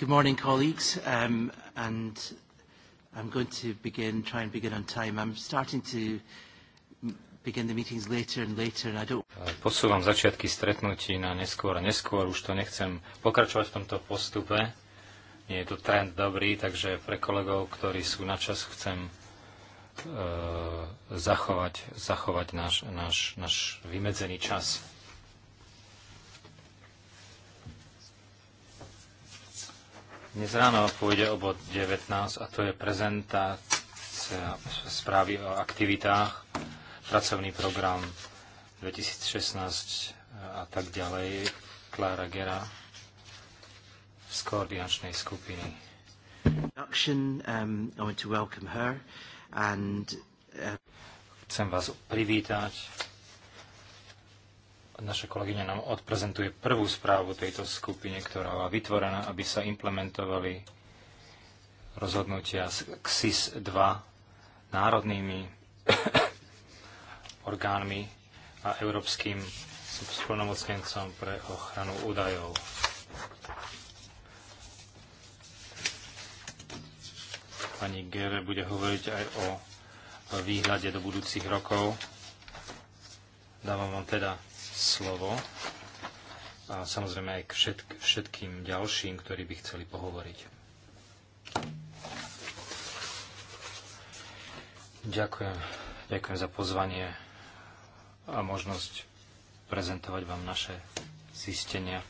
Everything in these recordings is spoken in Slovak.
Good morning, colleagues, um, and I'm going to begin, try and begin on time. I'm starting to begin the meetings later and later, and I don't... Uh, posúvam začiatky stretnutí na neskôr a neskôr, už to nechcem pokračovať v tomto postupe. Nie je to trend dobrý, takže pre kolegov, ktorí sú na čas, chcem uh, zachovať, zachovať náš, náš, náš vymedzený čas. Dnes ráno pôjde o bod 19 a to je prezentácia správy o aktivitách, pracovný program 2016 eh, a tak ďalej. Klára Gera z koordinačnej skupiny. Um, uh, Chcem vás privítať Naša kolegyňa nám odprezentuje prvú správu tejto skupine, ktorá bola vytvorená, aby sa implementovali rozhodnutia XIS 2 národnými orgánmi a európskym splnomocnencom pre ochranu údajov. Pani Gere bude hovoriť aj o výhľade do budúcich rokov. Dávam vám teda slovo a samozrejme aj k všetk- všetkým ďalším, ktorí by chceli pohovoriť. Ďakujem. Ďakujem za pozvanie a možnosť prezentovať vám naše zistenia.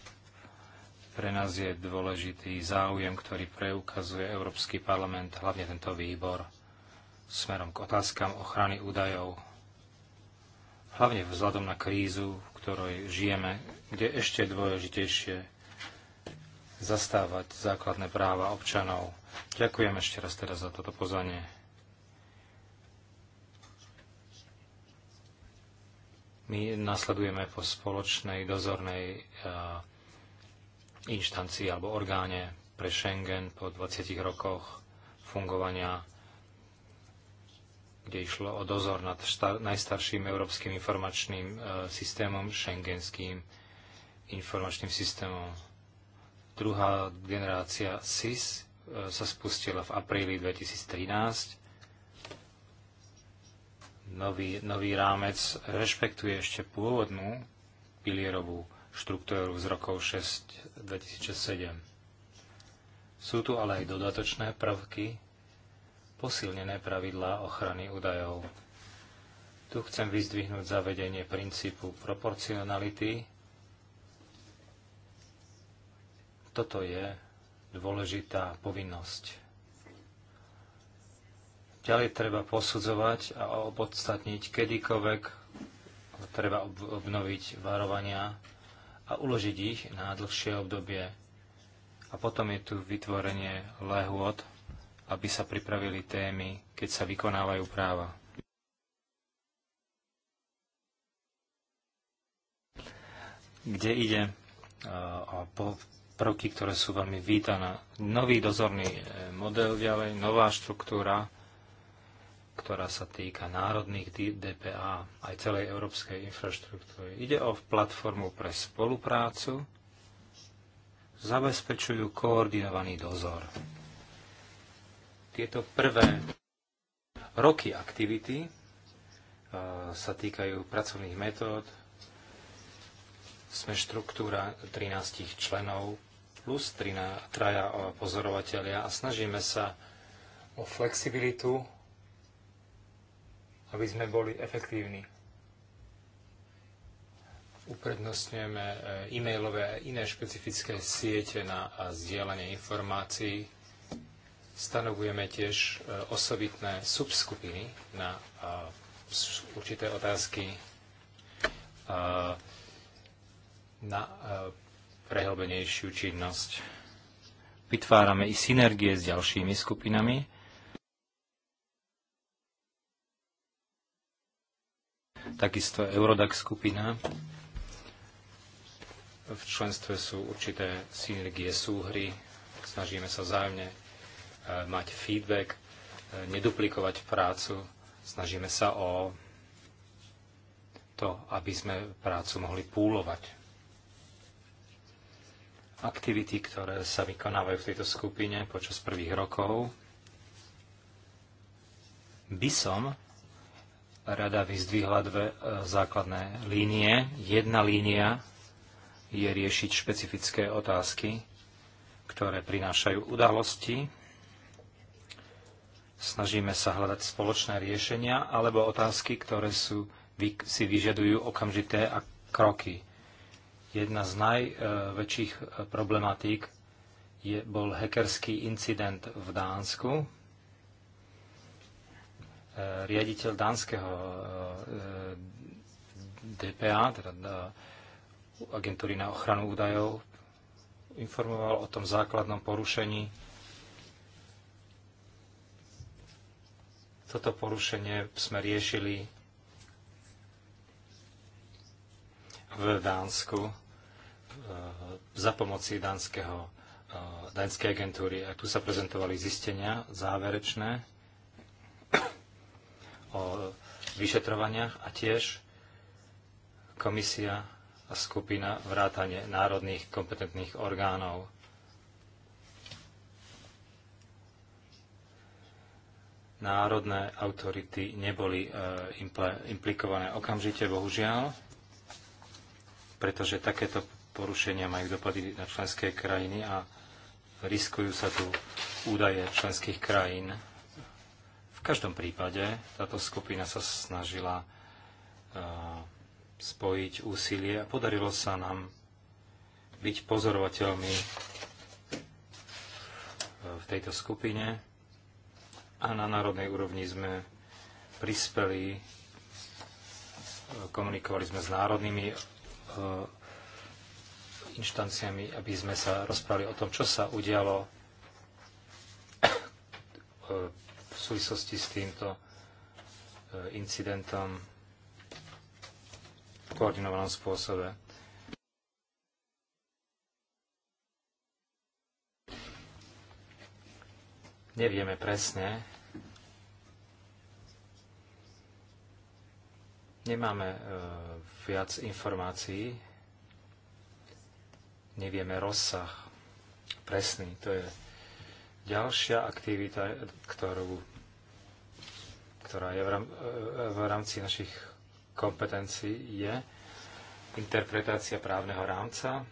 Pre nás je dôležitý záujem, ktorý preukazuje Európsky parlament, hlavne tento výbor, smerom k otázkam ochrany údajov, hlavne vzhľadom na krízu, ktorej žijeme, kde ešte dôležitejšie zastávať základné práva občanov. Ďakujem ešte raz teraz za toto pozvanie. My nasledujeme po spoločnej dozornej e, inštancii alebo orgáne pre Schengen po 20 rokoch fungovania kde išlo o dozor nad najstarším európskym informačným e, systémom, šengenským informačným systémom. Druhá generácia SIS e, sa spustila v apríli 2013. Nový, nový rámec rešpektuje ešte pôvodnú pilierovú štruktúru z rokov 6 2007. Sú tu ale aj dodatočné prvky, posilnené pravidlá ochrany údajov. Tu chcem vyzdvihnúť zavedenie princípu proporcionality. Toto je dôležitá povinnosť. Ďalej treba posudzovať a opodstatniť kedykoľvek treba obnoviť varovania a uložiť ich na dlhšie obdobie. A potom je tu vytvorenie lehôd aby sa pripravili témy, keď sa vykonávajú práva. Kde ide e, o prvky, ktoré sú veľmi vítané. Nový dozorný e, model ďalej, nová štruktúra, ktorá sa týka národných DPA aj celej európskej infraštruktúry. Ide o platformu pre spoluprácu, zabezpečujú koordinovaný dozor. Tieto prvé roky aktivity e, sa týkajú pracovných metód. Sme štruktúra 13 členov plus 13 traja e, pozorovateľia a snažíme sa o flexibilitu, aby sme boli efektívni. Uprednostňujeme e, e-mailové a iné špecifické siete na zdieľanie informácií, Stanovujeme tiež e, osobitné subskupiny na e, určité otázky e, na prehlbenejšiu činnosť. Vytvárame i synergie s ďalšími skupinami. Takisto Eurodax skupina. V členstve sú určité synergie súhry. Snažíme sa vzájomne E, mať feedback, e, neduplikovať prácu. Snažíme sa o to, aby sme prácu mohli púlovať. Aktivity, ktoré sa vykonávajú v tejto skupine počas prvých rokov, by som rada vyzdvihla dve e, základné línie. Jedna línia je riešiť špecifické otázky, ktoré prinášajú udalosti, Snažíme sa hľadať spoločné riešenia alebo otázky, ktoré sú, si vyžadujú okamžité a kroky. Jedna z najväčších e, problematík je, bol hackerský incident v Dánsku. E, riaditeľ dánskeho e, DPA, teda agentúry na ochranu údajov, informoval o tom základnom porušení Toto porušenie sme riešili v Dánsku eh, za pomoci dánskeho, eh, dánskej agentúry. A tu sa prezentovali zistenia záverečné o vyšetrovaniach a tiež komisia a skupina vrátane národných kompetentných orgánov národné autority neboli e, implikované okamžite, bohužiaľ, pretože takéto porušenia majú dopady na členské krajiny a riskujú sa tu údaje členských krajín. V každom prípade táto skupina sa snažila e, spojiť úsilie a podarilo sa nám byť pozorovateľmi v tejto skupine a na národnej úrovni sme prispeli, e, komunikovali sme s národnými e, inštanciami, aby sme sa rozprávali o tom, čo sa udialo e, v súvislosti s týmto incidentom v koordinovanom spôsobe. Nevieme presne, Nemáme e, viac informácií, nevieme rozsah presný. To je ďalšia aktivita, ktorú, ktorá je e, v rámci našich kompetencií, je interpretácia právneho rámca.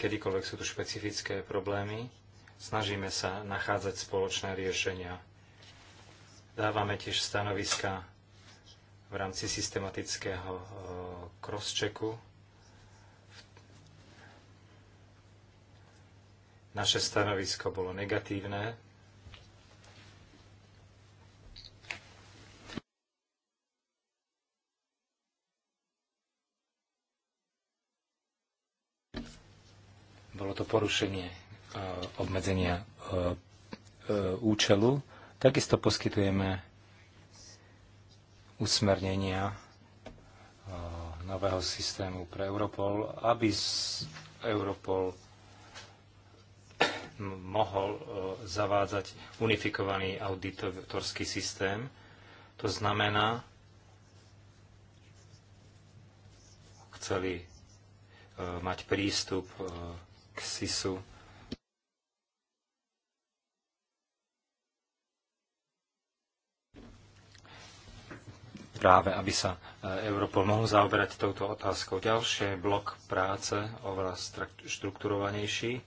Kedykoľvek sú tu špecifické problémy, snažíme sa nachádzať spoločné riešenia Dávame tiež stanoviska v rámci systematického eh, crosschecku. Naše stanovisko bolo negatívne, bolo to porušenie eh, obmedzenia eh, účelu. Takisto poskytujeme usmernenia e, nového systému pre Europol, aby Europol mohol e, zavádzať unifikovaný auditorský systém. To znamená, chceli e, mať prístup k SISu práve, aby sa e, Europol mohol zaoberať touto otázkou. Ďalšie blok práce, oveľa štrukturovanejší,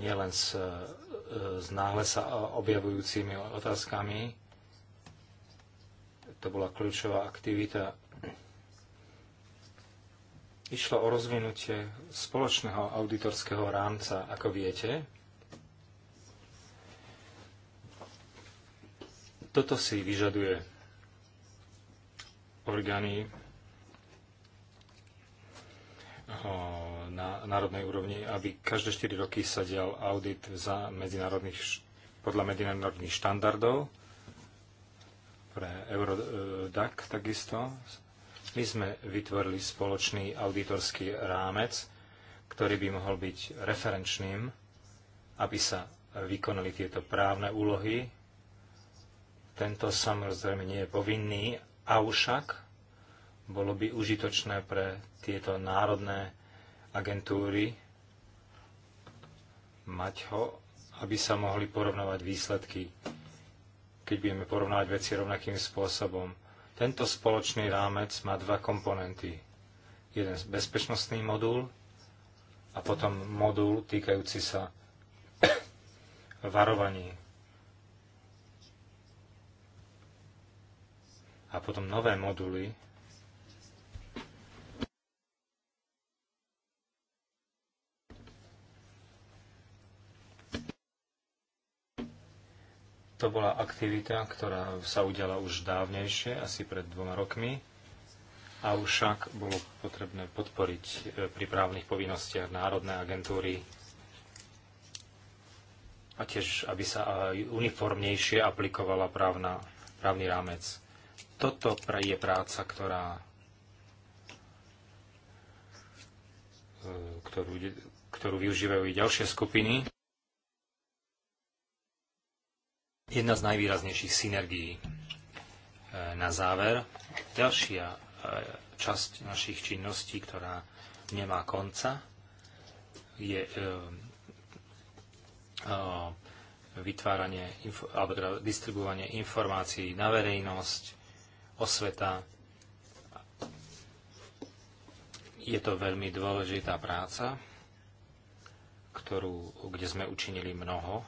nielen s, s e, e, náhle sa objavujúcimi otázkami. To bola kľúčová aktivita. Išlo o rozvinutie spoločného auditorského rámca, ako viete, toto si vyžaduje orgány na národnej úrovni, aby každé 4 roky sa dial audit za medzinárodných, podľa medzinárodných štandardov pre Eurodac takisto. My sme vytvorili spoločný auditorský rámec, ktorý by mohol byť referenčným, aby sa vykonali tieto právne úlohy. Tento samozrejme nie je povinný, Avšak bolo by užitočné pre tieto národné agentúry mať ho, aby sa mohli porovnávať výsledky, keď budeme porovnávať veci rovnakým spôsobom. Tento spoločný rámec má dva komponenty. Jeden bezpečnostný modul a potom modul týkajúci sa varovaní a potom nové moduly. To bola aktivita, ktorá sa udiala už dávnejšie, asi pred dvoma rokmi, a už však bolo potrebné podporiť e, pri právnych povinnostiach Národné agentúry a tiež, aby sa uniformnejšie aplikovala právna, právny rámec toto je práca, ktorá e, ktorú, ktorú využívajú i ďalšie skupiny. Jedna z najvýraznejších synergií e, na záver. Ďalšia e, časť našich činností, ktorá nemá konca, je vytváranie, alebo teda distribuovanie informácií na verejnosť, osveta. Je to veľmi dôležitá práca, ktorú, kde sme učinili mnoho.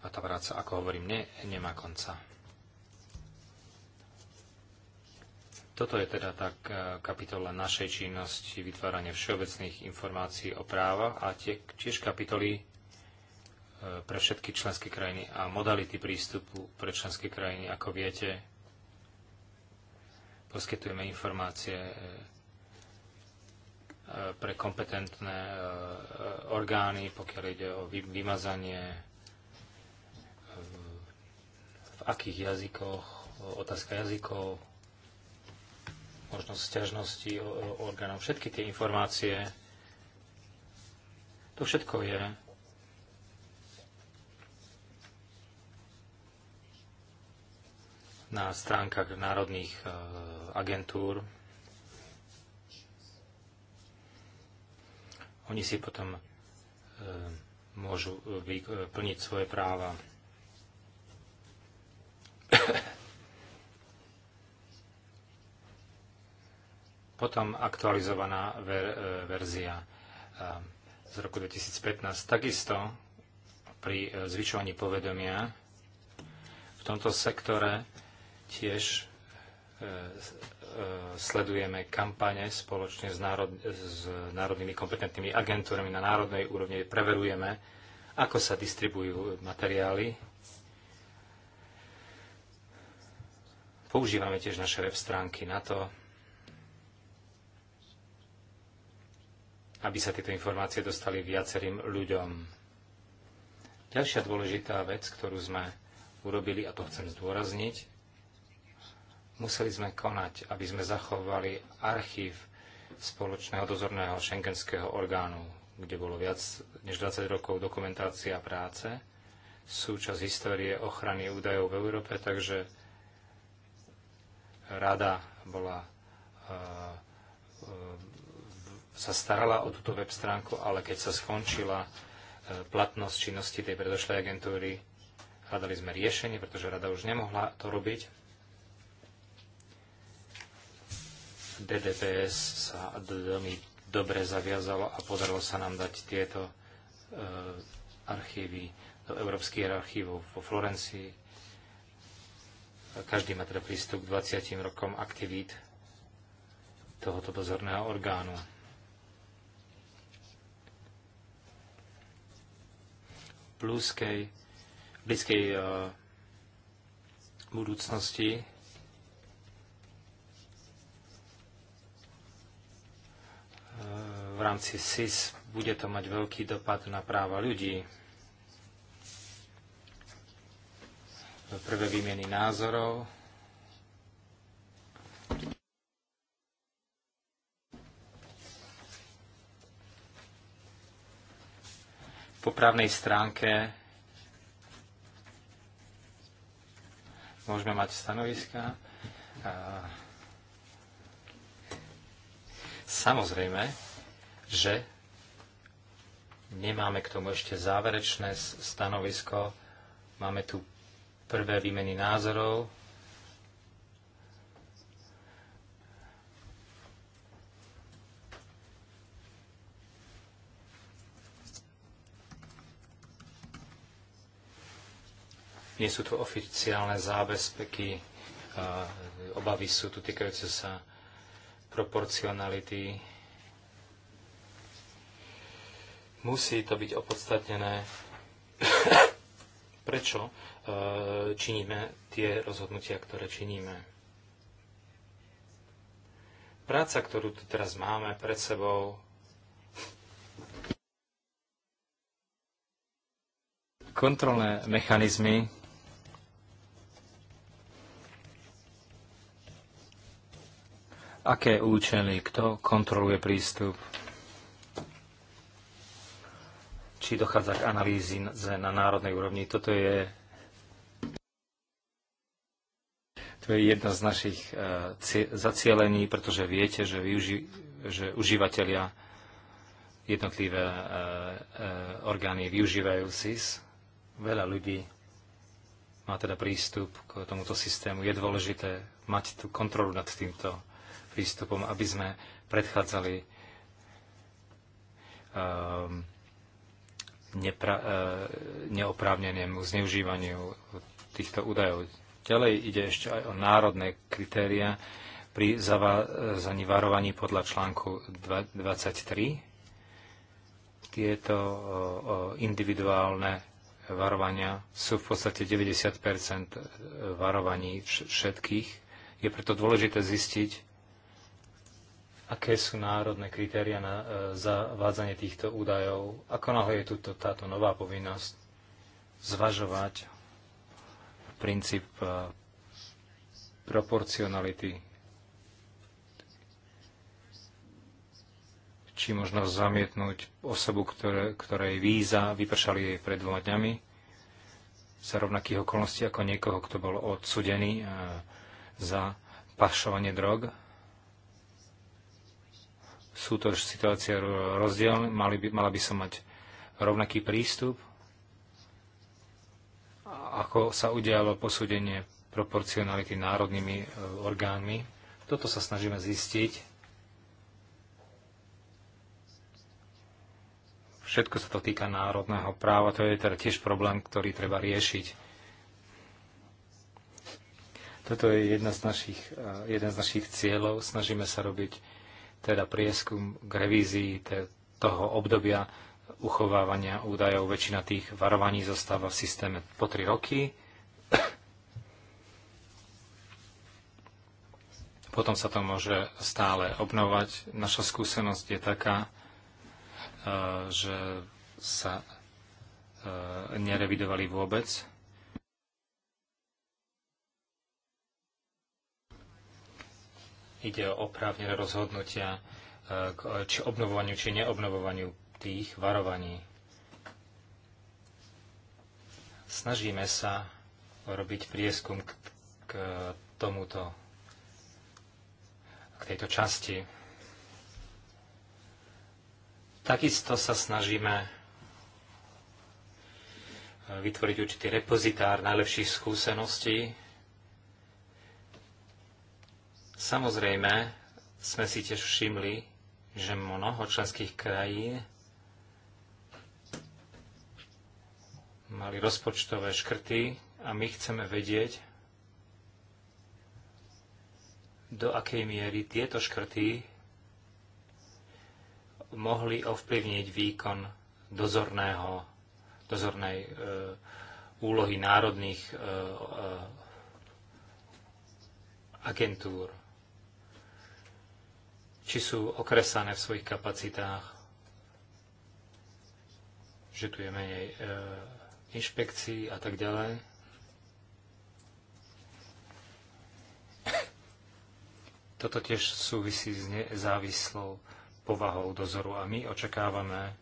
A tá práca, ako hovorím, ne, nemá konca. Toto je teda tak kapitola našej činnosti vytváranie všeobecných informácií o práva a tie, tiež kapitoly E, pre všetky členské krajiny a modality prístupu pre členské krajiny, ako viete, poskytujeme informácie e, e, pre kompetentné orgány, pokiaľ ide o vymazanie, v akých jazykoch, otázka jazykov, možnosť sťažnosti orgánov, všetky tie informácie, to všetko je na stránkach národných eh, agentúr. Oni si potom eh, môžu eh, plniť svoje práva. Potom aktualizovaná ver, verzia z roku 2015. Takisto pri zvyšovaní povedomia v tomto sektore Tiež e, e, sledujeme kampane spoločne s, národ, s národnými kompetentnými agentúrami na národnej úrovni, preverujeme, ako sa distribujú materiály. Používame tiež naše web stránky na to, aby sa tieto informácie dostali viacerým ľuďom. Ďalšia dôležitá vec, ktorú sme urobili, a to chcem zdôrazniť, Museli sme konať, aby sme zachovali archív spoločného dozorného šengenského orgánu, kde bolo viac než 20 rokov dokumentácia práce, súčasť histórie ochrany údajov v Európe, takže rada bola, e, e, sa starala o túto web stránku, ale keď sa skončila e, platnosť činnosti tej predošlej agentúry, hľadali sme riešenie, pretože rada už nemohla to robiť DDPS sa veľmi dobre zaviazalo a podarilo sa nám dať tieto eh, archívy do európskych archívov vo Florencii. Každý má teda prístup k 20 rokom aktivít tohoto dozorného orgánu. Pluskej, blízkej uh, budúcnosti v rámci SIS bude to mať veľký dopad na práva ľudí. Prvé výmeny názorov. Po právnej stránke môžeme mať stanoviska. Samozrejme, že nemáme k tomu ešte záverečné stanovisko. Máme tu prvé výmeny názorov. Nie sú tu oficiálne zábezpeky, obavy sú tu týkajúce sa proporcionality. Musí to byť opodstatnené. Prečo e, činíme tie rozhodnutia, ktoré činíme? Práca, ktorú tu teraz máme pred sebou, kontrolné mechanizmy aké účely, kto kontroluje prístup, či dochádza k analýzi na národnej úrovni. Toto je, to je jedna z našich e, zacielení, pretože viete, že, využi- že užívateľia jednotlivé e, e, orgány využívajú SIS. Veľa ľudí má teda prístup k tomuto systému. Je dôležité mať tú kontrolu nad týmto prístupom, aby sme predchádzali um, nepra- e, neoprávnenému zneužívaniu týchto údajov. Ďalej ide ešte aj o národné kritéria pri zavázaní varovaní podľa článku 23. Tieto individuálne varovania sú v podstate 90 varovaní všetkých. Je preto dôležité zistiť, aké sú národné kritéria na e, zavádzanie týchto údajov, ako náhle je tuto, táto nová povinnosť zvažovať princíp e, proporcionality, či možno zamietnúť osobu, ktoré, ktorej víza vypršali jej pred dvoma dňami za rovnakých okolností ako niekoho, kto bol odsudený e, za pašovanie drog sú to situácie rozdielne, mali by, mala by som mať rovnaký prístup, ako sa udialo posúdenie proporcionality národnými e, orgánmi. Toto sa snažíme zistiť. Všetko sa to týka národného práva, to je teda tiež problém, ktorý treba riešiť. Toto je jedna z našich, e, jeden z našich cieľov. Snažíme sa robiť teda prieskum k revízii toho obdobia uchovávania údajov. Väčšina tých varovaní zostáva v systéme po 3 roky. Potom sa to môže stále obnovať. Naša skúsenosť je taká, e, že sa e, nerevidovali vôbec. Ide o oprávnené rozhodnutia e, k či obnovovaniu či neobnovovaniu tých varovaní. Snažíme sa robiť prieskum k, k tomuto, k tejto časti. Takisto sa snažíme e, vytvoriť určitý repozitár najlepších skúseností Samozrejme, sme si tiež všimli, že mnoho členských krajín mali rozpočtové škrty a my chceme vedieť, do akej miery tieto škrty mohli ovplyvniť výkon dozorného, dozornej e, úlohy národných e, e, agentúr či sú okresané v svojich kapacitách, že tu je menej e, inšpekcií a tak ďalej. Toto tiež súvisí s nezávislou povahou dozoru a my očakávame,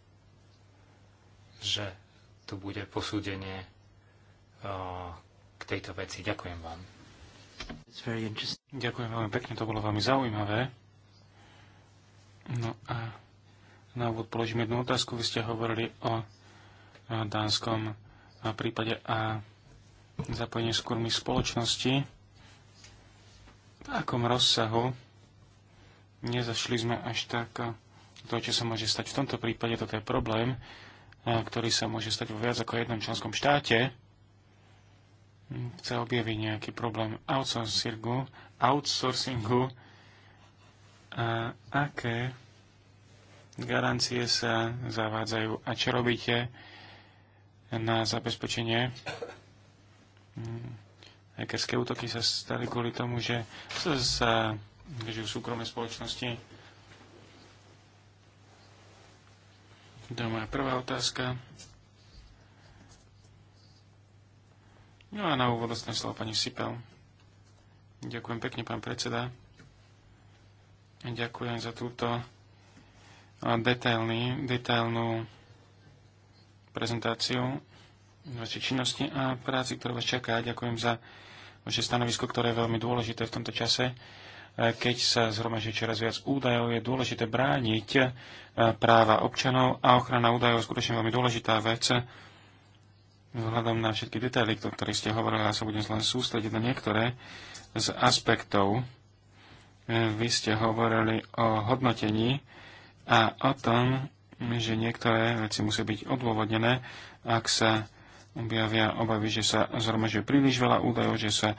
že tu bude posúdenie o, e, k tejto veci. Ďakujem vám. Ďakujem veľmi pekne, to bolo veľmi zaujímavé. No a na úvod položím jednu otázku. Vy ste hovorili o dánskom prípade a zapojenie skúrmy spoločnosti. V akom rozsahu nezašli sme až tak to, čo sa môže stať v tomto prípade, toto je problém, ktorý sa môže stať vo viac ako jednom členskom štáte, chce objaviť nejaký problém outsourcingu, outsourcingu a aké garancie sa zavádzajú a čo robíte na zabezpečenie? Mm, Hackerské útoky sa stali kvôli tomu, že sa žijú súkromné spoločnosti. To je moja prvá otázka. No a na úvod dostane slovo pani Sipel. Ďakujem pekne, pán predseda. Ďakujem za túto detailný, detailnú prezentáciu vašej činnosti a práci, ktorá vás čaká. Ďakujem za vaše stanovisko, ktoré je veľmi dôležité v tomto čase. Keď sa zhromažuje čoraz viac údajov, je dôležité brániť práva občanov a ochrana údajov je skutočne veľmi dôležitá vec. Vzhľadom na všetky detaily, o ktorých ste hovorili, ja sa budem len sústrediť na niektoré z aspektov vy ste hovorili o hodnotení a o tom, že niektoré veci musia byť odôvodnené, ak sa objavia obavy, že sa zhromažuje príliš veľa údajov, že sa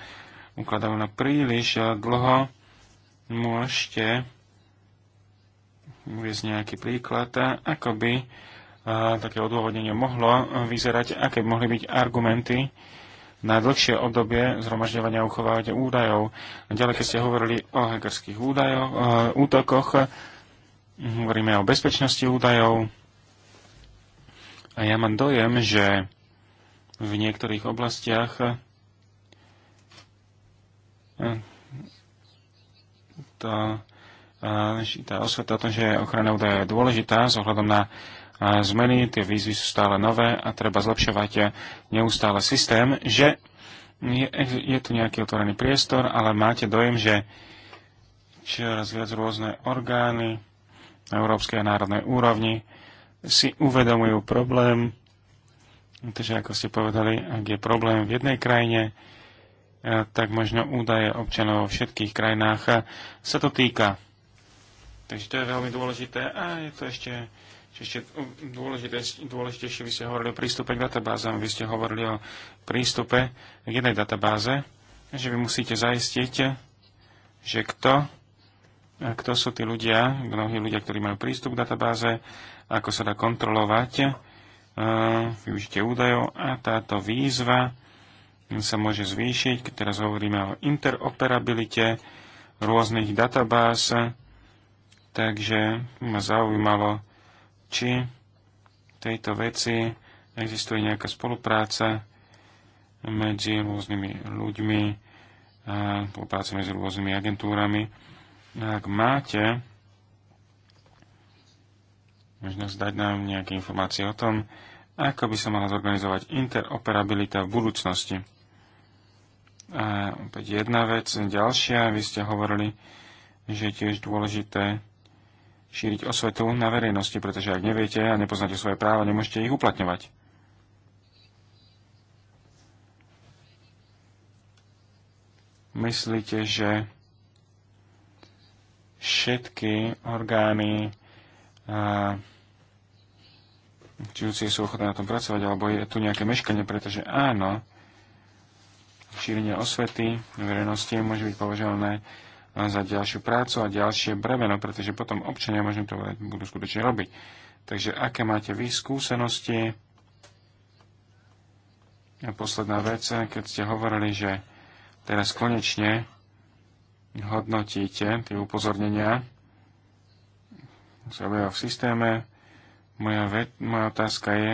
ukladajú na príliš dlho. Môžete uviezť nejaký príklad, ako by eh, také odôvodnenie mohlo vyzerať, aké by mohli byť argumenty, na dlhšie obdobie zhromažďovania a uchovávania údajov. Ďalej, keď ste hovorili o hackerských údajoch, o eh, útokoch, hovoríme o bezpečnosti údajov. A ja mám dojem, že v niektorých oblastiach eh, to, eh, tá osveta o tom, že ochrana údajov je dôležitá s ohľadom na zmeny, tie výzvy sú stále nové a treba zlepšovať neustále systém, že je, je tu nejaký otvorený priestor, ale máte dojem, že čoraz viac rôzne orgány na európskej a národnej úrovni si uvedomujú problém, takže ako ste povedali, ak je problém v jednej krajine, e, tak možno údaje občanov vo všetkých krajinách e, sa to týka. Takže to je veľmi dôležité a je to ešte ešte mm, dôležitejšie, vy ste hovorili o prístupe k databázam, vy ste hovorili o prístupe k jednej databáze, že vy musíte zaistiť, že kto, kto sú tí ľudia, mnohí ľudia, ktorí majú prístup k databáze, ako sa dá kontrolovať e, využite údajov a táto výzva sa môže zvýšiť, keď teraz hovoríme o interoperabilite rôznych databáz, takže ma zaujímalo, či v tejto veci existuje nejaká spolupráca medzi rôznymi ľuďmi, spolupráca medzi rôznymi agentúrami. Ak máte možno zdať nám nejaké informácie o tom, ako by sa mala zorganizovať interoperabilita v budúcnosti. A opäť jedna vec, ďalšia, vy ste hovorili, že je tiež dôležité šíriť osvetu na verejnosti, pretože ak neviete a nepoznáte svoje práva, nemôžete ich uplatňovať. Myslíte, že všetky orgány čujúci sú ochotné na tom pracovať, alebo je tu nejaké meškanie, pretože áno, šírenie osvety verejnosti môže byť považované za ďalšiu prácu a ďalšie breveno, pretože potom občania, možno to budú skutočne robiť. Takže aké máte vy skúsenosti? A posledná vec, keď ste hovorili, že teraz konečne hodnotíte tie upozornenia, sa objavia v systéme. Moja, ve- moja otázka je,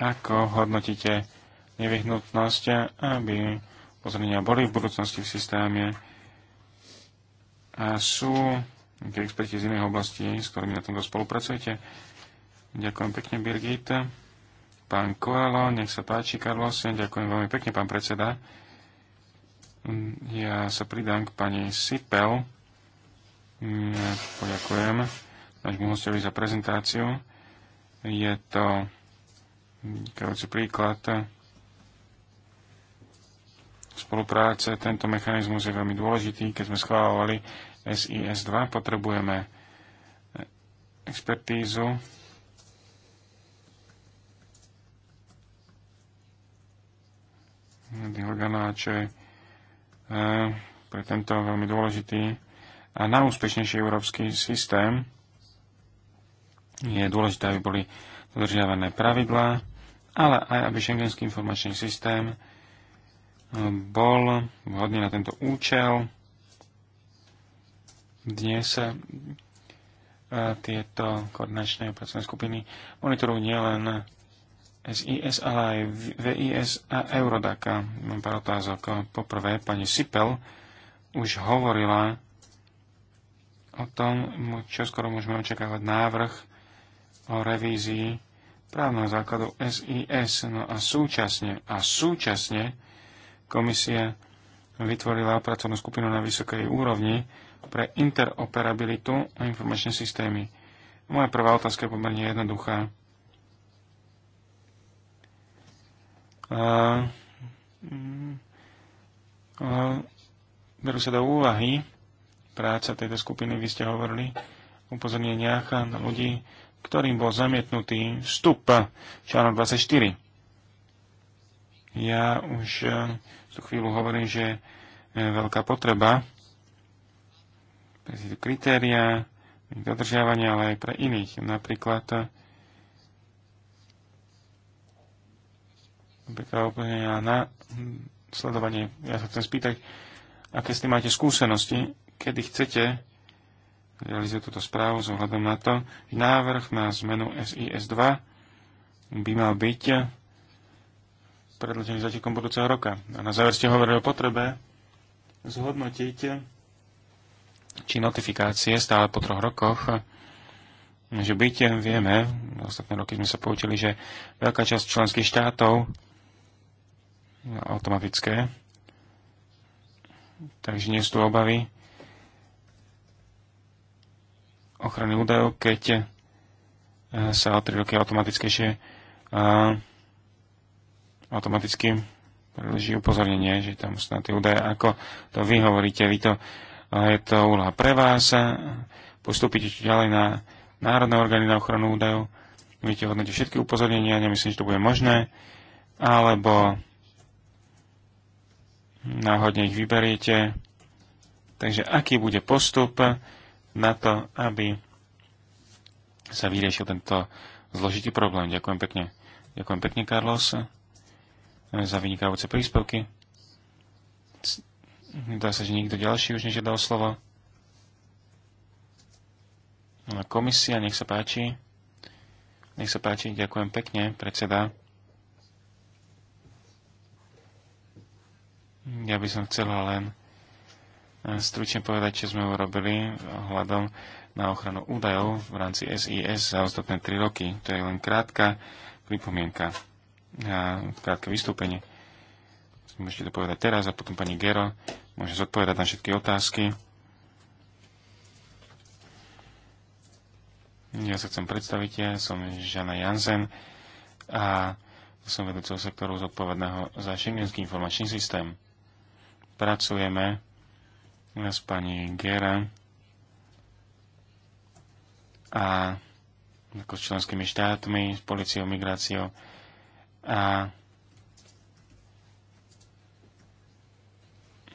ako hodnotíte nevyhnutnosť, aby upozornenia boli v budúcnosti v systéme, sú nejaké experti z iných oblastí, s ktorými na tomto spolupracujete. Ďakujem pekne, Birgit. Pán Coelho, nech sa páči, Carlos. Ďakujem veľmi pekne, pán predseda. Ja sa pridám k pani Sipel. Poďakujem nášmu hostovi za prezentáciu. Je to vynikajúci príklad spolupráce. Tento mechanizmus je veľmi dôležitý. Keď sme schválovali SIS-2, potrebujeme eh, expertízu. Organáče eh, pre tento veľmi dôležitý a najúspešnejší európsky systém. Je dôležité, aby boli dodržiavané pravidlá, ale aj aby šengenský informačný systém bol vhodný na tento účel. Dnes eh, tieto koordinačné pracovné skupiny monitorujú nielen SIS, ale aj VIS a Eurodac. Mám pár otázok. Poprvé, pani Sipel už hovorila o tom, čo skoro môžeme očakávať návrh o revízii právneho základu SIS. No a súčasne, a súčasne Komisia vytvorila pracovnú skupinu na vysokej úrovni pre interoperabilitu a informačné systémy. Moja prvá otázka je pomerne jednoduchá. berú sa do úvahy práca tejto skupiny, vy ste hovorili, upozornenia na ľudí, ktorým bol zamietnutý vstup článok 24. Ja už eh, tú chvíľu hovorím, že je eh, veľká potreba pre kritéria, dodržiavania, ale aj pre iných. Napríklad eh, napríklad úplne na sledovanie. Ja sa chcem spýtať, aké ste máte skúsenosti, kedy chcete realizovať túto správu s ohľadom na to, že návrh na zmenu SIS-2 by mal byť predložený začiatkom budúceho roka. A na záver ste hovorili o potrebe zhodnotiť, či notifikácie stále po troch rokoch že byť vieme, ostatné roky sme sa poučili, že veľká časť členských štátov no, automatické, takže nie sú tu obavy ochrany údajov, keď eh, sa o tri roky automatickejšie eh, automaticky priloží upozornenie, že tam sú na tie údaje, ako to vy hovoríte, vy to, je to úloha pre vás, postúpite ďalej na národné orgány na ochranu údajov, viete hodnotiť všetky upozornenia, nemyslím, že to bude možné, alebo náhodne ich vyberiete. Takže aký bude postup na to, aby sa vyriešil tento zložitý problém. Ďakujem pekne. Ďakujem pekne, Carlos za vynikajúce príspevky. Dá sa, že nikto ďalší už nežiadal slovo. No, komisia, nech sa páči. Nech sa páči, ďakujem pekne, predseda. Ja by som chcela len eh, stručne povedať, čo sme urobili ohľadom na ochranu údajov v rámci SIS za ostatné 3 roky. To je len krátka pripomienka a krátke vystúpenie. Môžete to povedať teraz a potom pani Gero môže zodpovedať na všetky otázky. Ja sa chcem predstaviť, ja som Žana Jansen a som vedúcou sektoru zodpovedného za šengenský informačný systém. Pracujeme s pani Gera a ako s členskými štátmi, s policiou, migráciou, a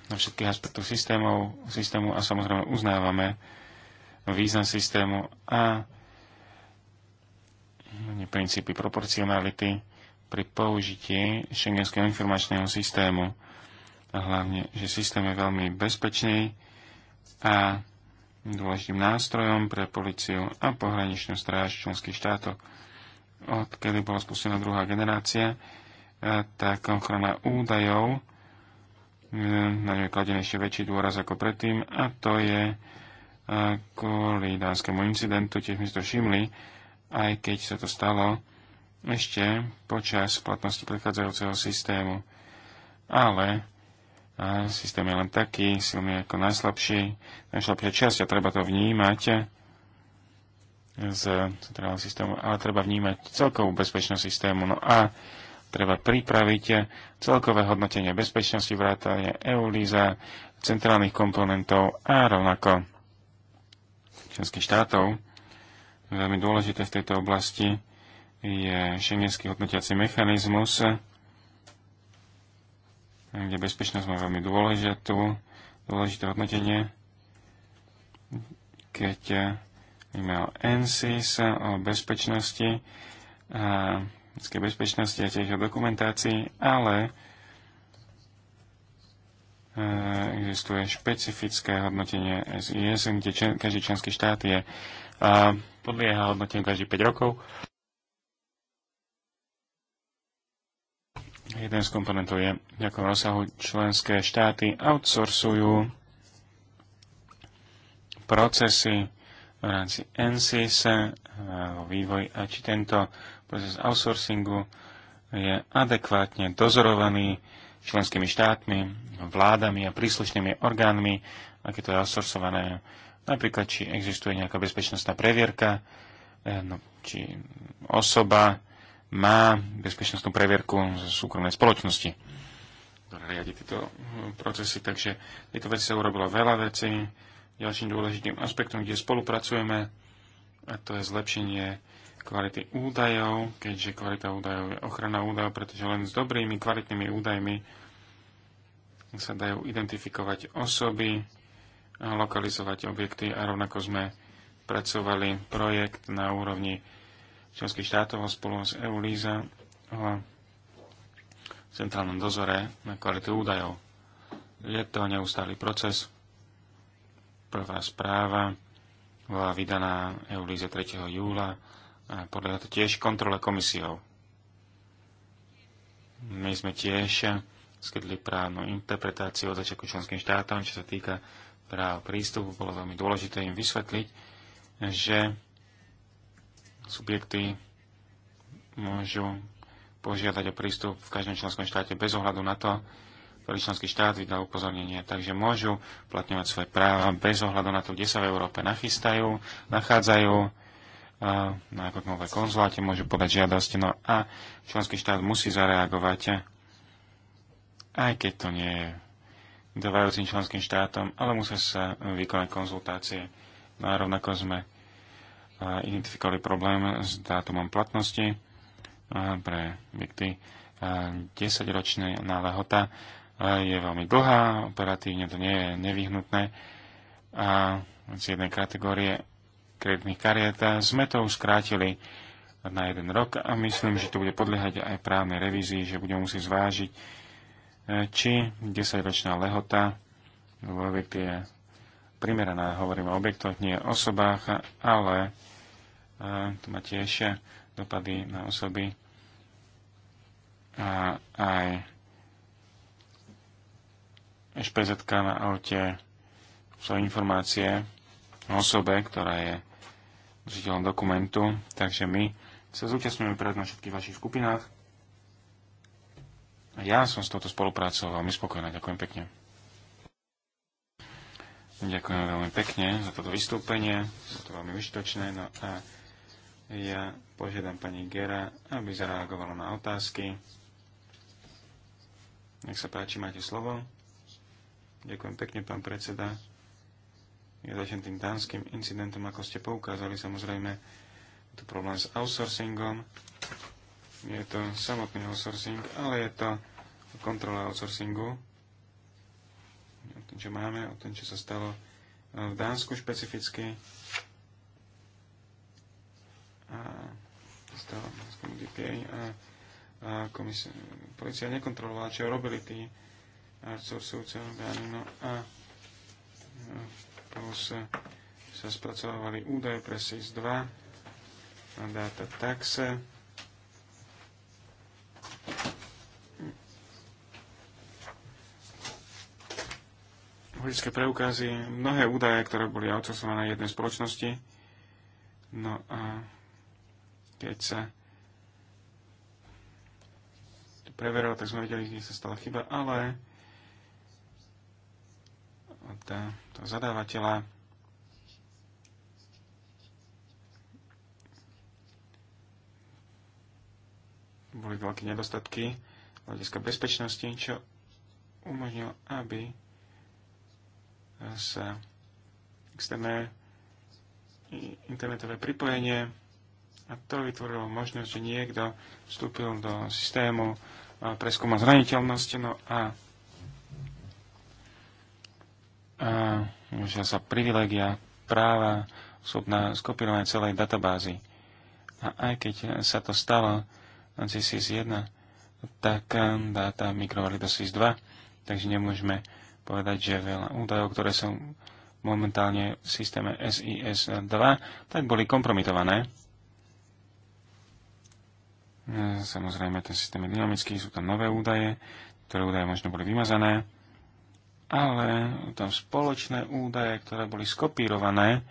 na všetkých aspektoch systémov, systému a samozrejme uznávame význam systému a princípy proporcionality pri použití šengenského informačného systému. A hlavne, že systém je veľmi bezpečný a dôležitým nástrojom pre policiu a pohraničnú stráž členských štátov odkedy bola spustená druhá generácia, e, tak ochrana údajov, e, na ňu je kladený ešte väčší dôraz ako predtým, a to je e, kvôli dánskemu incidentu, tiež sme to všimli, aj keď sa to stalo ešte počas platnosti predchádzajúceho systému. Ale systém je len taký silný ako najslabší, najslabšia časť a treba to vnímať z centrálneho systému, ale treba vnímať celkovú bezpečnosť systému. No a treba pripraviť celkové hodnotenie bezpečnosti vrátane EULISA, centrálnych komponentov a rovnako členských štátov. Veľmi dôležité v tejto oblasti je šengenský hodnotiaci mechanizmus, kde bezpečnosť má veľmi dôležitú, dôležité hodnotenie, keď o NSIS, o bezpečnosti, a, bezpečnosti a tiež o dokumentácii, ale existuje špecifické hodnotenie SIS, kde čen, každý členský štát je a podlieha hodnoteniu každých 5 rokov. Jeden z komponentov je, v akom rozsahu členské štáty outsourcujú procesy v rámci NSIS vo eh, vývoj a či tento proces outsourcingu je adekvátne dozorovaný členskými štátmi, vládami a príslušnými orgánmi, aké to je outsourcované. Napríklad, či existuje nejaká bezpečnostná previerka, eh, no, či osoba má bezpečnostnú previerku z súkromnej spoločnosti, ktorá riadi tieto eh, procesy. Takže tieto veci sa urobilo veľa vecí ďalším dôležitým aspektom, kde spolupracujeme, a to je zlepšenie kvality údajov, keďže kvalita údajov je ochrana údajov, pretože len s dobrými, kvalitnými údajmi sa dajú identifikovať osoby, a lokalizovať objekty a rovnako sme pracovali projekt na úrovni členských štátov spolu s EULISA o centrálnom dozore na kvalitu údajov. Je to neustály proces, Prvá správa bola vydaná Eulíze 3. júla a podľa to tiež kontrole komisiou. My sme tiež skedli právnu interpretáciu od začiatku členským štátom, čo sa týka práv prístupu. Bolo veľmi dôležité im vysvetliť, že subjekty môžu požiadať o prístup v každom členskom štáte bez ohľadu na to, ktorý členský štát vydal upozornenie. Takže môžu platňovať svoje práva bez ohľadu na to, kde sa v Európe nachystajú, nachádzajú. Na akomkoľvek konzuláte môžu podať žiadosť. No a členský štát musí zareagovať, aj keď to nie je dávajúcim členským štátom, ale musia sa vykonať konzultácie. No a rovnako sme identifikovali problém s dátumom platnosti pre vykty 10-ročná lehota je veľmi dlhá, operatívne to nie je nevyhnutné a z jednej kategórie kreditných kariet sme to už skrátili na jeden rok a myslím, že to bude podliehať aj právnej revízii, že budeme musieť zvážiť, eh, či 10-ročná lehota v objekte je primeraná. Hovoríme o objektoch, nie o osobách, ale eh, to má tiež dopady na osoby a aj špz na aute sú informácie o osobe, ktorá je držiteľom dokumentu, takže my sa zúčastňujeme pred na všetkých vašich skupinách. A ja som s touto spoluprácou veľmi spokojná. Ďakujem pekne. Ďakujem veľmi pekne za toto vystúpenie. Bolo to veľmi vyštočné. No a ja požiadam pani Gera, aby zareagovala na otázky. Nech sa páči, máte slovo. Ďakujem pekne, pán predseda. Ja začnem tým dánskym incidentom, ako ste poukázali, samozrejme, je to problém s outsourcingom. Nie Je to samotný outsourcing, ale je to kontrola outsourcingu. O tom, čo máme, o tom, čo sa stalo e, v Dánsku špecificky. A stalo v DPA a, a policia nekontrolovala, čo robili tí co súdcev orgánu. No a no, plus sa spracovali údaje pre SIS-2 na data taxe. Politické preukazy, mnohé údaje, ktoré boli outsourcované na jednej spoločnosti. No a keď sa preverilo, tak sme vedeli, kde sa stala chyba, ale od eh, toho zadávateľa. Boli veľké nedostatky hľadiska bezpečnosti, čo umožnil, aby eh, sa externé internetové pripojenie a to vytvorilo možnosť, že niekto vstúpil do systému eh, preskúma zraniteľnosti, no a a že sa privilegia práva sú na skopírovanie celej databázy. A aj keď sa to stalo na SIS 1, tak um, dáta migrovali do SIS 2, takže nemôžeme povedať, že veľa údajov, ktoré sú momentálne v systéme SIS 2, tak boli kompromitované. Samozrejme, ten systém je dynamický, sú tam nové údaje, ktoré údaje možno boli vymazané ale tam spoločné údaje, ktoré boli skopírované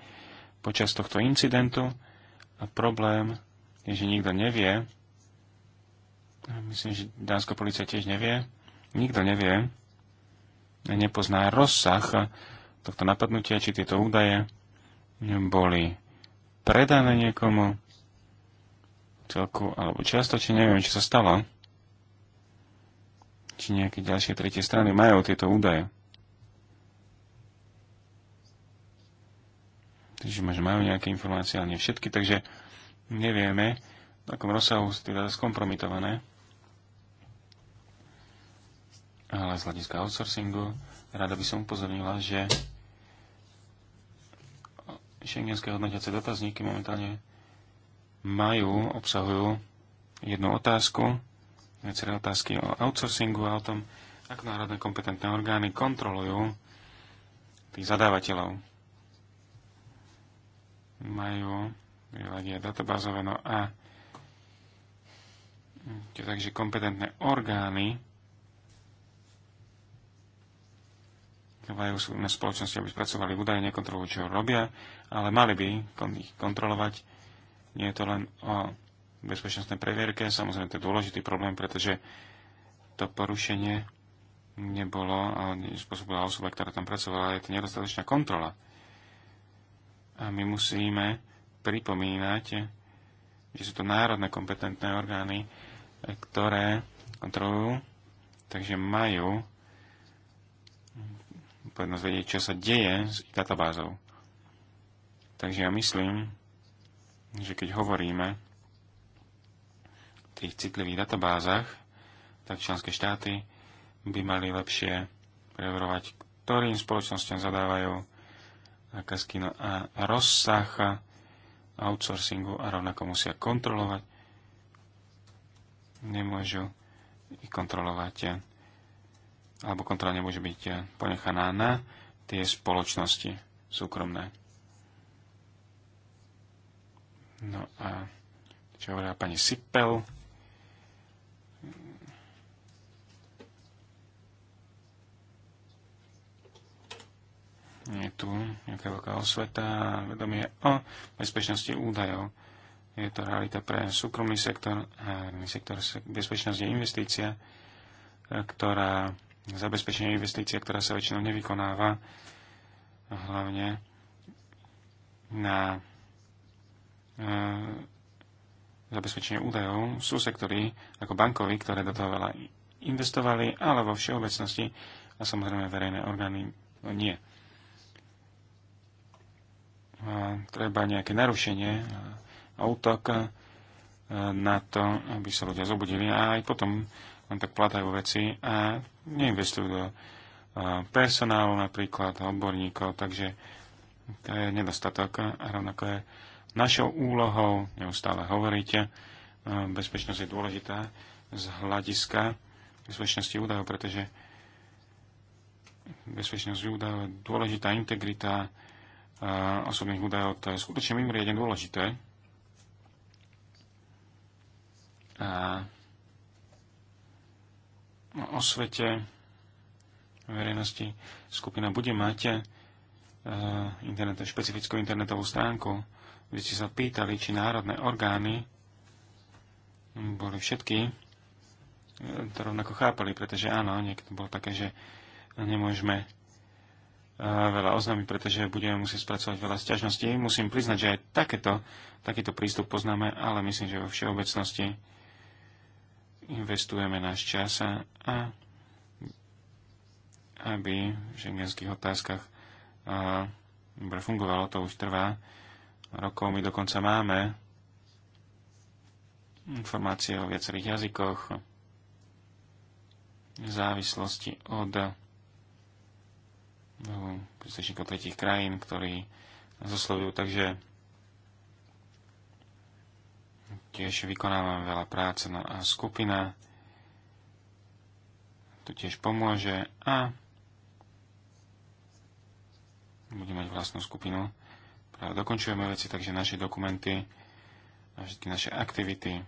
počas tohto incidentu a problém je, že nikto nevie, myslím, že dánska policia tiež nevie, nikto nevie, nepozná rozsah tohto napadnutia, či tieto údaje boli predané niekomu celku alebo čiastočne, či neviem, čo sa stalo či nejaké ďalšie tretie strany majú tieto údaje. Takže možno majú nejaké informácie, ale nie všetky, takže nevieme, v akom rozsahu sú teda skompromitované. Ale z hľadiska outsourcingu rada by som upozornila, že šengenské hodnotiace dotazníky momentálne majú, obsahujú jednu otázku, viaceré otázky o outsourcingu a o tom, ako národné kompetentné orgány kontrolujú tých zadávateľov majú privilegie databázové, no a takže kompetentné orgány trvajú na spoločnosti, aby spracovali údaje, nekontrolujú, čo robia, ale mali by ich kontrolovať. Nie je to len o bezpečnostnej previerke, samozrejme to je dôležitý problém, pretože to porušenie nebolo, ale nespôsobila osoba, ktorá tam pracovala, je to nedostatočná kontrola. A my musíme pripomínať, že sú to národné kompetentné orgány, ktoré kontrolujú, takže majú povednosť vedieť, čo sa deje s databázou. Takže ja myslím, že keď hovoríme o tých citlivých databázach, tak členské štáty by mali lepšie preverovať, ktorým spoločnosťam zadávajú zákazky no a rozsah outsourcingu a rovnako musia kontrolovať. Nemôžu ich kontrolovať alebo kontrola nemôže byť ponechaná na tie spoločnosti súkromné. No a čo hovorila pani Sipel, je tu nejaká veľká osveta, vedomie o bezpečnosti údajov. Je to realita pre súkromný sektor. a sektor bezpečnosť je investícia, ktorá zabezpečenie investícia, ktorá sa väčšinou nevykonáva, hlavne na e, zabezpečenie údajov. Sú sektory ako bankovi, ktoré do toho veľa investovali, ale vo všeobecnosti a samozrejme verejné orgány nie treba nejaké narušenie a útok na to, aby sa ľudia zobudili a aj potom len tak platajú veci a neinvestujú do personálu napríklad, odborníkov, takže to je nedostatok a rovnako je našou úlohou, neustále hovoríte, bezpečnosť je dôležitá z hľadiska bezpečnosti údajov, pretože bezpečnosť údajov je dôležitá integrita osobných údajov, to je skutočne mimoriadne dôležité. A o svete verejnosti skupina bude mať e, internet, špecifickú internetovú stránku. kde ste sa pýtali, či národné orgány boli všetky e, to rovnako chápali, pretože áno, niekto bol také, že nemôžeme veľa oznámy, pretože budeme musieť spracovať veľa sťažností. Musím priznať, že aj takéto, takýto prístup poznáme, ale myslím, že vo všeobecnosti investujeme náš čas a aby v šengenských otázkach dobre fungovalo, to už trvá. Rokov my dokonca máme informácie o viacerých jazykoch, závislosti od No, príslušníkov tretich krajín, ktorí zoslovujú, takže tiež vykonávame veľa práce, na no a skupina tu tiež pomôže a budeme mať vlastnú skupinu. Práve dokončujeme veci, takže naše dokumenty a všetky naše aktivity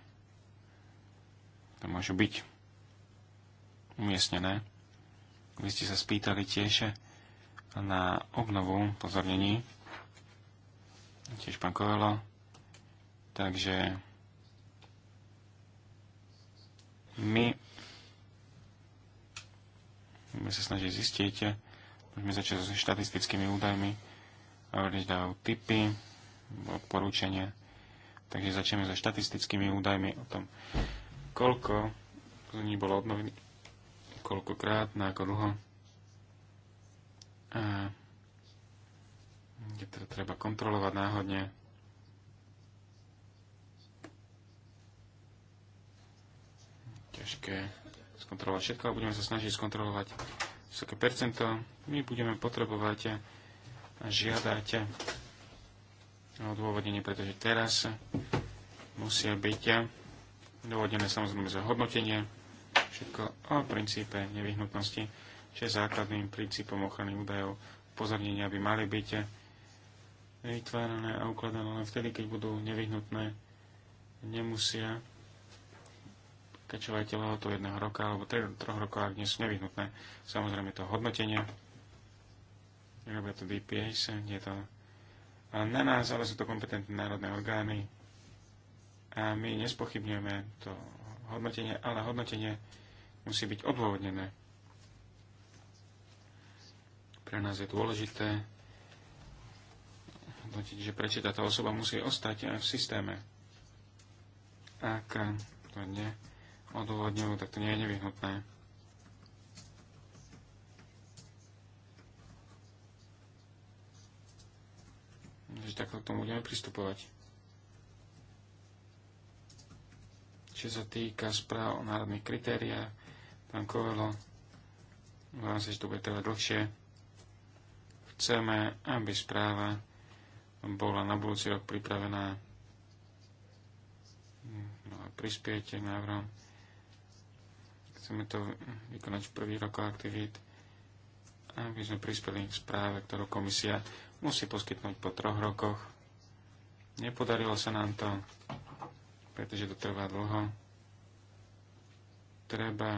to môžu byť umiestnené. Vy ste sa spýtali tiež, na obnovu pozornení. Tiež pán Kovelo. Takže my budeme sa snažiť zistiť, môžeme začať so štatistickými údajmi, average dávajú typy, odporúčania. Takže začneme so štatistickými údajmi o tom, koľko nich bolo obnovených, koľkokrát, na ako dlho a to treba kontrolovať náhodne. Ťažké skontrolovať všetko, budeme sa snažiť skontrolovať vysoké percento. My budeme potrebovať a žiadať dôvodenie, pretože teraz musia byť dôvodnené samozrejme za hodnotenie, všetko o princípe nevyhnutnosti že základným princípom ochrany údajov pozornenia by mali byť vytvárané a ukladané len vtedy, keď budú nevyhnutné. Nemusia telo to jedného roka alebo troch rokov, ak nie sú nevyhnutné. Samozrejme to hodnotenie. Robia to DPS, je to a na nás, ale sú to kompetentné národné orgány. A my nespochybňujeme to hodnotenie, ale hodnotenie musí byť odôvodnené. Pre nás je dôležité hodnotiť, že prečo táto osoba musí ostať v systéme. Ak to nie odôvodňujú, tak to nie je nevyhnutné. Takže takto k tomu budeme pristupovať. Čo sa týka správ o národných kritériách, pán Kovelo, vám sa, že to bude trvať dlhšie. Chceme, aby správa bola na budúci rok pripravená no, prispiete návrhom. Chceme to vykonať v prvý rokoch aktivít, aby sme prispeli k správe, ktorú komisia musí poskytnúť po troch rokoch. Nepodarilo sa nám to, pretože to trvá dlho. Treba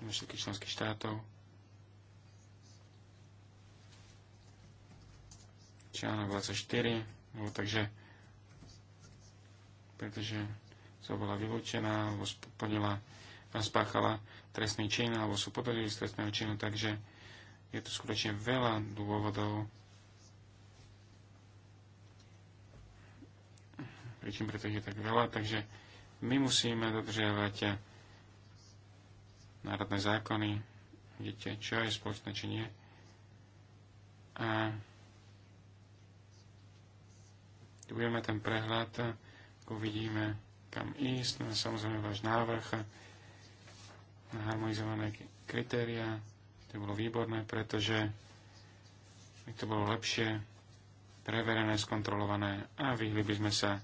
vo všetkých členských štátov článok 24, no, takže pretože sa bola vylúčená, alebo splnila a spáchala trestný čin, alebo sú podozriví z trestného činu, takže je tu skutočne veľa dôvodov, pričom preto je tak veľa, takže my musíme dodržiavať národné zákony, vidíte, čo je spoločné, či nie. A keď budeme mať ten prehľad, uvidíme, kam ísť. No a samozrejme váš návrh na harmonizované kritéria, to bolo výborné, pretože by to bolo lepšie preverené, skontrolované a vyhli by sme sa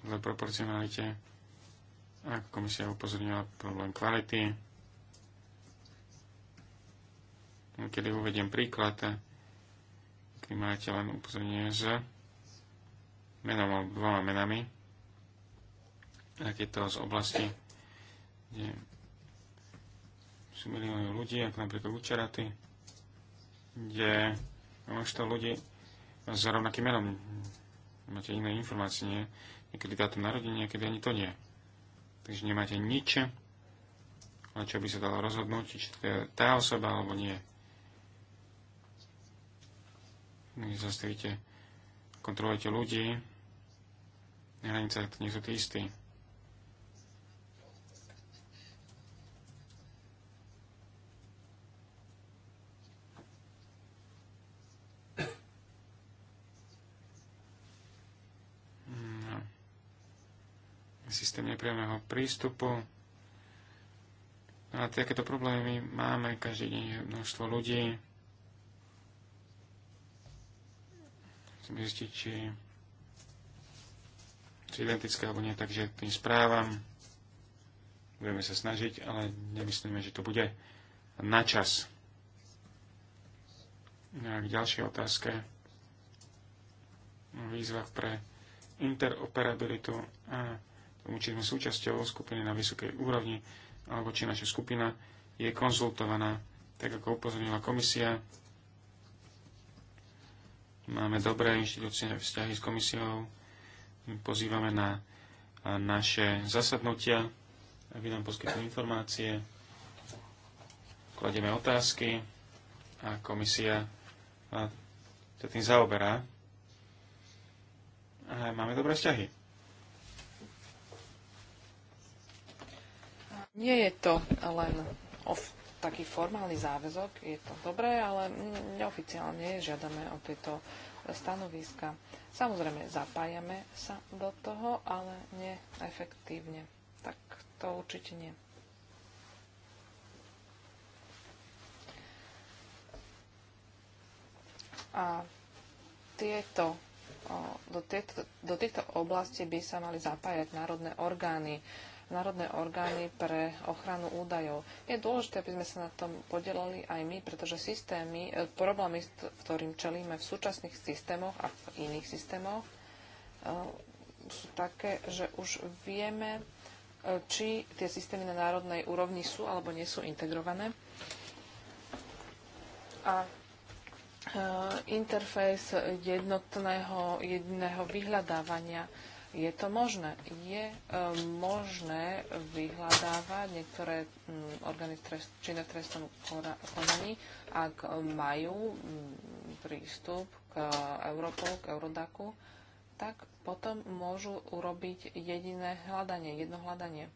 podľa proporcionalite, ako komisia upozornila problém kvality. Kedy uvediem príklad, všetkým máte len upozornenie s menom alebo dvoma menami. Ak je to z oblasti, kde sú milióny ľudí, ako napríklad Učeraty, kde množstvo ľudí s rovnakým menom. Máte iné informácie, nie? Niekedy to narodenie, niekedy ani to nie. Takže nemáte nič, ale čo by sa dalo rozhodnúť, či to je tá osoba alebo nie zastavíte, kontrolujete ľudí, na hranicách to nie sú tí istí. No. Systém nepriamého prístupu. No a takéto problémy máme každý deň množstvo ľudí. zistiť, či sú identické alebo nie, takže tým správam budeme sa snažiť, ale nemyslíme, že to bude na čas. No a k ďalšej otázke. Výzva pre interoperabilitu a tomu, či sme súčasťou skupiny na vysokej úrovni, alebo či naša skupina je konzultovaná, tak ako upozornila komisia, Máme dobré inštitúcie vzťahy s komisiou. Pozývame na naše zasadnutia, aby nám poskytli informácie. Kladieme otázky a komisia sa tým zaoberá. A máme dobré vzťahy. Nie je to len off taký formálny záväzok, je to dobré, ale neoficiálne žiadame o tieto stanoviska. Samozrejme, zapájame sa do toho, ale neefektívne. Tak to určite nie. A tieto, do, tieto, do týchto oblasti by sa mali zapájať národné orgány národné orgány pre ochranu údajov. Je dôležité, aby sme sa na tom podelali aj my, pretože systémy, e, problémy, ktorým čelíme v súčasných systémoch a v iných systémoch, e, sú také, že už vieme, e, či tie systémy na národnej úrovni sú alebo nie sú integrované. A interfejs jednotného, jedného vyhľadávania je to možné. Je e, možné vyhľadávať niektoré mm, orgány činné v trestnom konaní, ak majú mm, prístup k Europolu, k Eurodaku, tak potom môžu urobiť jediné hľadanie, jedno hľadanie e,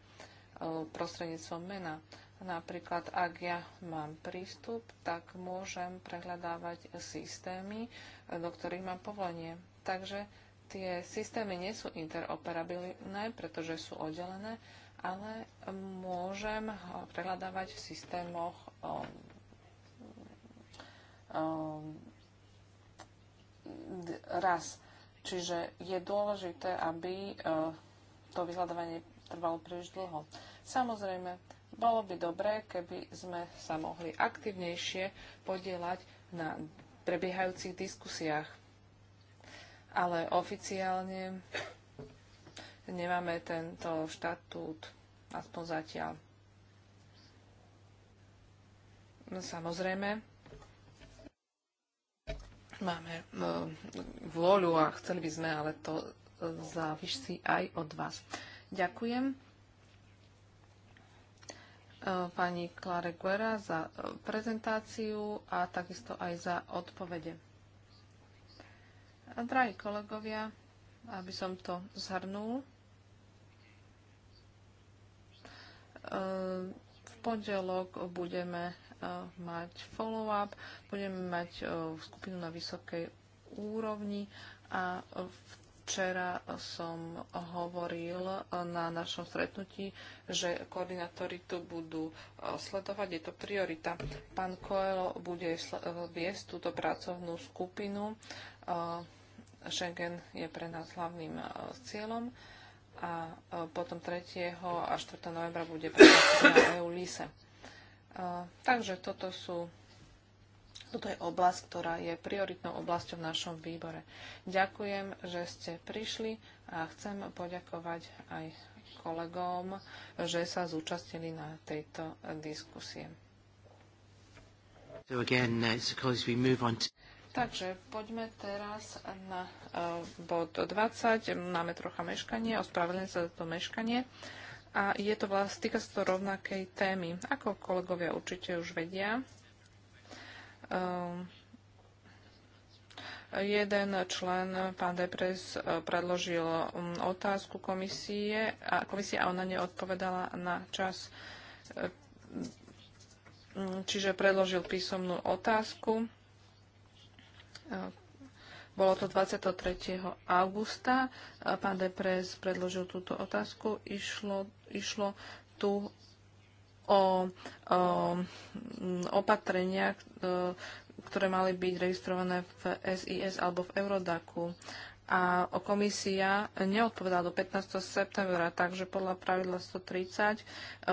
prostredníctvom mena. Napríklad, ak ja mám prístup, tak môžem prehľadávať systémy, do ktorých mám povolenie. Takže Tie systémy nie sú interoperabilné, pretože sú oddelené, ale môžem prehľadávať v systémoch um, um, raz. Čiže je dôležité, aby uh, to vyhľadávanie trvalo príliš dlho. Samozrejme, bolo by dobré, keby sme sa mohli aktívnejšie podielať na prebiehajúcich diskusiách ale oficiálne nemáme tento štatút, aspoň zatiaľ. No, samozrejme, máme no, vôľu a chceli by sme, ale to závisí aj od vás. Ďakujem e, pani Klare Guerra za e, prezentáciu a takisto aj za odpovede. A drahí kolegovia, aby som to zhrnul, eh, v pondelok budeme eh, mať follow-up, budeme mať eh, skupinu na vysokej úrovni a včera som hovoril na našom stretnutí, že koordinátori tu budú sledovať, je to priorita. Pán Koelo bude viesť túto pracovnú skupinu. Schengen je pre nás hlavným e, cieľom a e, potom 3. a 4. novembra bude na EU LISE. E, takže toto sú toto je oblasť, ktorá je prioritnou oblasťou v našom výbore. Ďakujem, že ste prišli a chcem poďakovať aj kolegom, že sa zúčastnili na tejto diskusie. So again, uh, Takže poďme teraz na e, bod 20. Máme trocha meškanie, ospravedlňujem sa za to meškanie. A je to vlastne, týka sa to rovnakej témy. Ako kolegovia určite už vedia, e, jeden člen, pán Depres, e, predložil otázku komisie a komisia ona neodpovedala na čas. Čiže predložil písomnú otázku bolo to 23. augusta. Pán Depres predložil túto otázku. Išlo, išlo tu o, o mm, opatrenia, e, ktoré mali byť registrované v SIS alebo v Eurodaku a komisia neodpovedala do 15. septembra, takže podľa pravidla 130 e,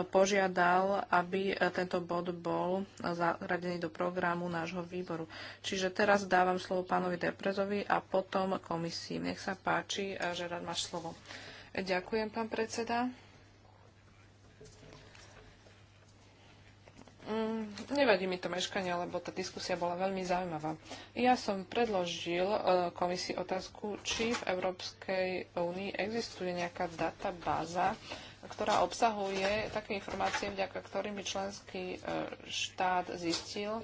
požiadal, aby e, tento bod bol zaradený do programu nášho výboru. Čiže teraz dávam slovo pánovi Deprezovi a potom komisii. Nech sa páči, e, že rád máš slovo. Ďakujem, pán predseda. Nevadí mi to meškanie, lebo tá diskusia bola veľmi zaujímavá. Ja som predložil e, komisii otázku, či v Európskej únii existuje nejaká databáza, ktorá obsahuje také informácie, vďaka ktorým by členský e, štát zistil, e,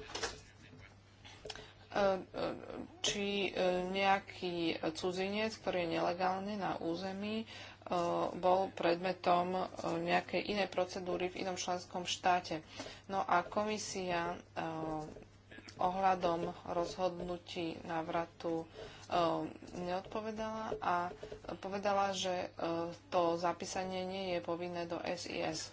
či nejaký cudzinec, ktorý je nelegálne na území, Eh, bol predmetom eh, nejakej inej procedúry v inom členskom štáte. No a komisia eh, ohľadom rozhodnutí návratu neodpovedala a povedala, že to zapísanie nie je povinné do SIS.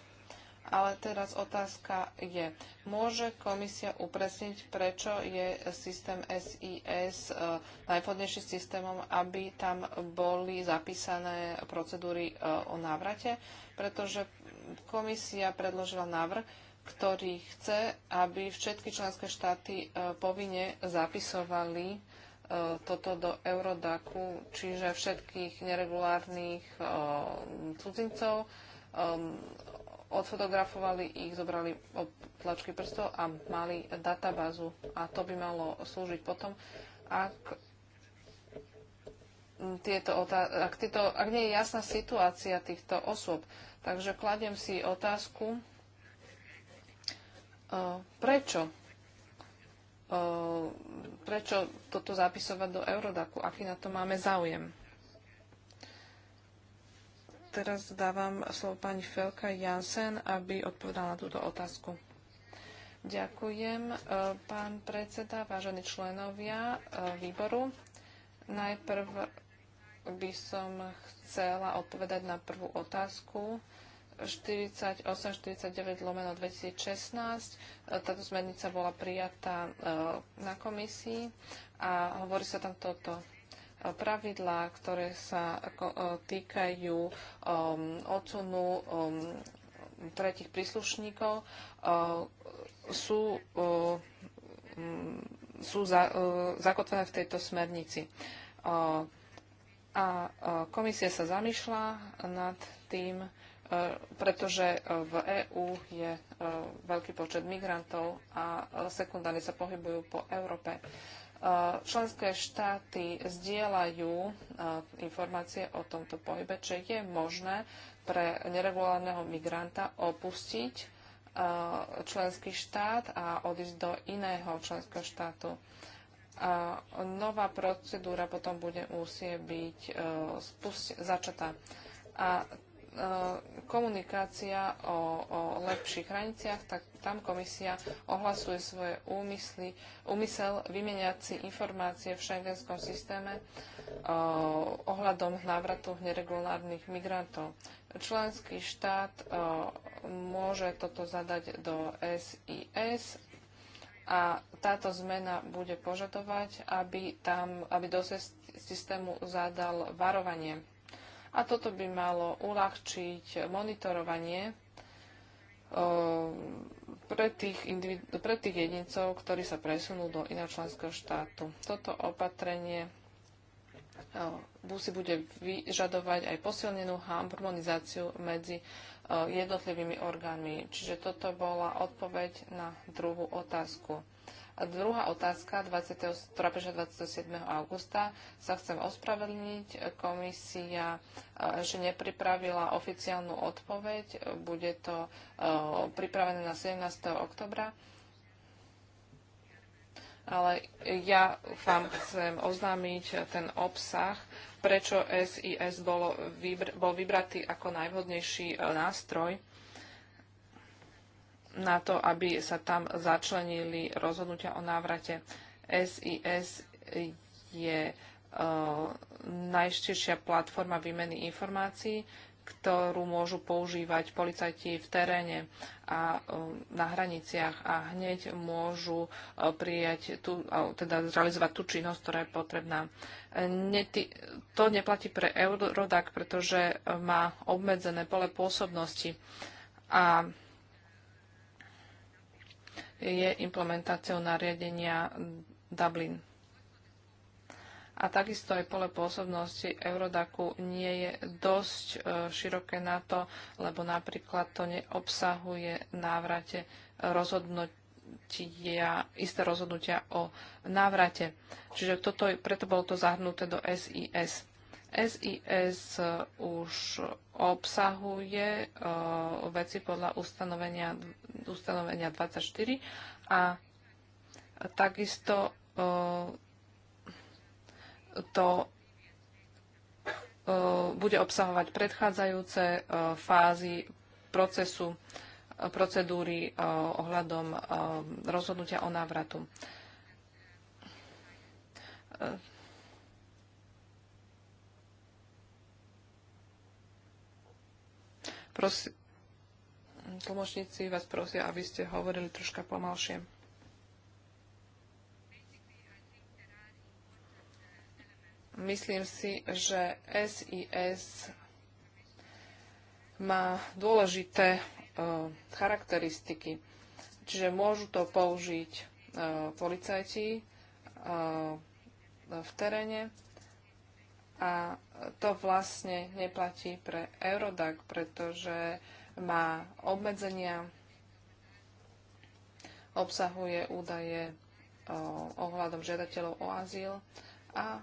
Ale teraz otázka je, môže komisia upresniť, prečo je systém SIS e, najvhodnejším systémom, aby tam boli zapísané procedúry e, o návrate? Pretože komisia predložila návrh, ktorý chce, aby všetky členské štáty e, povinne zapisovali toto do Eurodaku, čiže všetkých neregulárnych cudzincov, ehm, odfotografovali ich, zobrali od tlačky prstov a mali databázu. A to by malo slúžiť potom, ak tieto otá- ak, tieto, ak nie je jasná situácia týchto osôb. Takže kladiem si otázku, e, prečo e, prečo toto zapisovať do Eurodaku, aký na to máme záujem teraz dávam slovo pani Felka Jansen, aby odpovedala na túto otázku. Ďakujem, e, pán predseda, vážení členovia e, výboru. Najprv by som chcela odpovedať na prvú otázku. 48-49 lomeno 2016. E, táto smernica bola prijatá na komisii a hovorí sa tam toto pravidlá, ktoré sa e, týkajú um, odsunu um, tretich príslušníkov, e, sú, e, mm, sú zakotvené v tejto smernici. A komisia sa zamýšľa nad tým, pretože v EÚ je veľký počet migrantov a sekundárne sa pohybujú po Európe členské štáty zdieľajú informácie o tomto pohybe, čo je možné pre neregulárneho migranta opustiť členský štát a odísť do iného členského štátu. A nová procedúra potom bude musieť byť začatá. A E, komunikácia o, o lepších hraniciach, tak tam komisia ohlasuje svoje úmysly, úmysel vymeniať si informácie v šengenskom systéme o, e, ohľadom návratu neregulárnych migrantov. Členský štát o, e, môže toto zadať do SIS a táto zmena bude požadovať, aby, tam, aby do systému zadal varovanie a toto by malo uľahčiť monitorovanie pre tých, pre tých jedincov, ktorí sa presunú do iného členského štátu. Toto opatrenie si bude vyžadovať aj posilnenú harmonizáciu medzi jednotlivými orgánmi. Čiže toto bola odpoveď na druhú otázku. A druhá otázka, 20, ktorá prišla 27. augusta, sa chcem ospravedlniť. Komisia, že eh, nepripravila oficiálnu odpoveď, bude to eh, pripravené na 17. oktobra ale ja vám chcem oznámiť ten obsah, prečo SIS bolo, bol vybratý ako najvhodnejší eh, nástroj na to, aby sa tam začlenili rozhodnutia o návrate. SIS je e, najštejšia platforma výmeny informácií, ktorú môžu používať policajti v teréne a e, na hraniciach a hneď môžu e, prijať tú, teda zrealizovať tú činnosť, ktorá je potrebná. to neplatí pre Eurodac, pretože má obmedzené pole pôsobnosti a je implementáciou nariadenia Dublin. A takisto aj pole pôsobnosti Eurodaku nie je dosť e, široké na to, lebo napríklad to neobsahuje návrate rozhodnutia, isté rozhodnutia o návrate. Čiže toto, preto bolo to zahrnuté do SIS. SIS eh, už obsahuje uh, veci podľa ustanovenia, ustanovenia 24 a takisto uh, to uh, bude obsahovať predchádzajúce fázy procesu, procedúry ohľadom rozhodnutia o návratu Prosi, tlmočníci vás prosia, aby ste hovorili troška pomalšie. Myslím si, že SIS má dôležité uh, charakteristiky. Čiže môžu to použiť uh, policajti uh, v teréne, a to vlastne neplatí pre Eurodac, pretože má obmedzenia, obsahuje údaje ohľadom žiadateľov o azyl a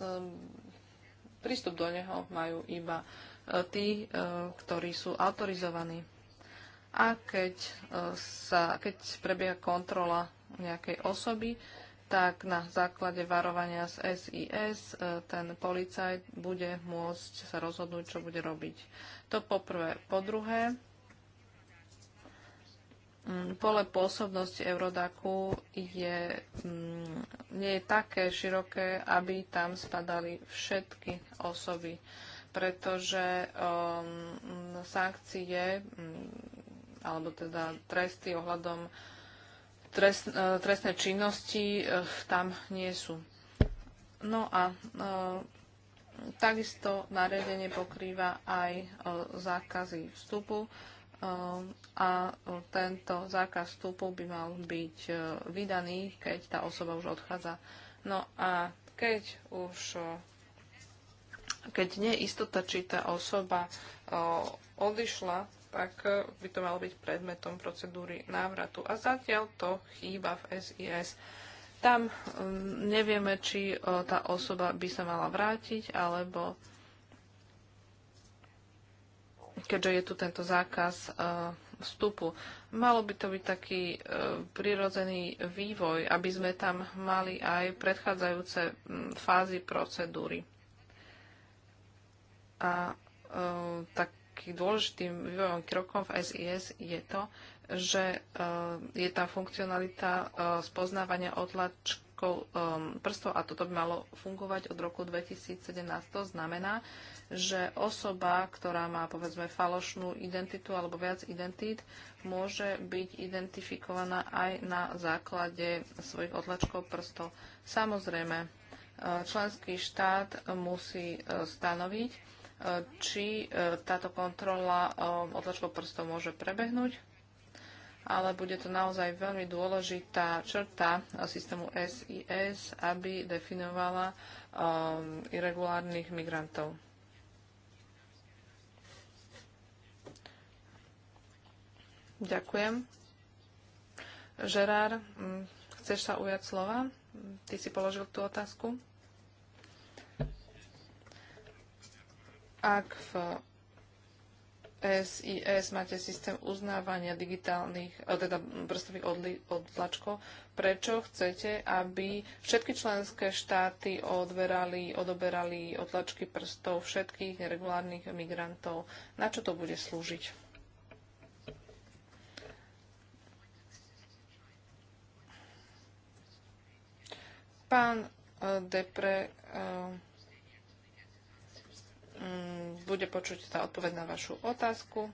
um, prístup do neho majú iba e, tí, e, ktorí sú autorizovaní. A keď, e, sa, keď prebieha kontrola nejakej osoby, tak na základe varovania z SIS e, ten policajt bude môcť sa rozhodnúť, čo bude robiť. To poprvé. Po druhé, mm, pole pôsobnosti Eurodaku je, mm, nie je také široké, aby tam spadali všetky osoby, pretože um, sankcie, alebo teda tresty ohľadom trest, e, trestné činnosti e, tam nie sú. No a e, takisto nariadenie pokrýva aj zákazy vstupu a tento zákaz vstupu by mal byť vydaný, keď tá osoba už odchádza. No a keď už keď nie istota, či tá osoba odišla tak e, by to malo byť predmetom procedúry návratu. A zatiaľ to chýba v SIS. Tam e, nevieme, či e, tá osoba by sa mala vrátiť, alebo keďže je tu tento zákaz vstupu. Malo by to byť taký prirodzený vývoj, aby sme tam mali aj predchádzajúce fázy procedúry. A tak takým dôležitým vývojovým krokom v SIS je to, že eh, je tam funkcionalita eh, spoznávania odlačkov eh, prstov a toto by malo fungovať od roku 2017. To znamená, že osoba, ktorá má povedzme falošnú identitu alebo viac identít, môže byť identifikovaná aj na základe svojich odlačkov prstov. Samozrejme, členský štát musí stanoviť, či e, táto kontrola e, odlačkou prstov môže prebehnúť, ale bude to naozaj veľmi dôležitá črta e, systému SIS, aby definovala irregulárnych migrantov. Ďakujem. Žerár, chceš sa ujať slova? Ty si položil tú otázku. Ak v SIS máte systém uznávania digitálnych, eh, teda prstových odtlačkov, prečo chcete, aby všetky členské štáty odverali, odoberali odtlačky prstov všetkých neregulárnych migrantov? Na čo to bude slúžiť? Pán eh, Depre eh, bude počuť tá odpoveď na vašu otázku.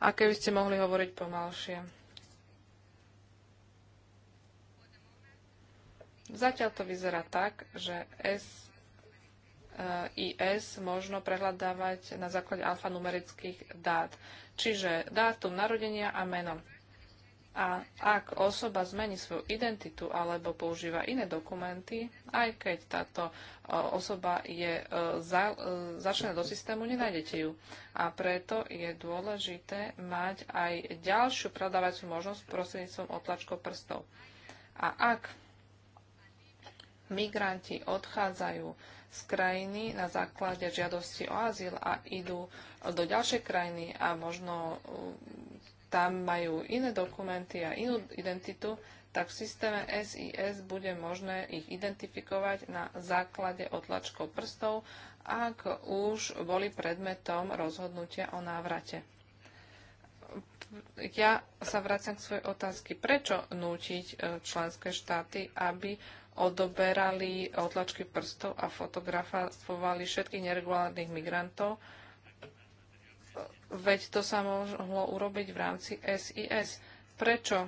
A keby ste mohli hovoriť pomalšie. Zatiaľ to vyzerá tak, že SIS možno prehľadávať na základe alfanumerických dát, čiže dátum narodenia a meno. A ak osoba zmení svoju identitu alebo používa iné dokumenty, aj keď táto e, osoba je e, za, e, začlená do systému, nenájdete ju. A preto je dôležité mať aj ďalšiu predávaciu možnosť prostredníctvom otlačkov prstov. A ak migranti odchádzajú z krajiny na základe žiadosti o azyl a idú do ďalšej krajiny a možno tam majú iné dokumenty a inú identitu, tak v systéme SIS bude možné ich identifikovať na základe otlačkov prstov, ak už boli predmetom rozhodnutia o návrate. Ja sa vraciam k svojej otázky. Prečo nútiť e, členské štáty, aby odoberali otlačky prstov a fotografovali všetkých neregulárnych migrantov, Veď to sa mohlo urobiť v rámci SIS. Prečo?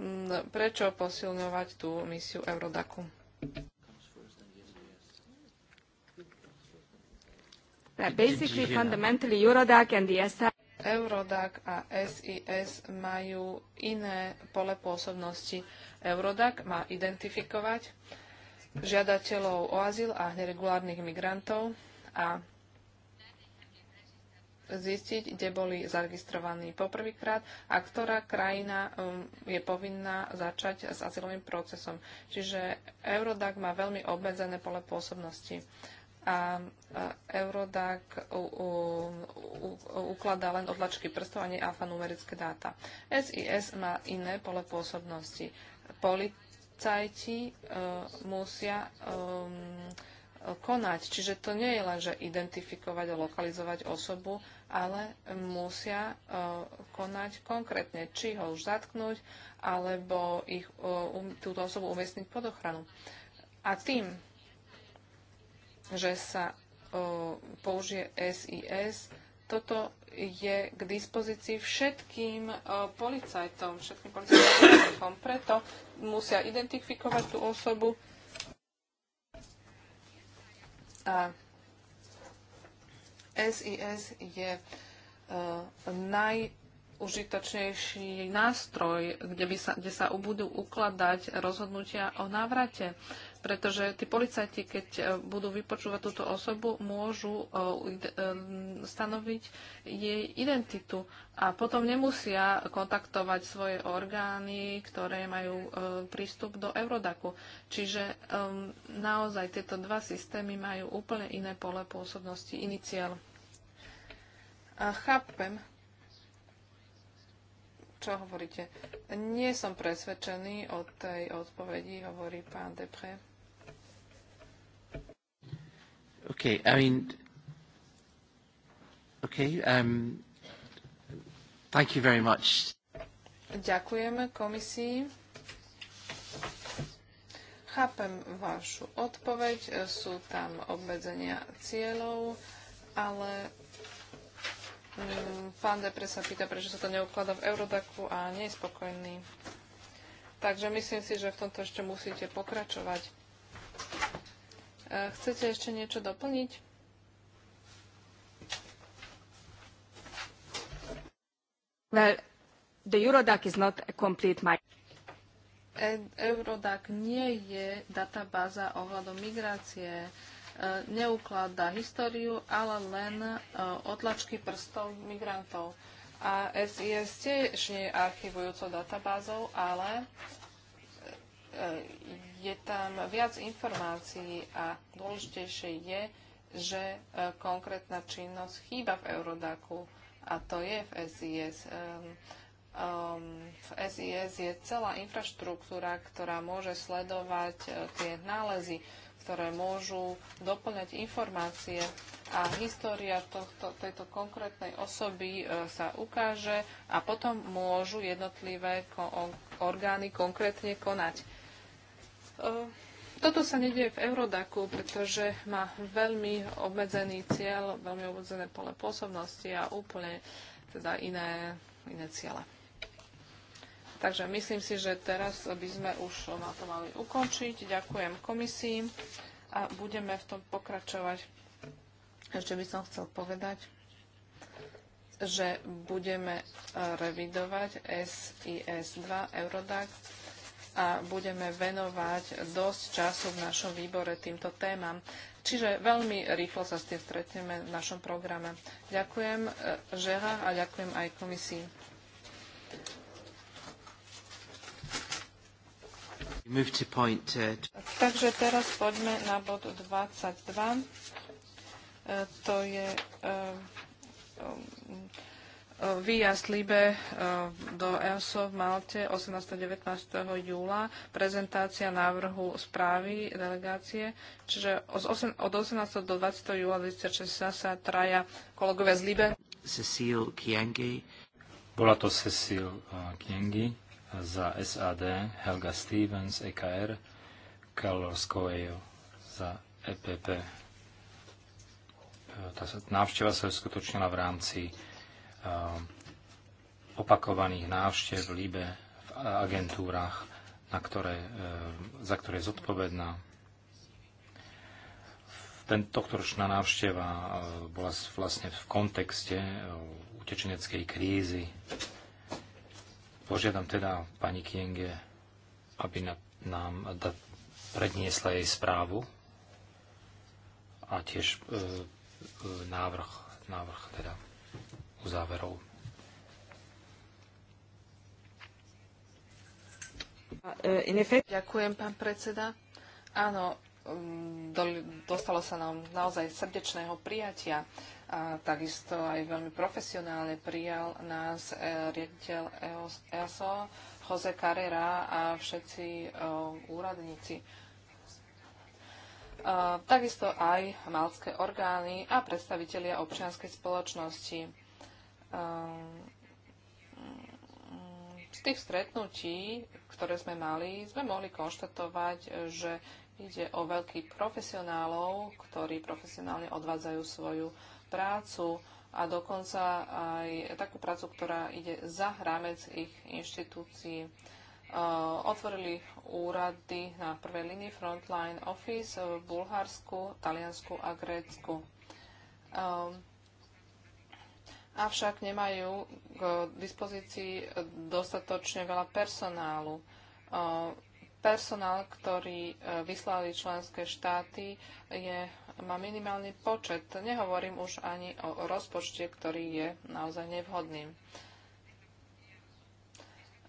Mm, prečo posilňovať tú misiu Eurodaku? Uh, Eurodac a SIS majú iné pole pôsobnosti. Eurodac má identifikovať žiadateľov o azyl a neregulárnych migrantov a zistiť, kde boli zaregistrovaní poprvýkrát a ktorá krajina um, je povinná začať s azylovým procesom. Čiže Eurodac má veľmi obmedzené pole pôsobnosti a Eurodac ukladá len odlačky prstov a nie alfanumerické dáta. SIS má iné pole pôsobnosti. Policajti e, musia e, konať. Čiže to nie je len, že identifikovať a lokalizovať osobu, ale musia e, konať konkrétne, či ho už zatknúť, alebo ich, e, um, túto osobu umiestniť pod ochranu. A tým, že sa e, použije SIS, toto je k dispozícii všetkým policajtom, všetkým policajtom, preto musia identifikovať tú osobu a SIS je e, najužitočnejší nástroj, kde, by sa, kde sa budú ukladať rozhodnutia o návrate. Pretože tí policajti, keď e, budú vypočúvať túto osobu, môžu e, stanoviť jej identitu a potom nemusia kontaktovať svoje orgány, ktoré majú prístup do Eurodaku. Čiže naozaj tieto dva systémy majú úplne iné pole pôsobnosti, iniciál. A chápem, čo hovoríte. Nie som presvedčený o tej odpovedi, hovorí pán Depre. OK, I mean, OK, um, thank you very much. Ďakujeme komisii. Chápem vašu odpoveď, sú tam obmedzenia cieľov, ale Fan mm, Depre sa pýta, prečo sa to neuklada v Eurodaku a nie je spokojný. Takže myslím si, že v tomto ešte musíte pokračovať. E, chcete ešte niečo doplniť? Well, the Eurodac is not a complete my... E, Eurodac nie je databáza ohľadom migrácie. Uh, neukladá históriu, ale len e, otlačky prstov migrantov. A SIS tiež nie je archivujúcou databázou, ale e, je tam viac informácií a dôležitejšie je, že e, konkrétna činnosť chýba v Eurodaku a to je v SIS. V SIS je celá infraštruktúra, ktorá môže sledovať tie nálezy, ktoré môžu doplňať informácie a história tohto, tejto konkrétnej osoby e, sa ukáže a potom môžu jednotlivé ko orgány konkrétne konať. E, toto sa nedieje v Eurodaku, pretože má veľmi obmedzený cieľ, veľmi obmedzené pole pôsobnosti a úplne teda iné, iné ciele. Takže myslím si, že teraz by sme už na to mali ukončiť. Ďakujem komisii a budeme v tom pokračovať. Ešte by som chcel povedať, že budeme e, revidovať SIS-2 Eurodax a budeme venovať dosť času v našom výbore týmto témam. Čiže veľmi rýchlo sa s tým stretneme v našom programe. Ďakujem e, Žera a ďakujem aj komisii. Uh, Takže teraz poďme na bod 22. E, to je e, e, výjazd Libe do EOSO v Malte 18. 19. júla, prezentácia návrhu správy delegácie, čiže od 18. do 20. júla 2016 sa traja kolegovia z Libe. Cecil Kiengi. Bola to Cecil Kiengi za SAD, Helga Stevens, EKR, Carlos Coelho za EPP. E, tá návšteva sa uskutočnila v rámci e, opakovaných návštev v Libe v agentúrach, na ktoré, e, za ktoré je zodpovedná. Tohtoročná návšteva bola vlastne v kontexte utečeneckej krízy Požiadam teda pani Kienge, aby nám predniesla jej správu a tiež e, e návrh, návrh teda záverov. Ďakujem, pán predseda. Áno, mm, dostalo sa nám naozaj srdečného prijatia a takisto aj veľmi profesionálne prijal nás eh, riaditeľ EASO, e Jose Carrera a všetci eh, úradníci. Eh, takisto aj malské orgány a predstavitelia občianskej spoločnosti. Z tých stretnutí, ktoré sme mali, sme mohli konštatovať, že Ide o veľkých profesionálov, ktorí profesionálne odvádzajú svoju prácu a dokonca aj takú prácu, ktorá ide za hramec ich inštitúcií. E, otvorili úrady na prvej linii Frontline Office v Bulharsku, Taliansku a Grécku. E, avšak nemajú k dispozícii dostatočne veľa personálu e, personál, ktorý vyslali členské štáty, je má minimálny počet. Nehovorím už ani o rozpočte, ktorý je naozaj nevhodným.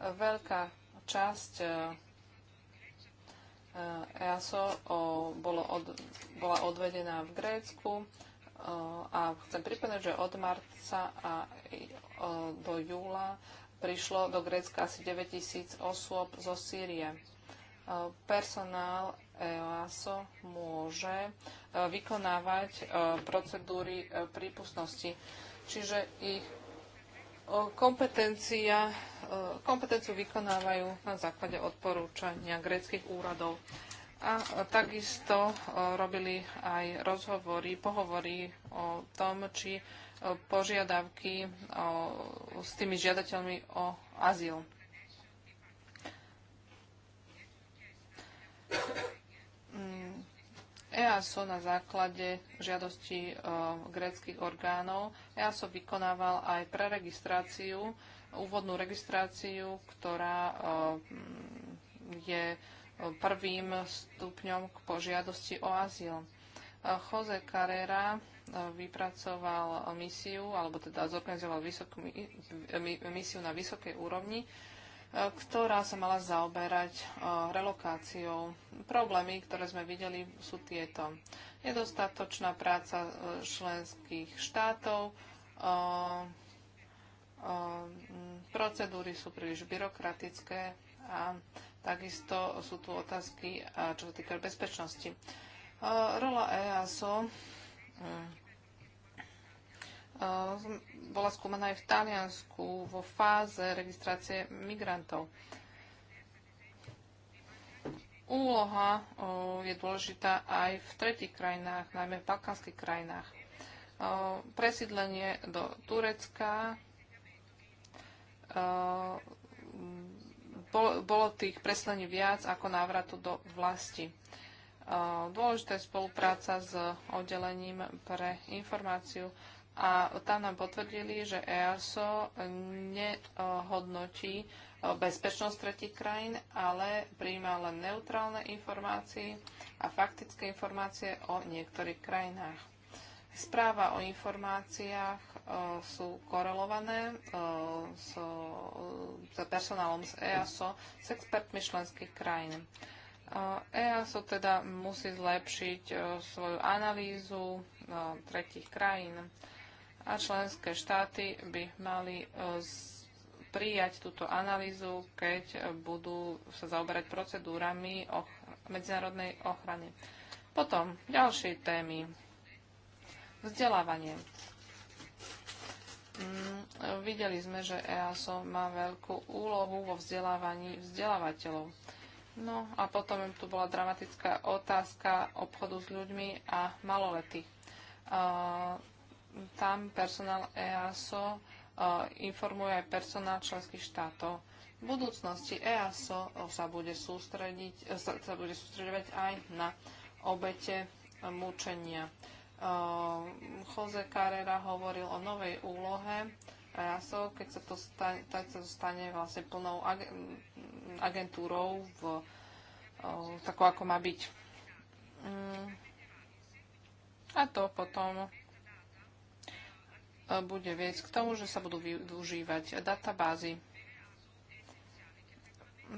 Veľká časť e, e, EASO bola odvedená v Grécku e, a chcem pripomenúť, že od marca a do júla prišlo do Grécka asi 9000 osôb zo Sýrie. Personál EASO môže e, vykonávať e, procedúry e, prípustnosti. Čiže ich kompetencia, kompetenciu vykonávajú na základe odporúčania greckých úradov. A takisto robili aj rozhovory, pohovory o tom, či požiadavky o, s tými žiadateľmi o azyl. EASO na základe žiadosti e, gréckych orgánov. EASO vykonával aj preregistráciu, úvodnú registráciu, ktorá e, je e, prvým stupňom k požiadosti o azyl. Jose Carrera vypracoval misiu, alebo teda zorganizoval misiu na vysokej úrovni E, ktorá sa mala zaoberať e, relokáciou. Problémy, ktoré sme videli, sú tieto. Nedostatočná práca e, členských štátov, procedúry sú príliš byrokratické a takisto sú tu otázky, čo sa týka bezpečnosti. Rola EASO mm, Eh, bola skúmaná aj v Taliansku vo fáze registrácie migrantov. Úloha eh, je dôležitá aj v tretich krajinách, najmä v balkánskych krajinách. Eh, presídlenie do Turecka bolo tých preslení viac ako návratu do vlasti. Dôležitá je spolupráca s oddelením pre informáciu a tam nám potvrdili, že EASO nehodnotí e, bezpečnosť tretich krajín, ale prijíma len neutrálne informácie a faktické informácie o niektorých krajinách. Správa o informáciách e, sú korelované e, s, personálom z EASO, s expertmi členských krajín. EASO teda musí zlepšiť svoju analýzu tretich krajín a členské štáty by mali e, prijať túto analýzu, keď budú sa zaoberať procedúrami och- medzinárodnej ochrany. Potom ďalšie témy. Vzdelávanie. Mm, videli sme, že EASO má veľkú úlohu vo vzdelávaní vzdelávateľov. No a potom tu bola dramatická otázka obchodu s ľuďmi a maloletých. Uh, tam personál EASO e, informuje aj personál členských štátov. V budúcnosti EASO e, sa bude, sústrediť, e, sa bude sústredovať aj na obete mučenia. Jose Carrera hovoril o novej úlohe EASO, keď sa to stane, tak sa to stane vlastne plnou mm, agentúrou v, takou, ako má byť. Mm. A to potom bude viesť k tomu, že sa budú využívať databázy.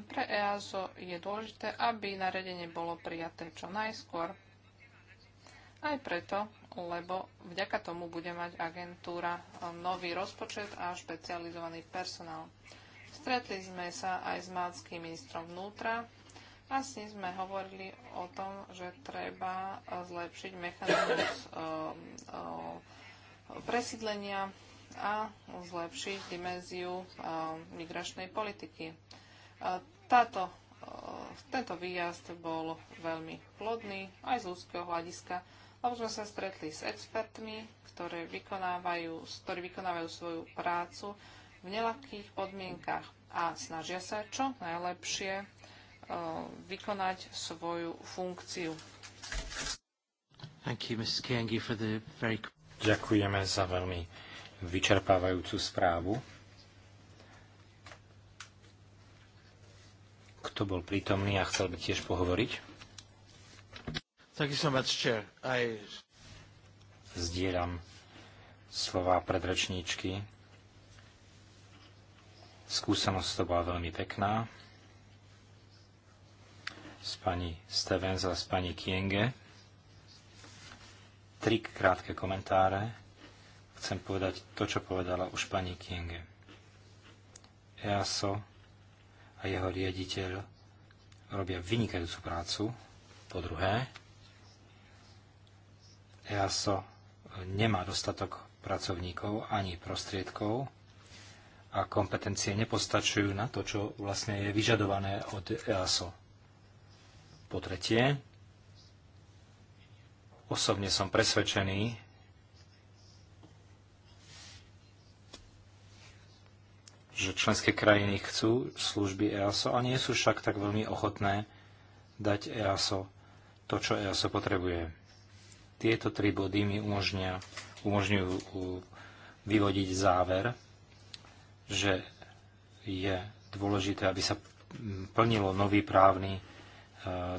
Pre EASO je dôležité, aby naredenie bolo prijaté čo najskôr. Aj preto, lebo vďaka tomu bude mať agentúra eh, nový rozpočet a špecializovaný personál. Stretli sme sa aj s malckým ministrom vnútra a s ním sme hovorili o tom, že treba eh, zlepšiť mechanizmus eh, presídlenia a zlepšiť dimenziu migračnej politiky. Táto, tento výjazd bol veľmi plodný aj z ľudského hľadiska, lebo sme sa stretli s expertmi, ktoré vykonávajú, ktorí vykonávajú svoju prácu v nelakých podmienkach a snažia sa čo najlepšie vykonať svoju funkciu. Thank you, Mrs. Kiengi, for the very... Ďakujeme za veľmi vyčerpávajúcu správu. Kto bol prítomný a chcel by tiež pohovoriť? Thank Zdieľam slova predrečníčky. Skúsenosť to bola veľmi pekná s pani Stevens a s pani Kienge tri krátke komentáre. Chcem povedať to, čo povedala už pani Kienge. EASO a jeho riaditeľ robia vynikajúcu prácu. Po druhé, EASO nemá dostatok pracovníkov ani prostriedkov a kompetencie nepostačujú na to, čo vlastne je vyžadované od EASO. Po tretie, Osobne som presvedčený, že členské krajiny chcú služby EASO a nie sú však tak veľmi ochotné dať EASO to, čo EASO potrebuje. Tieto tri body mi umožňujú, umožňujú vyvodiť záver, že je dôležité, aby sa plnilo nový právny e,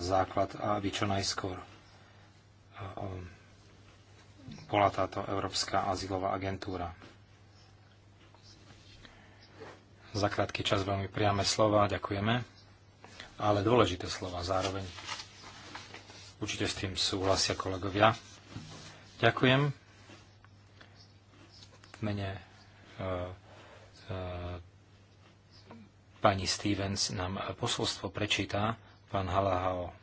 základ a aby čo najskôr. Um, bola táto Európska azylová agentúra. Za krátky čas veľmi priame slova, ďakujeme, ale dôležité slova zároveň. Určite s tým súhlasia kolegovia. Ďakujem. V mene e, e, pani Stevens nám posolstvo prečíta pán Halahao.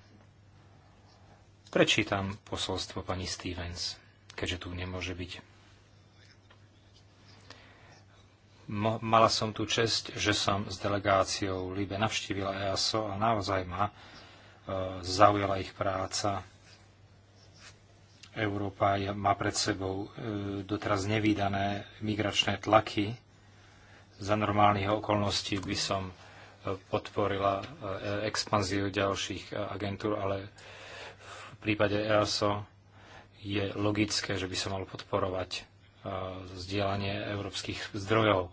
Prečítam posolstvo pani Stevens, keďže tu nemôže byť. Mo mala som tu čest, že som s delegáciou Libe navštívila EASO a naozaj ma e, zaujala ich práca. Európa má pred sebou e, doteraz nevýdané migračné tlaky. Za normálnych okolností by som e, podporila e, expanziu ďalších e, agentúr, ale prípade EASO je logické, že by sa malo podporovať e, vzdielanie európskych zdrojov.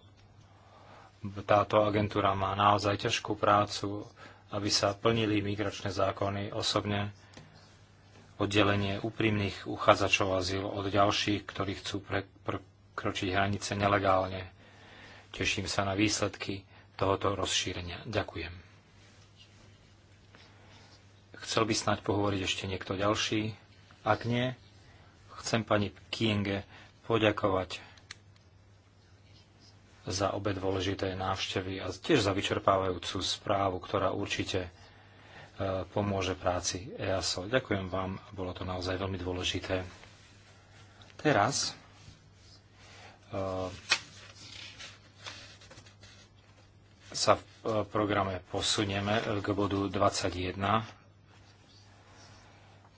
Táto agentúra má naozaj ťažkú prácu, aby sa plnili migračné zákony osobne, oddelenie úprimných uchádzačov azyl od ďalších, ktorí chcú prekročiť hranice nelegálne. Teším sa na výsledky tohoto rozšírenia. Ďakujem. Chcel by snáď pohovoriť ešte niekto ďalší. Ak nie, chcem pani Kienge poďakovať za obe dôležité návštevy a tiež za vyčerpávajúcu správu, ktorá určite e, pomôže práci EASO. Ďakujem vám, bolo to naozaj veľmi dôležité. Teraz e, sa v e, programe posunieme k bodu 21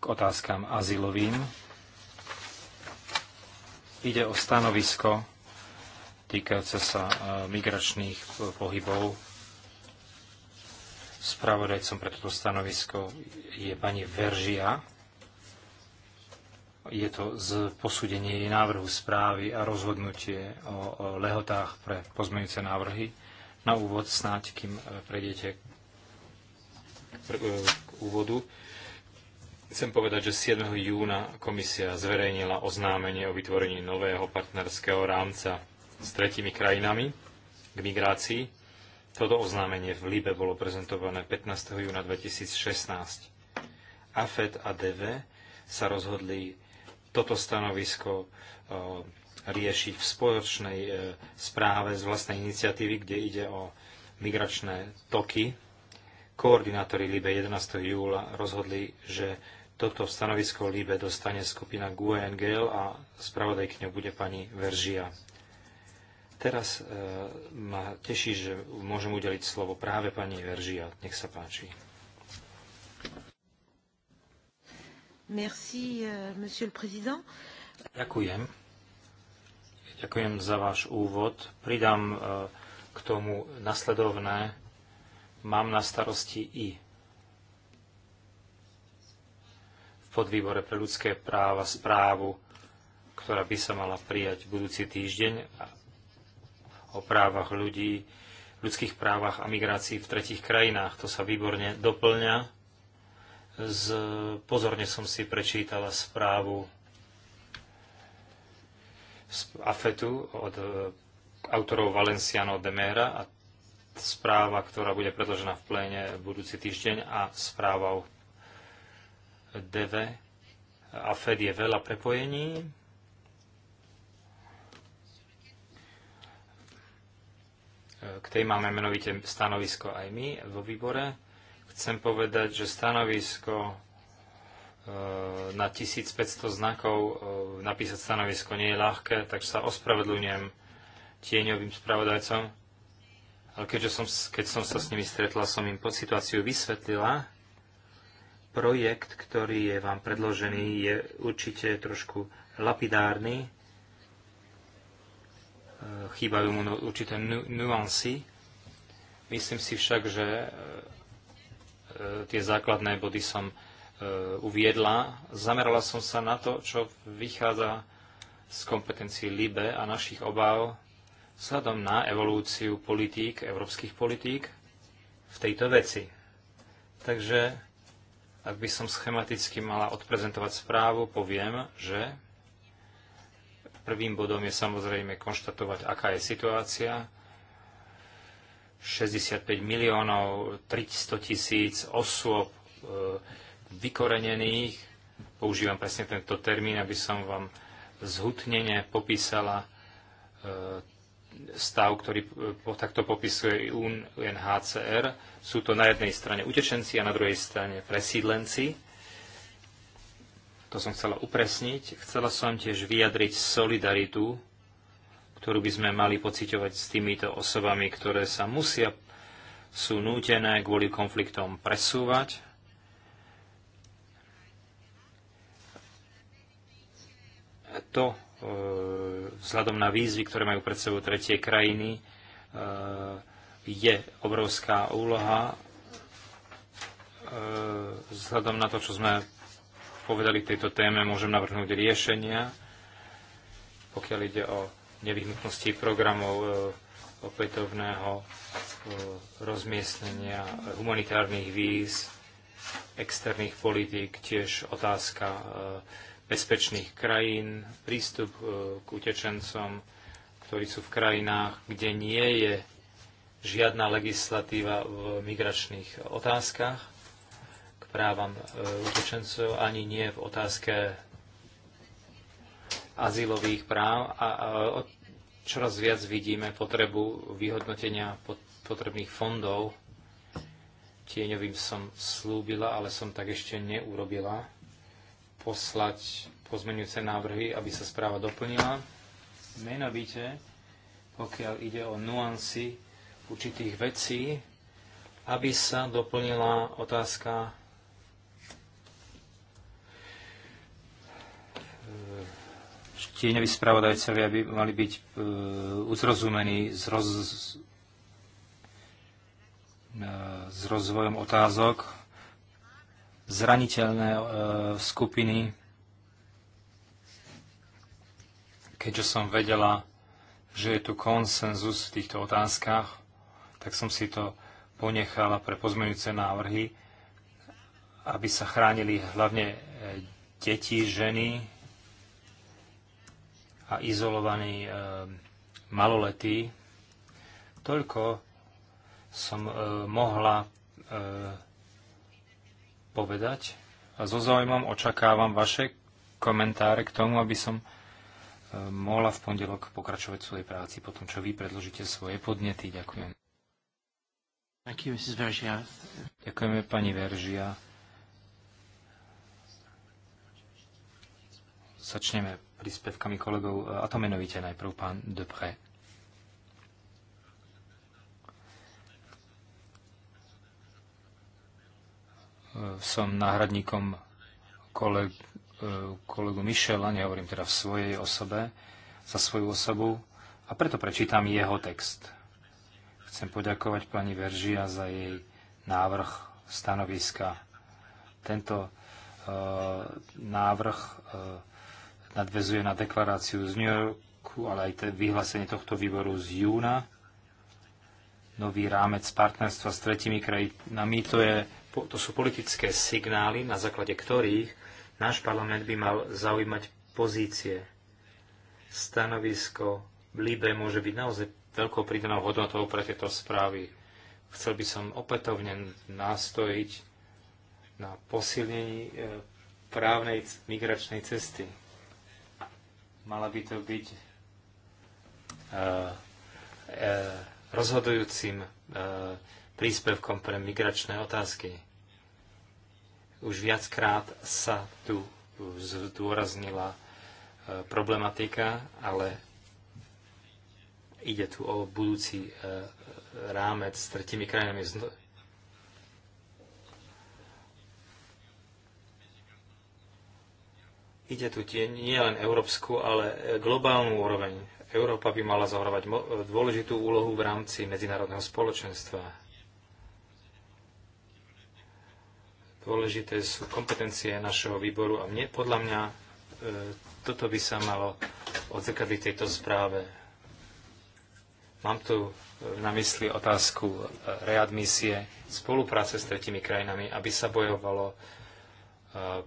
k otázkam azylovým. Ide o stanovisko týkajúce sa e, migračných pohybov. Spravodajcom pre toto stanovisko je pani Veržia. Je to z posúdenie návrhu správy a rozhodnutie o, lehotách pre pozmeňujúce návrhy. Na úvod snáď, kým e, prejdete k e, úvodu, Chcem povedať, že 7. júna komisia zverejnila oznámenie o vytvorení nového partnerského rámca s tretimi krajinami k migrácii. Toto oznámenie v Libe bolo prezentované 15. júna 2016. AFED a DV sa rozhodli toto stanovisko e, riešiť v spoločnej e, správe z vlastnej iniciatívy, kde ide o migračné toky. Koordinátori Libe 11. júla rozhodli, že toto stanovisko Líbe dostane skupina GUE NGL a spravodajkňou bude pani Veržia. Teraz e, ma teší, že môžem udeliť slovo práve pani Veržia. Nech sa páči. Merci, e, monsieur le président. Ďakujem. Ďakujem za váš úvod. Pridám e, k tomu nasledovné. Mám na starosti i podvýbore pre ľudské práva správu, ktorá by sa mala prijať budúci týždeň o právach ľudí, ľudských právach a migrácii v tretich krajinách. To sa výborne doplňa. Z, pozorne som si prečítala správu z AFETu od e, autorov Valenciano de Mera a správa, ktorá bude predložená v pléne budúci týždeň a správa o DV a FED je veľa prepojení. K tej máme menovite stanovisko aj my vo výbore. Chcem povedať, že stanovisko e, na 1500 znakov e, napísať stanovisko nie je ľahké, takže sa ospravedlňujem tieňovým spravodajcom. Ale keďže som, keď som sa s nimi stretla, som im pod situáciu vysvetlila, projekt, ktorý je vám predložený, je určite trošku lapidárny. E, chýbajú mu no- určité nu- nuancy. Myslím si však, že e, e, tie základné body som uviedla. Zamerala som sa na to, čo vychádza z kompetencií LIBE a našich obáv vzhľadom na evolúciu politík, európskych politík v tejto veci. Takže ak by som schematicky mala odprezentovať správu, poviem, že prvým bodom je samozrejme konštatovať, aká je situácia. 65 miliónov, 300 tisíc osôb e, vykorenených. Používam presne tento termín, aby som vám zhutnene popísala e, stav, ktorý e, takto popisuje UNHCR. Sú to na jednej strane utečenci a na druhej strane presídlenci. To som chcela upresniť. Chcela som tiež vyjadriť solidaritu, ktorú by sme mali pociťovať s týmito osobami, ktoré sa musia, sú nútené kvôli konfliktom presúvať. To E, vzhľadom na výzvy, ktoré majú pred sebou tretie krajiny, e, je obrovská úloha. E, vzhľadom na to, čo sme povedali k tejto téme, môžem navrhnúť riešenia, pokiaľ ide o nevyhnutnosti programov opätovného rozmiestnenia humanitárnych víz, externých politík, tiež otázka bezpečných krajín, prístup e, k utečencom, ktorí sú v krajinách, kde nie je žiadna legislatíva v migračných otázkach k právam e, utečencov, ani nie v otázke azylových práv a, čoraz viac vidíme potrebu vyhodnotenia potrebných fondov. Tieňovým som slúbila, ale som tak ešte neurobila poslať pozmenujúce návrhy, aby sa správa doplnila. Menovite, pokiaľ ide o nuancy určitých vecí, aby sa doplnila otázka e, tieňoví spravodajcovia by mali byť uh, uzrozumení s, roz, uh, e, s rozvojom otázok zraniteľné e, skupiny. Keďže som vedela, že je tu konsenzus v týchto otázkach, tak som si to ponechala pre pozmeňujúce návrhy, aby sa chránili hlavne e, deti, ženy a izolovaní e, maloletí. Toľko som mohla povedať a so zaujímom očakávam vaše komentáre k tomu, aby som e, mohla v pondelok pokračovať v svojej práci po tom, čo vy predložíte svoje podnety. Ďakujem. You, Ďakujeme pani Veržia. Začneme príspevkami kolegov a to menovite najprv pán Depré. som náhradníkom koleg, e, kolegu Michela, nehovorím teda v svojej osobe, za svoju osobu a preto prečítam jeho text. Chcem poďakovať pani Veržia za jej návrh stanoviska. Tento uh, návrh uh, nadvezuje na deklaráciu z New Yorku, ale aj vyhlásenie tohto výboru z júna. Nový rámec partnerstva s tretimi krajinami, to je to sú politické signály, na základe ktorých náš parlament by mal zaujímať pozície. Stanovisko Libe môže byť naozaj veľkou pridanou hodnotou pre tieto správy. Chcel by som opätovne nastojiť na posilnení e, právnej migračnej cesty. Mala by to byť e, e, rozhodujúcim príspevkom pre migračné otázky. Už viackrát sa tu zdôraznila e, problematika, ale ide tu o budúci e, rámec s tretimi krajinami. Ide tu tie, nie len európsku, ale e, globálnu úroveň. Európa by mala zohrávať dôležitú úlohu v rámci medzinárodného spoločenstva Dôležité sú kompetencie našeho výboru a mne, podľa mňa e, toto by sa malo odzrkadliť tejto správe. Mám tu na mysli otázku e, readmisie, spolupráce s tretimi krajinami, aby sa bojovalo e,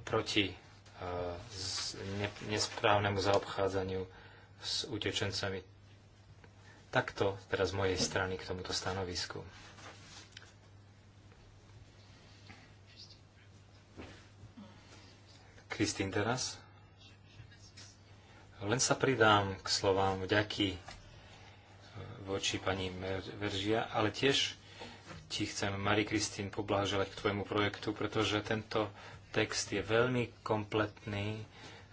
proti e, nesprávnemu zaobchádzaniu s utečencami. Takto teraz z mojej strany k tomuto stanovisku. Kristín teraz. Len sa pridám k slovám vďaky eh, voči pani Veržia, ale tiež ti chcem, Mari Kristín, poblahoželať k tvojemu projektu, pretože tento text je veľmi kompletný,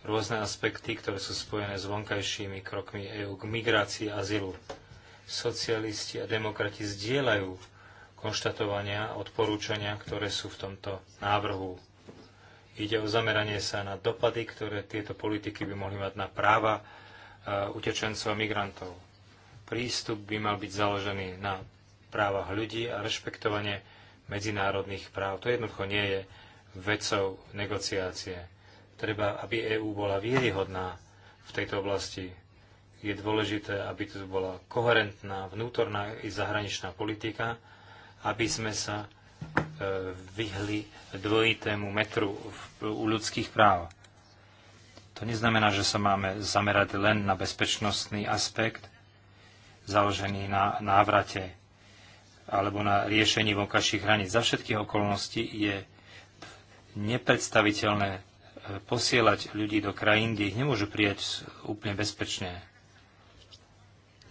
rôzne aspekty, ktoré sú spojené s vonkajšími krokmi EÚ k migrácii a azylu. Socialisti a demokrati zdieľajú konštatovania, odporúčania, ktoré sú v tomto návrhu. Ide o zameranie sa na dopady, ktoré tieto politiky by mohli mať na práva e, utečencov a migrantov. Prístup by mal byť založený na právach ľudí a rešpektovanie medzinárodných práv. To jednoducho nie je vecou negociácie. Treba, aby EÚ bola vieryhodná v tejto oblasti. Je dôležité, aby tu bola koherentná vnútorná i zahraničná politika, aby sme sa vyhli dvojitému metru u ľudských práv. To neznamená, že sa máme zamerať len na bezpečnostný aspekt, založený na návrate alebo na riešení vonkajších hraníc. Za všetkých okolností je nepredstaviteľné e, posielať ľudí do krajín, kde ich nemôžu prijať úplne bezpečne.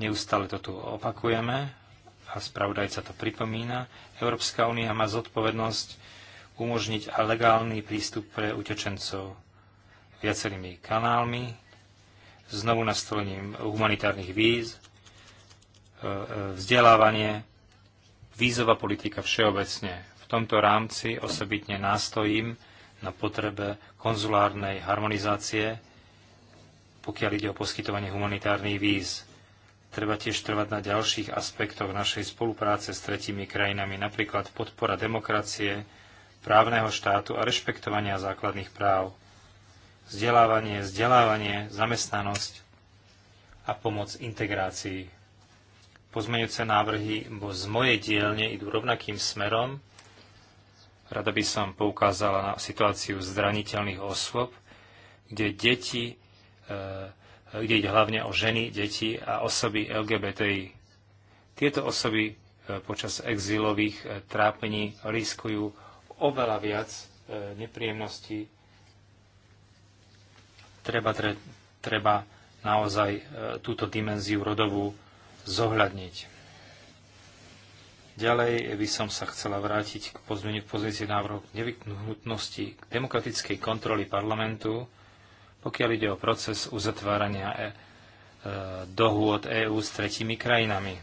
Neustále to tu opakujeme a spravodajca to pripomína, Európska únia má zodpovednosť umožniť a legálny prístup pre utečencov viacerými kanálmi, znovu nastolením humanitárnych víz, e, e, vzdelávanie, vízová politika všeobecne. V tomto rámci osobitne nástojím na potrebe konzulárnej harmonizácie, pokiaľ ide o poskytovanie humanitárnych víz Treba tiež trvať na ďalších aspektoch našej spolupráce s tretími krajinami, napríklad podpora demokracie, právneho štátu a rešpektovania základných práv, vzdelávanie, vzdelávanie, zamestnanosť a pomoc integrácii. Pozmeňujúce návrhy bo z mojej dielne idú rovnakým smerom. Rada by som poukázala na situáciu zraniteľných osôb, kde deti e, kde ide hlavne o ženy, deti a osoby LGBTI. Tieto osoby e, počas exilových e, trápení riskujú oveľa viac e, nepríjemností. Treba, tre, treba naozaj túto dimenziu rodovú zohľadniť. Ďalej by som sa chcela vrátiť k pozmeniu pozície návrhu k nevyhnutnosti k demokratickej kontroly parlamentu pokiaľ ide o proces uzatvárania e, e, dohôd EÚ s tretími krajinami.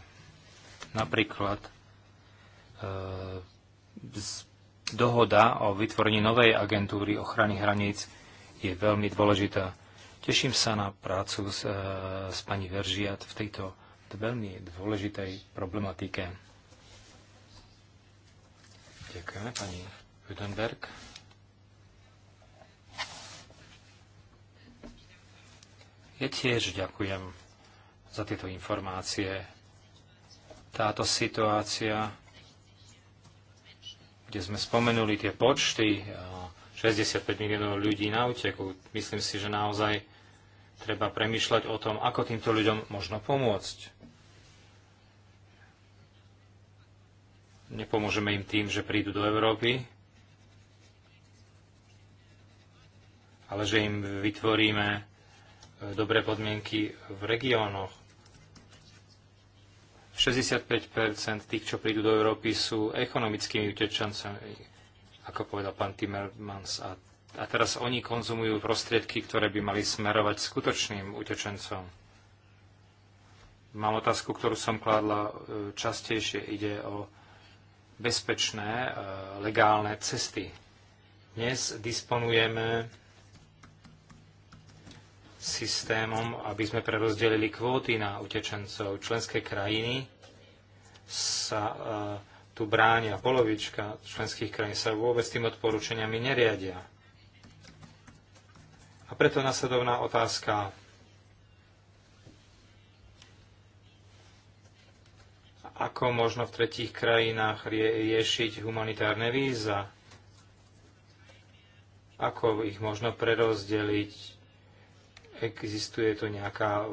Napríklad e, z, dohoda o vytvorení novej agentúry ochrany hraníc je veľmi dôležitá. Teším sa na prácu s, e, s pani Veržiat v tejto veľmi dôležitej problematike. Ďakujeme, pani Hüdenberg. Ja tiež ďakujem za tieto informácie. Táto situácia, kde sme spomenuli tie počty, 65 miliónov ľudí na uteku, myslím si, že naozaj treba premýšľať o tom, ako týmto ľuďom možno pomôcť. Nepomôžeme im tým, že prídu do Európy, ale že im vytvoríme dobré podmienky v regiónoch. 65 tých, čo prídu do Európy, sú ekonomickými utečencami, ako povedal pán Timmermans. A, a teraz oni konzumujú prostriedky, ktoré by mali smerovať skutočným utečencom. Mám otázku, ktorú som kládla e, častejšie. Ide o bezpečné, e, legálne cesty. Dnes disponujeme systémom, aby sme prerozdelili kvóty na utečencov. Členské krajiny sa e, tu bránia, polovička členských krajín sa vôbec tým odporúčaniami neriadia. A preto nasledovná otázka. Ako možno v tretích krajinách riešiť humanitárne víza? Ako ich možno prerozdeliť Existuje to nejaká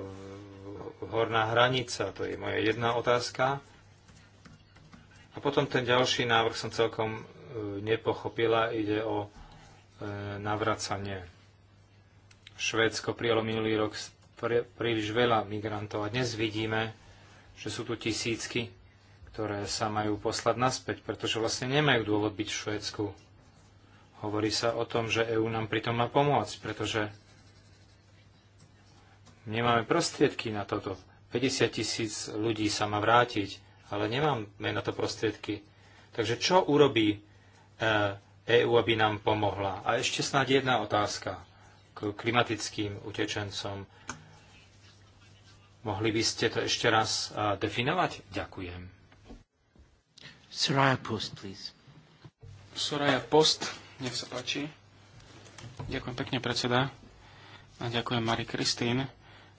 horná hranica? To je moja jedna otázka. A potom ten ďalší návrh som celkom e, nepochopila. Ide o e, navracanie. Švédsko prijalo minulý rok príliš veľa migrantov a dnes vidíme, že sú tu tisícky, ktoré sa majú poslať naspäť, pretože vlastne nemajú dôvod byť v Švédsku. Hovorí sa o tom, že EÚ nám pritom má pomôcť, pretože Nemáme prostriedky na toto. 50 tisíc ľudí sa má vrátiť, ale nemáme na to prostriedky. Takže čo urobí EÚ, e aby nám pomohla? A ešte snáď jedna otázka k klimatickým utečencom. Mohli by ste to ešte raz e, definovať? Ďakujem. Soraya Post, please. Soraya Post, nech sa páči. Ďakujem pekne, predseda. A ďakujem Mari Kristín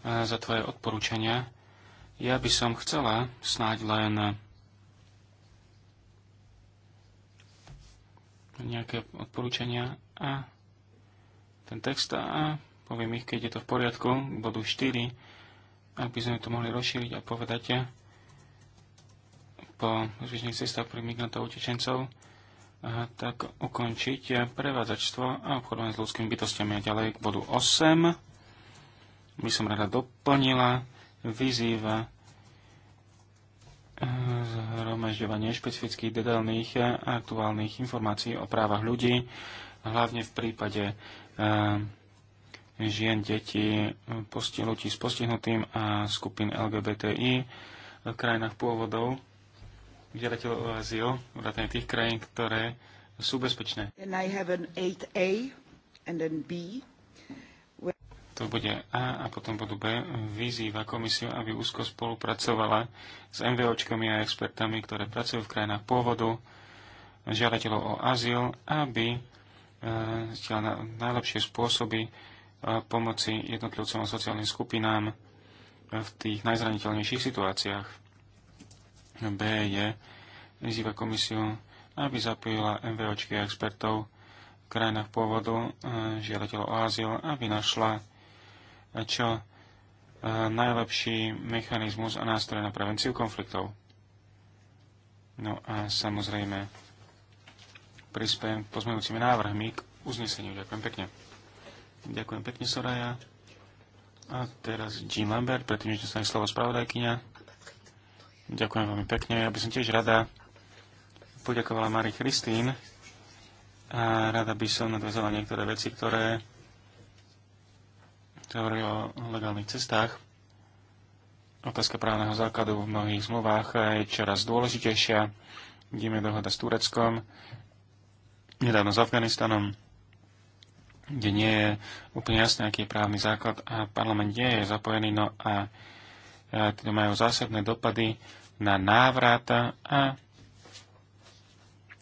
za tvoje odporúčania. Ja by som chcela snáď len nejaké odporúčania a ten text a poviem ich, keď je to v poriadku, k bodu 4, aby sme to mohli rozšíriť a povedať po zvyšných cestách pre migrantov a utečencov, tak ukončiť prevádzačstvo a obchodovanie s ľudskými bytostiami a ďalej k bodu 8 by som rada doplnila, vyzýva eh, zhromažďovanie špecifických detailných a eh, aktuálnych informácií o právach ľudí, hlavne v prípade eh, žien, detí, ľudí s postihnutým a skupín LGBTI v krajinách pôvodov, žiadateľov o azyl, vrátane tých krajín, ktoré sú bezpečné. And I have an 8A and then B to bude A a potom bodu B, vyzýva komisiu, aby úzko spolupracovala s MVOčkami a expertami, ktoré pracujú v krajinách pôvodu, žiadateľov o azyl, aby e, na najlepšie spôsoby e, pomoci jednotlivcom a sociálnym skupinám v tých najzraniteľnejších situáciách. B je, vyzýva komisiu, aby zapojila MVOčky a expertov v krajinách pôvodu e, žiadateľov o azyl, aby našla čo e, najlepší mechanizmus a nástroj na prevenciu konfliktov. No a samozrejme prispiem pozmejúcimi návrhmi k uzneseniu. Ďakujem pekne. Ďakujem pekne, Soraya. A teraz Jean Lambert, predtým, že dostane slovo spravodajkynia. Ďakujem veľmi pekne. Ja by som tiež rada poďakovala Marii Christín a rada by som nadvezala niektoré veci, ktoré ktorý o legálnych cestách. Otázka právneho základu v mnohých zmluvách je čoraz dôležitejšia. Vidíme dohoda s Tureckom, nedávno s Afganistanom, kde nie je úplne jasné, aký je právny základ a parlament nie je zapojený, no a teda majú zásadné dopady na návrat a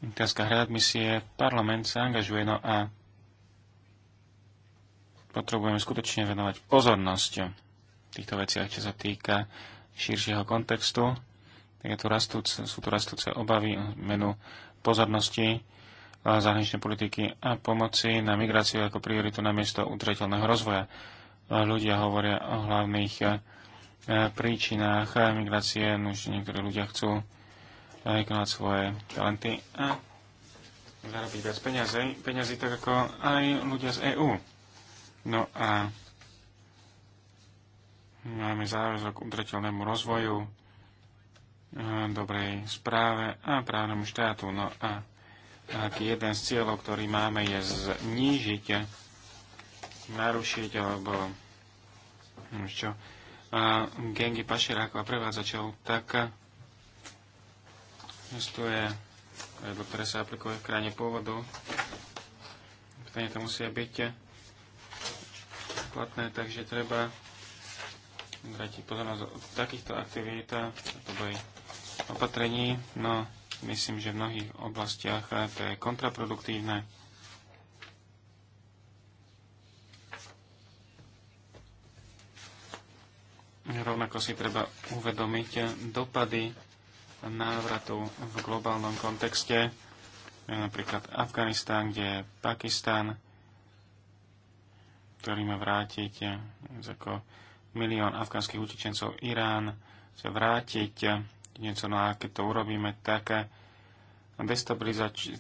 otázka misie, parlament sa angažuje, no a potrebujeme skutočne venovať pozornosť v týchto veciach, čo sa týka širšieho kontextu. Je tu rastúc, sú tu rastúce obavy o menu pozornosti zahraničnej politiky a pomoci na migráciu ako prioritu na miesto udržateľného rozvoja. Ľudia hovoria o hlavných e, príčinách migrácie, no už niektorí ľudia chcú e, vykonať svoje talenty a zarobiť viac peniazy, peniazy tak ako aj ľudia z EÚ No a máme záväzok k udržateľnému rozvoju, eh, dobrej správe a právnemu štátu. No a taký jeden z cieľov, ktorý máme, je znížiť, narušiť alebo no čo, a gengy pašerákov a prevádzačov, tak existuje pravidlo, ktoré sa aplikuje v krajine pôvodu. Vtedy to musia byť bezplatné, takže treba vrátiť pozornosť od takýchto aktivít a to boli opatrení. No, myslím, že v mnohých oblastiach to je kontraproduktívne. Rovnako si treba uvedomiť dopady návratu v globálnom kontexte, napríklad Afganistán, kde je Pakistán, ktorý má vrátiť eh, ako milión afgánskych utečencov Irán, sa vrátiť eh, niečo, no a keď to urobíme, tak eh, destabilizač-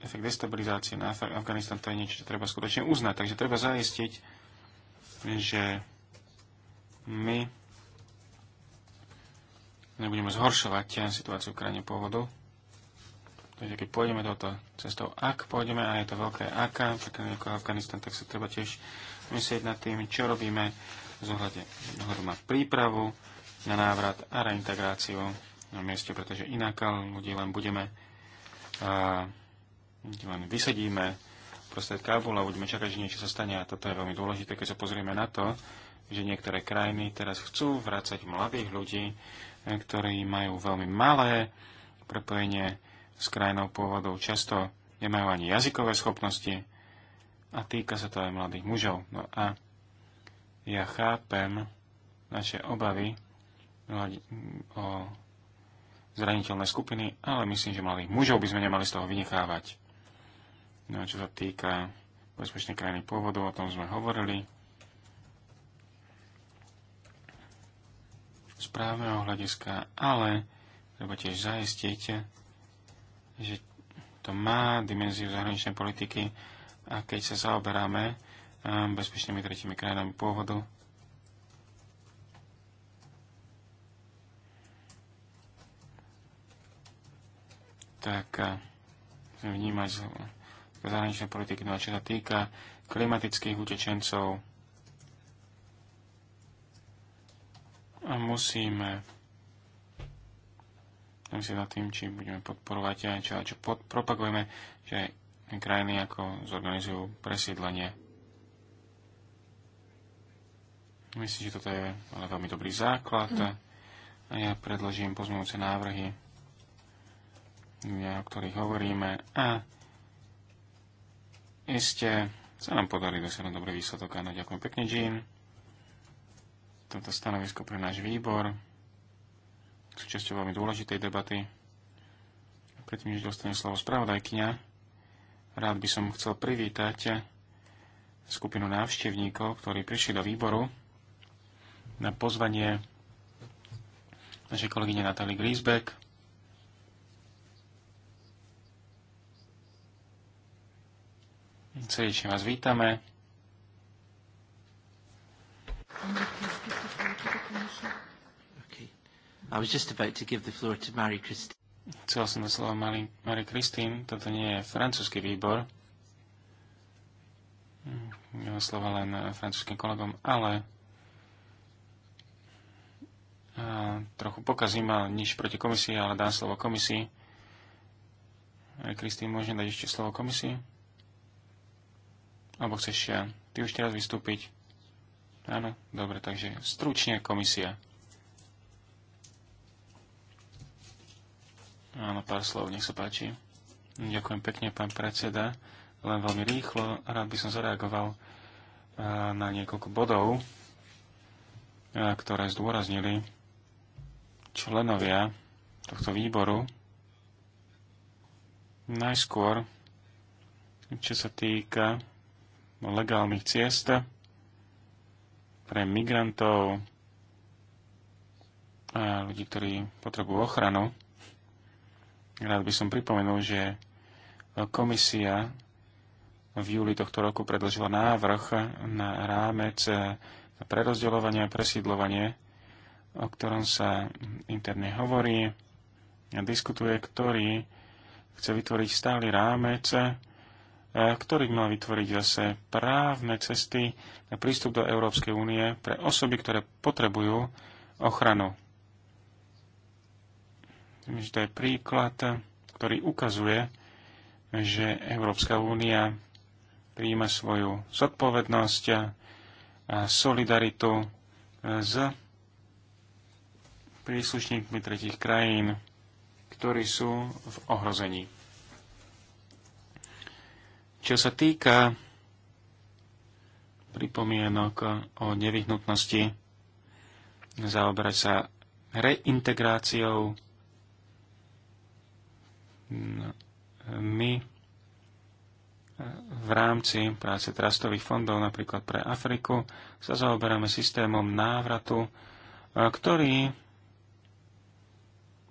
efekt destabilizácie na Afganistan to je niečo, čo treba skutočne uznať. Takže treba zaistiť, že my nebudeme zhoršovať situáciu v krajine pôvodu. Takže keď pôjdeme touto cestou, ak pôjdeme, a je to veľké AK, tak ako Afganistan, tak sa treba tiež myslieť nad tým, čo robíme z ohľadu na prípravu, na návrat a reintegráciu na mieste, pretože inak ľudí len budeme a, len vysedíme prostred a budeme čakať, že niečo sa stane a toto je veľmi dôležité, keď sa pozrieme na to, že niektoré krajiny teraz chcú vrácať mladých ľudí, ktorí majú veľmi malé prepojenie s krajinou pôvodov často nemajú ani jazykové schopnosti a týka sa to aj mladých mužov. No a ja chápem naše obavy o zraniteľné skupiny, ale myslím, že mladých mužov by sme nemali z toho vynechávať. No a čo sa týka bezpečnej krajiny pôvodu, o tom sme hovorili. správneho hľadiska, ale treba tiež zaistiť, že to má dimenziu zahraničnej politiky a keď sa zaoberáme um, bezpečnými tretími krajinami pôvodu, tak uh, vnímať z zahraničnej politiky. No a čo sa týka klimatických utečencov, musíme Stojím si za tým, či budeme podporovať aj eh, čo, čo pod, propagujeme, že krajiny ako zorganizujú presídlenie. Myslím, že toto je ale veľmi dobrý základ hm. a ja predložím pozmeňujúce návrhy, o ktorých hovoríme a iste sa nám podarí dosiahnuť dobrý výsledok. Áno, ďakujem pekne, Jean. Toto stanovisko pre náš výbor súčasťou veľmi dôležitej debaty. Predtým, než dostane slovo spravodajkyňa, rád by som chcel privítať skupinu návštevníkov, ktorí prišli do výboru na pozvanie našej kolegyne Natalie Griesbeck. Srdečne vás vítame. was just about to give the floor to Marie Christine. Chcel som slovo Marie, Marie Christine. Toto nie je francúzsky výbor. Hm, jeho slova len eh, francúzským kolegom, ale a eh, trochu pokazím, ale nič proti komisii, ale dám slovo komisii. Marie Christine, môžem dať ešte slovo komisii? Alebo chceš ja? Eh, ty už teraz vystúpiť? Áno, dobre, takže stručne komisia. Áno, pár slov, nech sa páči. Ďakujem pekne, pán predseda. Len veľmi rýchlo, rád by som zareagoval e, na niekoľko bodov, e, ktoré zdôraznili členovia tohto výboru. Najskôr, čo sa týka legálnych ciest pre migrantov a ľudí, ktorí potrebujú ochranu, Rád by som pripomenul, že komisia v júli tohto roku predložila návrh na rámec na prerozdeľovanie a presídlovanie, o ktorom sa interne hovorí a diskutuje, ktorý chce vytvoriť stály rámec, e, ktorý mal vytvoriť zase právne cesty na prístup do Európskej únie pre osoby, ktoré potrebujú ochranu že to je príklad, ktorý ukazuje, že Európska únia príjima svoju zodpovednosť a solidaritu s príslušníkmi tretich krajín, ktorí sú v ohrození. Čo sa týka pripomienok o nevyhnutnosti zaoberať sa reintegráciou No, my eh, v rámci práce trastových fondov napríklad pre Afriku sa zaoberáme systémom návratu, eh, ktorý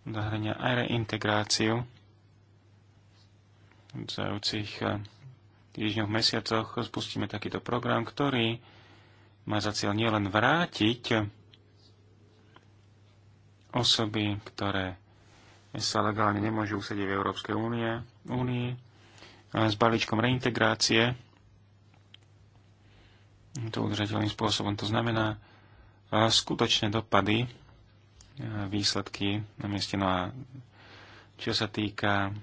zahrania aj reintegráciu v zajúcich eh, týždňoch, mesiacoch spustíme takýto program, ktorý má za cieľ nielen vrátiť osoby, ktoré sa legálne nemôžu usadiť v Európskej únie, únii s balíčkom reintegrácie. To udržateľným spôsobom to znamená skutočné dopady, výsledky na mieste. No a čo sa týka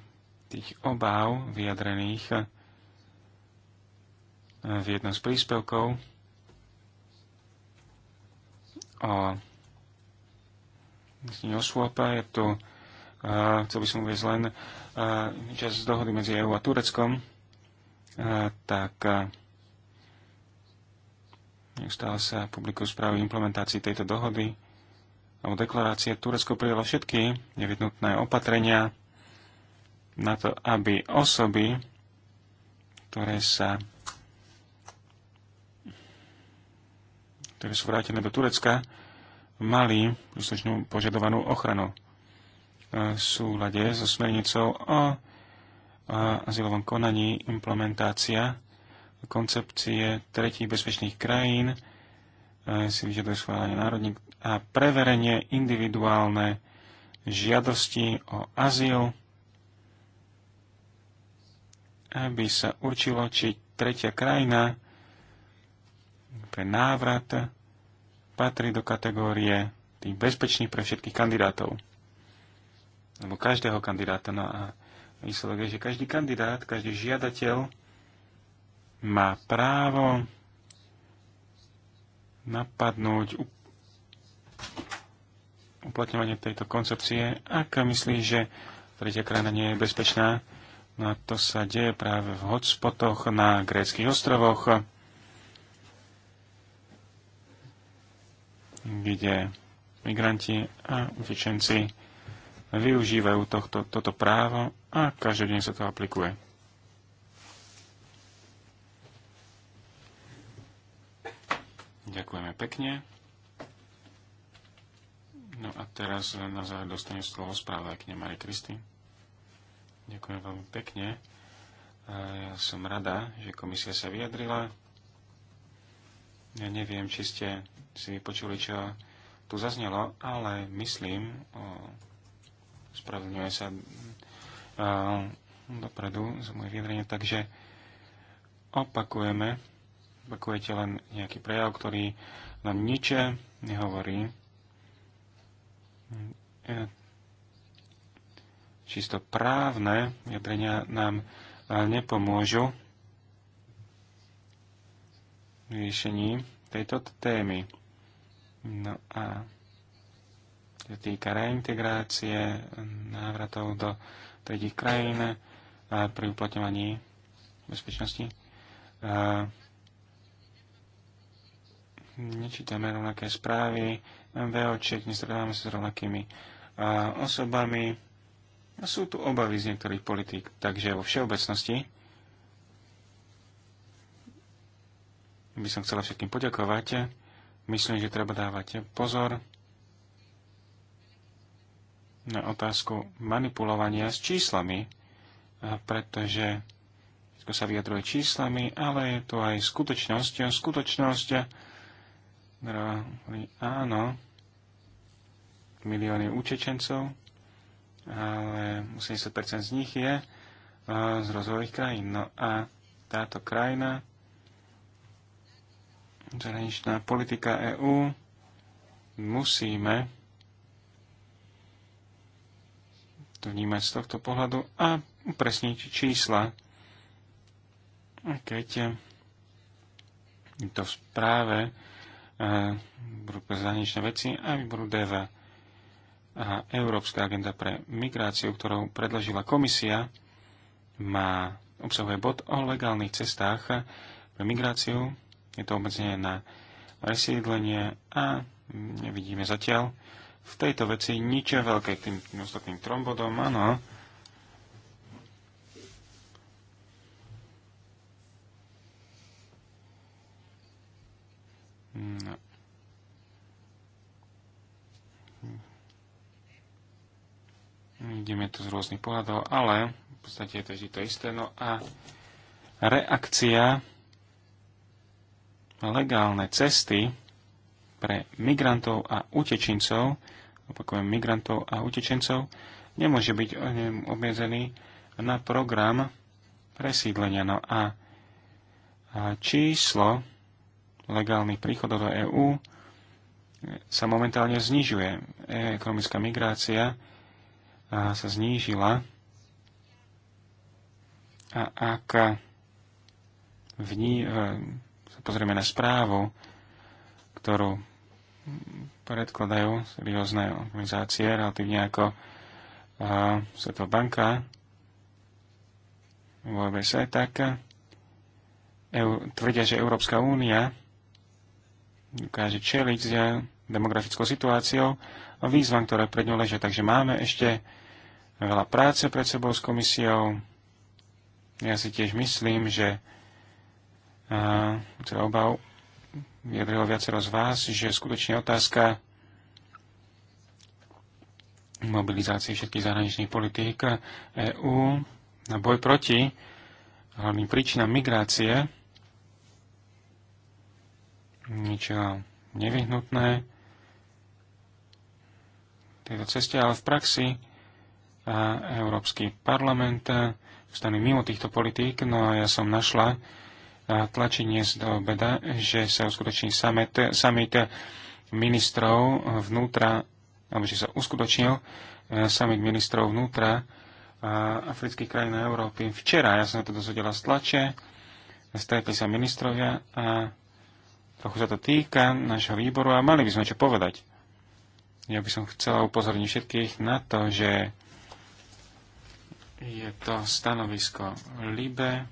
tých obáv vyjadrených v jednom z príspevkov o osôb, je to chcel by som uvieť len čas z dohody medzi EU a Tureckom, tak neustále sa publikujú správy implementácii tejto dohody alebo deklarácie. Turecko prijalo všetky nevyhnutné opatrenia na to, aby osoby, ktoré sa ktoré sú vrátené do Turecka, mali príslušnú požadovanú ochranu. E, súlade so smernicou o azylovom konaní implementácia koncepcie tretich bezpečných krajín e, si vyžaduje schválenie národník a preverenie individuálne žiadosti o azyl, aby sa určilo, či tretia krajina pre návrat patrí do kategórie tých bezpečných pre všetkých kandidátov alebo každého kandidáta. No a výsledok je, že každý kandidát, každý žiadateľ má právo napadnúť uplatňovanie tejto koncepcie, ak myslí, že tretia krajina nie je bezpečná. No a to sa deje práve v hotspotoch na gréckých ostrovoch, kde migranti a utečenci využívajú tohto, toto právo a deň sa to aplikuje. Ďakujeme pekne. No a teraz na záver dostane slovo správajkne Mari Kristy. Ďakujem veľmi pekne. Ja som rada, že komisia sa vyjadrila. Ja neviem, či ste si vypočuli, čo tu zaznelo, ale myslím o spravedlňuje sa dopredu za moje vyjadrenie, takže opakujeme, opakujete len nejaký prejav, ktorý nám niče nehovorí. E, čisto právne vyjadrenia nám e, nepomôžu v riešení tejto témy. No a sa týka reintegrácie, návratov do tretich krajín pri uplatňovaní bezpečnosti. Nečítame rovnaké správy, MVOček, nestretávame sa s rovnakými osobami. Sú tu obavy z niektorých politík, takže vo všeobecnosti by som chcela všetkým poďakovať. Myslím, že treba dávať pozor na otázku manipulovania s číslami, e, pretože všetko sa vyjadruje číslami, ale je to aj skutočnosť. skutočnosť, áno, milióny utečencov, ale 80% z nich je e, z rozvojových krajín. No a táto krajina, zahraničná politika EÚ, musíme to vnímať z tohto pohľadu a upresniť čísla. A keď je to v správe, eh, budú pre zahraničné veci a výboru DV a Európska agenda pre migráciu, ktorou predložila komisia, má obsahuje bod o legálnych cestách pre migráciu. Je to obmedzenie na presídlenie a nevidíme zatiaľ v tejto veci nič veľké tým, tým ostatným trom bodom. Áno. No. Ideme to z rôznych pohľadov, ale v podstate je to vždy to isté. No a reakcia legálne cesty pre migrantov a utečencov, opakujem migrantov a utečencov, nemôže byť obmedzený na program presídlenia. No a číslo legálnych príchodov do EÚ sa momentálne znižuje. Ekonomická migrácia sa znížila a ak v ní, e, sa pozrieme na správu, ktorú predkladajú seriózne organizácie, relatívne ako uh, Svetová banka, VBS, tak EU, tvrdia, že Európska únia dokáže čeliť s demografickou situáciou a výzvam, ktoré pred ňou ležia. Takže máme ešte veľa práce pred sebou s komisiou. Ja si tiež myslím, že uh, obav vyjadrilo viacero z vás, že skutočne otázka mobilizácie všetkých zahraničných politík EÚ na boj proti hlavným príčinám migrácie niečo nevyhnutné tejto ceste, ale v praxi a Európsky parlament stane mimo týchto politík, no a ja som našla tlačí dnes do obeda, že sa uskutoční summit, summit ministrov vnútra, alebo že sa uskutočnil e, summit ministrov vnútra e, afrických krajín a Európy. Včera ja som to dozvedela z tlače, stretli sa ministrovia a trochu sa to týka nášho výboru a mali by sme čo povedať. Ja by som chcela upozorniť všetkých na to, že je to stanovisko LIBE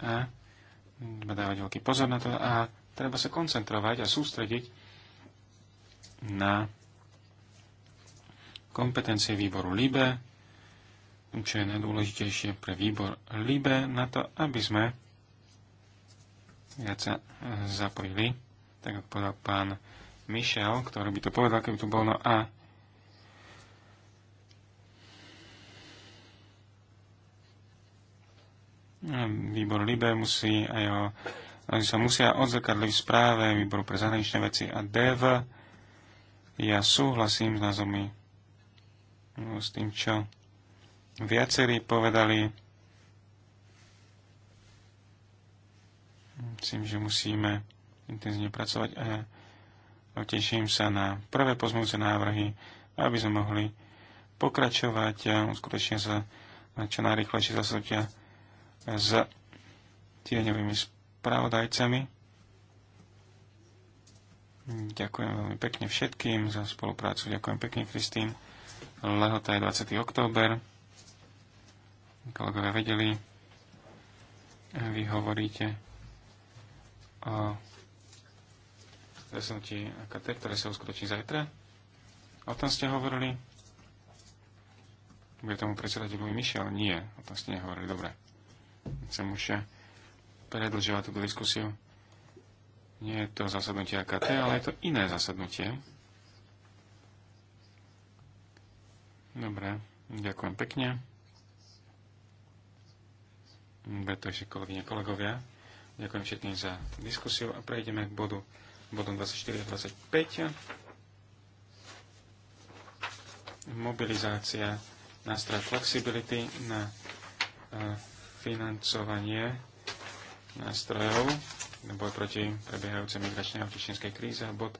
a dávať veľký pozor na to a treba sa koncentrovať a sústrediť na kompetencie výboru LIBE, čo je najdôležitejšie pre výbor LIBE, na to, aby sme viac sa eh, zapojili, tak ako povedal pán Michel, ktorý by to povedal, keby tu bol, no a výbor LIBE musí a jeho oni sa musia odzrkadliť v správe výboru pre zahraničné veci a DEV. Ja súhlasím s názvami no, s tým, čo viacerí povedali. Myslím, že musíme intenzívne pracovať a teším sa na prvé pozmúce návrhy, aby sme mohli pokračovať a skutočne sa čo najrychlejšie zasadnutia s tieňovými spravodajcami. Ďakujem veľmi pekne všetkým za spoluprácu. Ďakujem pekne, Kristín. Lehota je 20. október. Kolegovia vedeli, vy hovoríte o zasunutí AKT, ktoré sa uskutoční zajtra. O tom ste hovorili? Bude tomu predsedať Louis Mišel? Nie, o tom ste nehovorili. Dobre som už predlžovať túto diskusiu. Nie je to zasadnutie AKT, ale je to iné zasadnutie. Dobre, ďakujem pekne. ešte kolegyne, kolegovia, ďakujem všetkým za diskusiu a prejdeme k bodu Bodu 24 a 25. Mobilizácia nástroja flexibility na uh, financovanie nástrojov na boj proti prebiehajúcej migračnej a utečenskej kríze a bod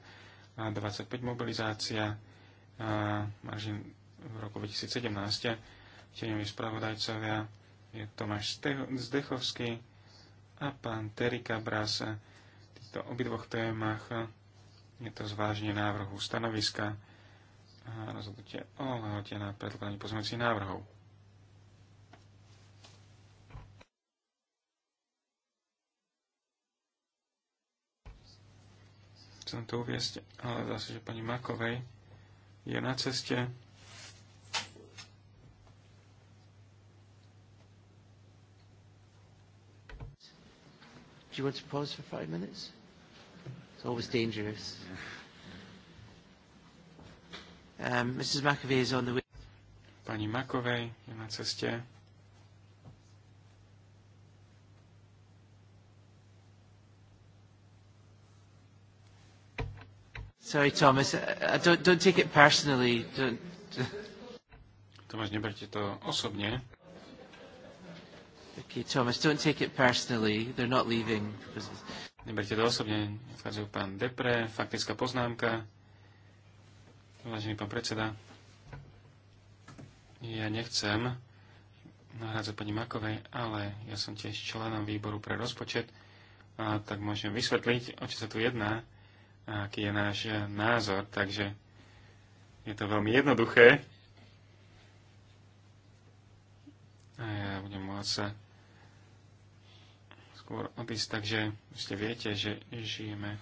25 mobilizácia maržin v roku 2017 tieňoví spravodajcovia je Tomáš Zdechovský a pán Terika Bras. V týchto obidvoch témach je to zvážne návrhu stanoviska a rozhodnutie o lehote na predkladanie pozmeňujúcich návrhov. chcem to uviesť, ale zase, že pani Makovej je na ceste. Do you want to pause for five minutes? It's always dangerous. Um, Mrs. McAvey is on the way. Pani Makovej je na ceste. Sorry, Thomas. I uh, uh, don't, don't take it personally. Don't... Tomáš, neberte to osobne. Okay, Thomas, don't take it personally. They're not leaving. Neberte to osobne. Vchádzajú pán Depre. Faktická poznámka. Vážený pán predseda, ja nechcem nahrádzať pani Makovej, ale ja som tiež členom výboru pre rozpočet, a tak môžem vysvetliť, o čo sa tu jedná a aký je náš eh, názor, takže je to veľmi jednoduché. A ja budem môcť sa skôr odísť, takže ste viete, že žijeme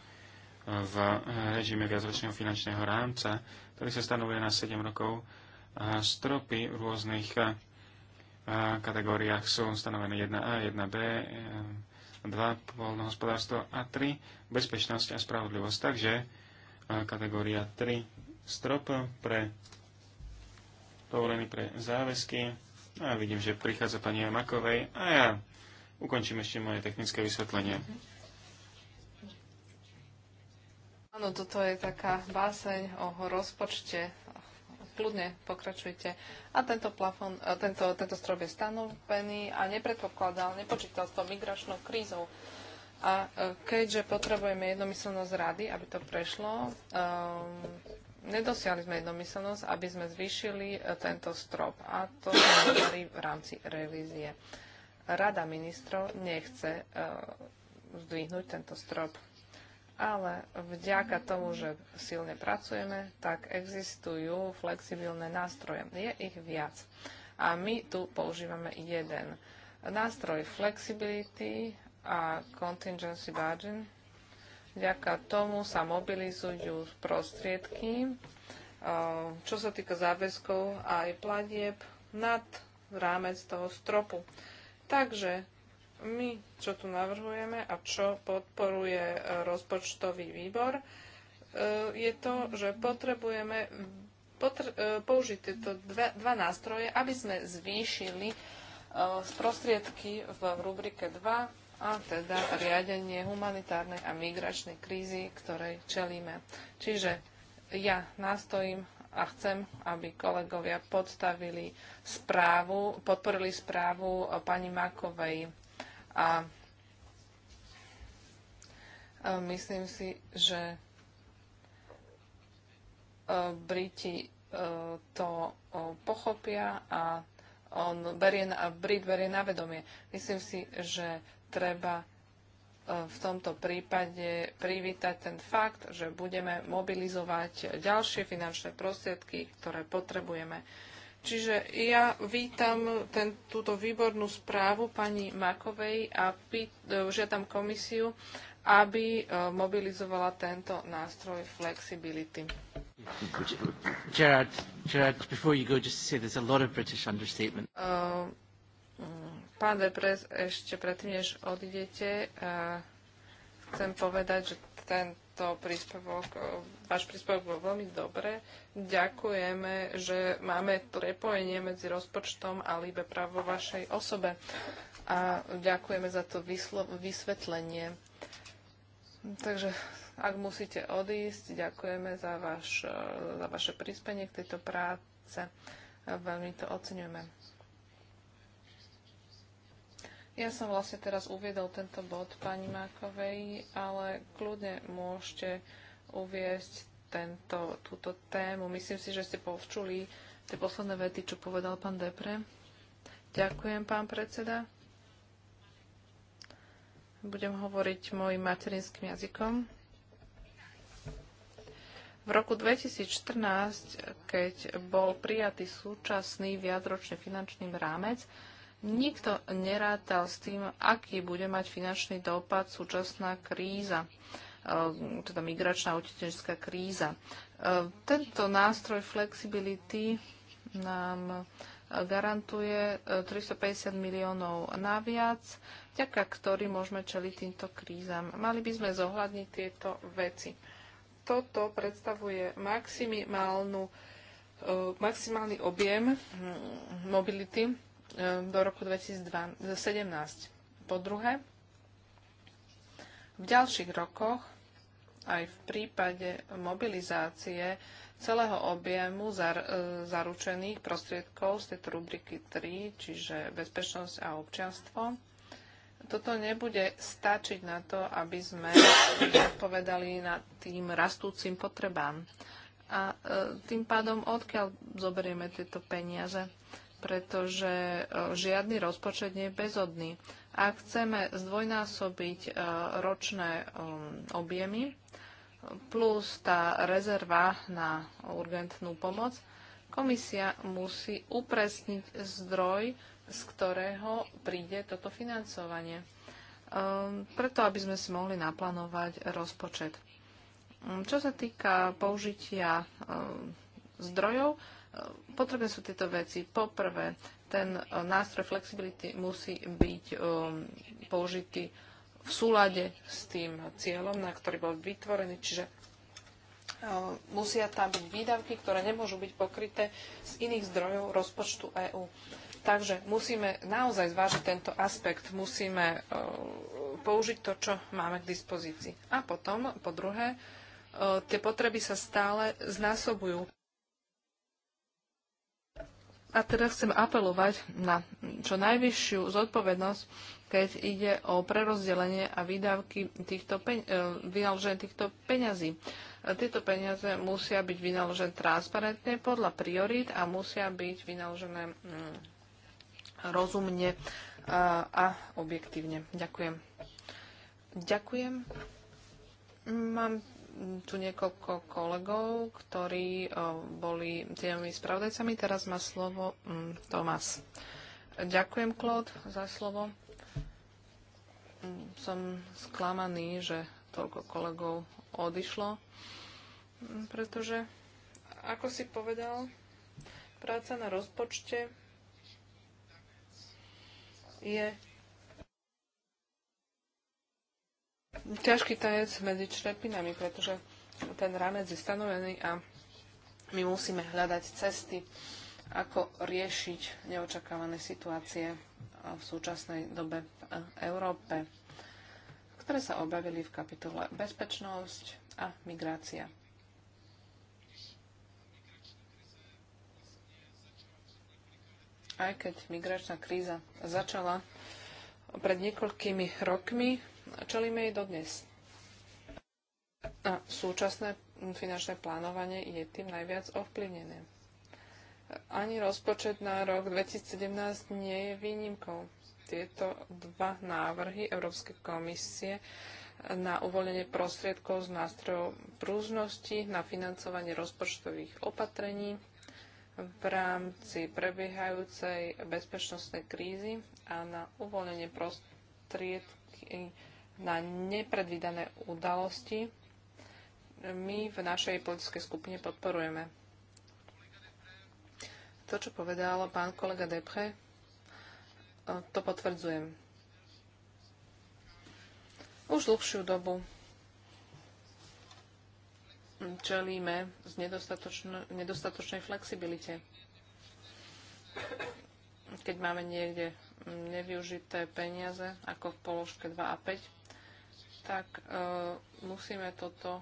v eh, režime viacročného finančného rámca, ktorý sa stanovuje na 7 rokov. A stropy v rôznych eh, kategóriách sú stanovené 1A, 1B, 2 poľnohospodárstvo a 3 bezpečnosť a spravodlivosť. Takže e, kategória 3 strop pre povolený pre záväzky. A vidím, že prichádza pani Makovej a ja ukončím ešte moje technické vysvetlenie. Áno, toto je taká báseň o rozpočte kľudne pokračujte. A tento, plafon, tento, tento strop je stanovený a nepredpokladal, nepočítal s tou migračnou krízou. A e, keďže potrebujeme jednomyselnosť rady, aby to prešlo, um, nedosiahli sme jednomyselnosť, aby sme zvýšili e, tento strop. A to sa v rámci revízie. Rada ministrov nechce uh, zdvihnúť tento strop ale vďaka tomu, že silne pracujeme, tak existujú flexibilné nástroje. Je ich viac. A my tu používame jeden nástroj flexibility a contingency budget. Vďaka tomu sa mobilizujú prostriedky, eh, čo sa týka záväzkov aj platieb nad rámec toho stropu. Takže my, čo tu navrhujeme a čo podporuje e, rozpočtový výbor, e, je to, že potrebujeme potr- e, použiť tieto dva, dva nástroje, aby sme zvýšili prostriedky v rubrike 2 a teda riadenie humanitárnej a migračnej krízy, ktorej čelíme. Čiže ja nastojím a chcem, aby kolegovia podstavili správu, podporili správu pani Makovej a myslím si, že e, Briti e, to e, pochopia a on berie Brit berie na vedomie. Myslím si, že treba v tomto prípade privítať ten fakt, že budeme mobilizovať ďalšie finančné prostriedky, ktoré potrebujeme. Čiže ja vítam ten, túto výbornú správu pani Makovej a pý, e, žiadam komisiu, aby e, mobilizovala tento nástroj flexibility. Gerard, Gerard, before you go, just to say there's a lot of British understatement. Uh, pán Deprez, ešte predtým, než odidete, uh, chcem povedať, že tento príspevok uh, váš príspevok bol veľmi dobré. Ďakujeme, že máme prepojenie medzi rozpočtom a líbe právo vašej osobe. A ďakujeme za to vysvetlenie. Takže ak musíte odísť, ďakujeme za, vaš, eh, za vaše prispenie k tejto práce. Veľmi to oceňujeme. Ja som vlastne teraz uviedol tento bod pani Mákovej, ale kľudne môžete uviesť tento, túto tému. Myslím si, že ste povčuli tie posledné vety, čo povedal pán Depre. Ďakujem, pán predseda. Budem hovoriť mojim materinským jazykom. V roku 2014, keď bol prijatý súčasný viacročný finančný rámec, nikto nerátal s tým, aký bude mať finančný dopad súčasná kríza. Um, teda migračná utečenská kríza. Um, tento nástroj flexibility nám garantuje 350 uh, miliónov naviac, vďaka ktorým môžeme čeliť týmto krízam. Mali by sme zohľadniť tieto veci. Toto predstavuje maximálnu, uh, maximálny objem hm, mobility um, do roku 2017. Po druhé, v ďalších rokoch aj v prípade mobilizácie celého objemu zar, e, zaručených prostriedkov z tejto rubriky 3, čiže bezpečnosť a občianstvo. Toto nebude stačiť na to, aby sme odpovedali na tým rastúcim potrebám. A e, tým pádom, odkiaľ zoberieme tieto peniaze? pretože e, žiadny rozpočet nie je bezodný. Ak chceme zdvojnásobiť ročné objemy, plus tá rezerva na urgentnú pomoc, komisia musí upresniť zdroj, z ktorého príde toto financovanie. Ehm, preto, aby sme si mohli naplánovať rozpočet. Ehm, čo sa týka použitia ehm, zdrojov, potrebné sú tieto veci. Poprvé, ten e, nástroj flexibility musí byť použitý v súlade s tým cieľom, na ktorý bol vytvorený. Čiže e, musia tam byť výdavky, ktoré nemôžu byť pokryté z iných zdrojov rozpočtu EÚ. Takže musíme naozaj zvážiť tento aspekt, musíme e, použiť to, čo máme k dispozícii. A potom, po druhé, e, tie potreby sa stále znásobujú. A teda chcem apelovať na čo najvyššiu zodpovednosť keď ide o prerozdelenie a výdavky týchto peň- e, týchto peňazí. E, Tieto peniaze musia byť vynaložené transparentne podľa priorít a musia byť vynaložené mm, rozumne e, a objektívne. Ďakujem. Ďakujem. Mám tu niekoľko kolegov, ktorí boli tými spravodajcami. Teraz má slovo mm, Tomás. Ďakujem, Klod, za slovo som sklamaný, že toľko kolegov odišlo, pretože, ako si povedal, práca na rozpočte je ťažký tajec medzi črepinami, pretože ten ramec je stanovený a my musíme hľadať cesty, ako riešiť neočakávané situácie v súčasnej dobe v Európe, ktoré sa objavili v kapitole Bezpečnosť a migrácia. Aj keď migračná kríza začala pred niekoľkými rokmi, čelíme jej dodnes. A súčasné finančné plánovanie je tým najviac ovplyvnené ani rozpočet na rok 2017 nie je výnimkou. Tieto dva návrhy Európskej komisie na uvoľnenie prostriedkov z nástrojov prúžnosti na financovanie rozpočtových opatrení v rámci prebiehajúcej bezpečnostnej krízy a na uvoľnenie prostriedky na nepredvídané udalosti my v našej politickej skupine podporujeme. To, čo povedal pán kolega Depre, to potvrdzujem. Už dlhšiu dobu čelíme z nedostatočnej flexibilite. Keď máme niekde nevyužité peniaze, ako v položke 2 a 5, tak e, musíme toto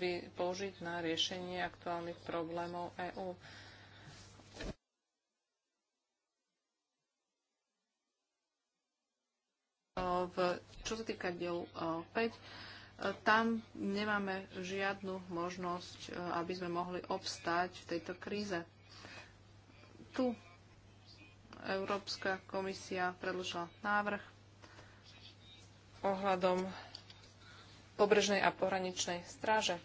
vy, použiť na riešenie aktuálnych problémov EÚ. v, čo sa týka dielu 5, e, e, tam nemáme žiadnu možnosť, e, aby sme mohli obstáť v tejto kríze. Tu Európska komisia predložila návrh ohľadom pobrežnej a pohraničnej stráže.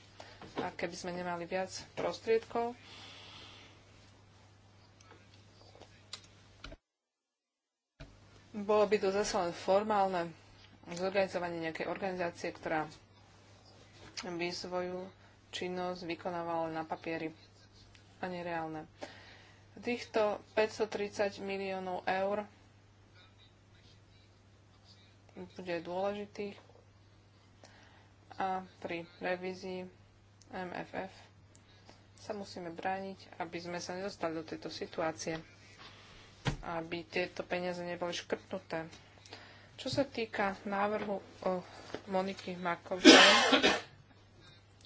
A keby sme nemali viac prostriedkov, Bolo by to zase len formálne zorganizovanie nejakej organizácie, ktorá by svoju činnosť vykonávala na papieri a nereálne. Týchto 530 miliónov eur bude dôležitých a pri revízii MFF sa musíme brániť, aby sme sa nedostali do tejto situácie aby tieto peniaze neboli škrtnuté. Čo sa týka návrhu o Moniky Makovej,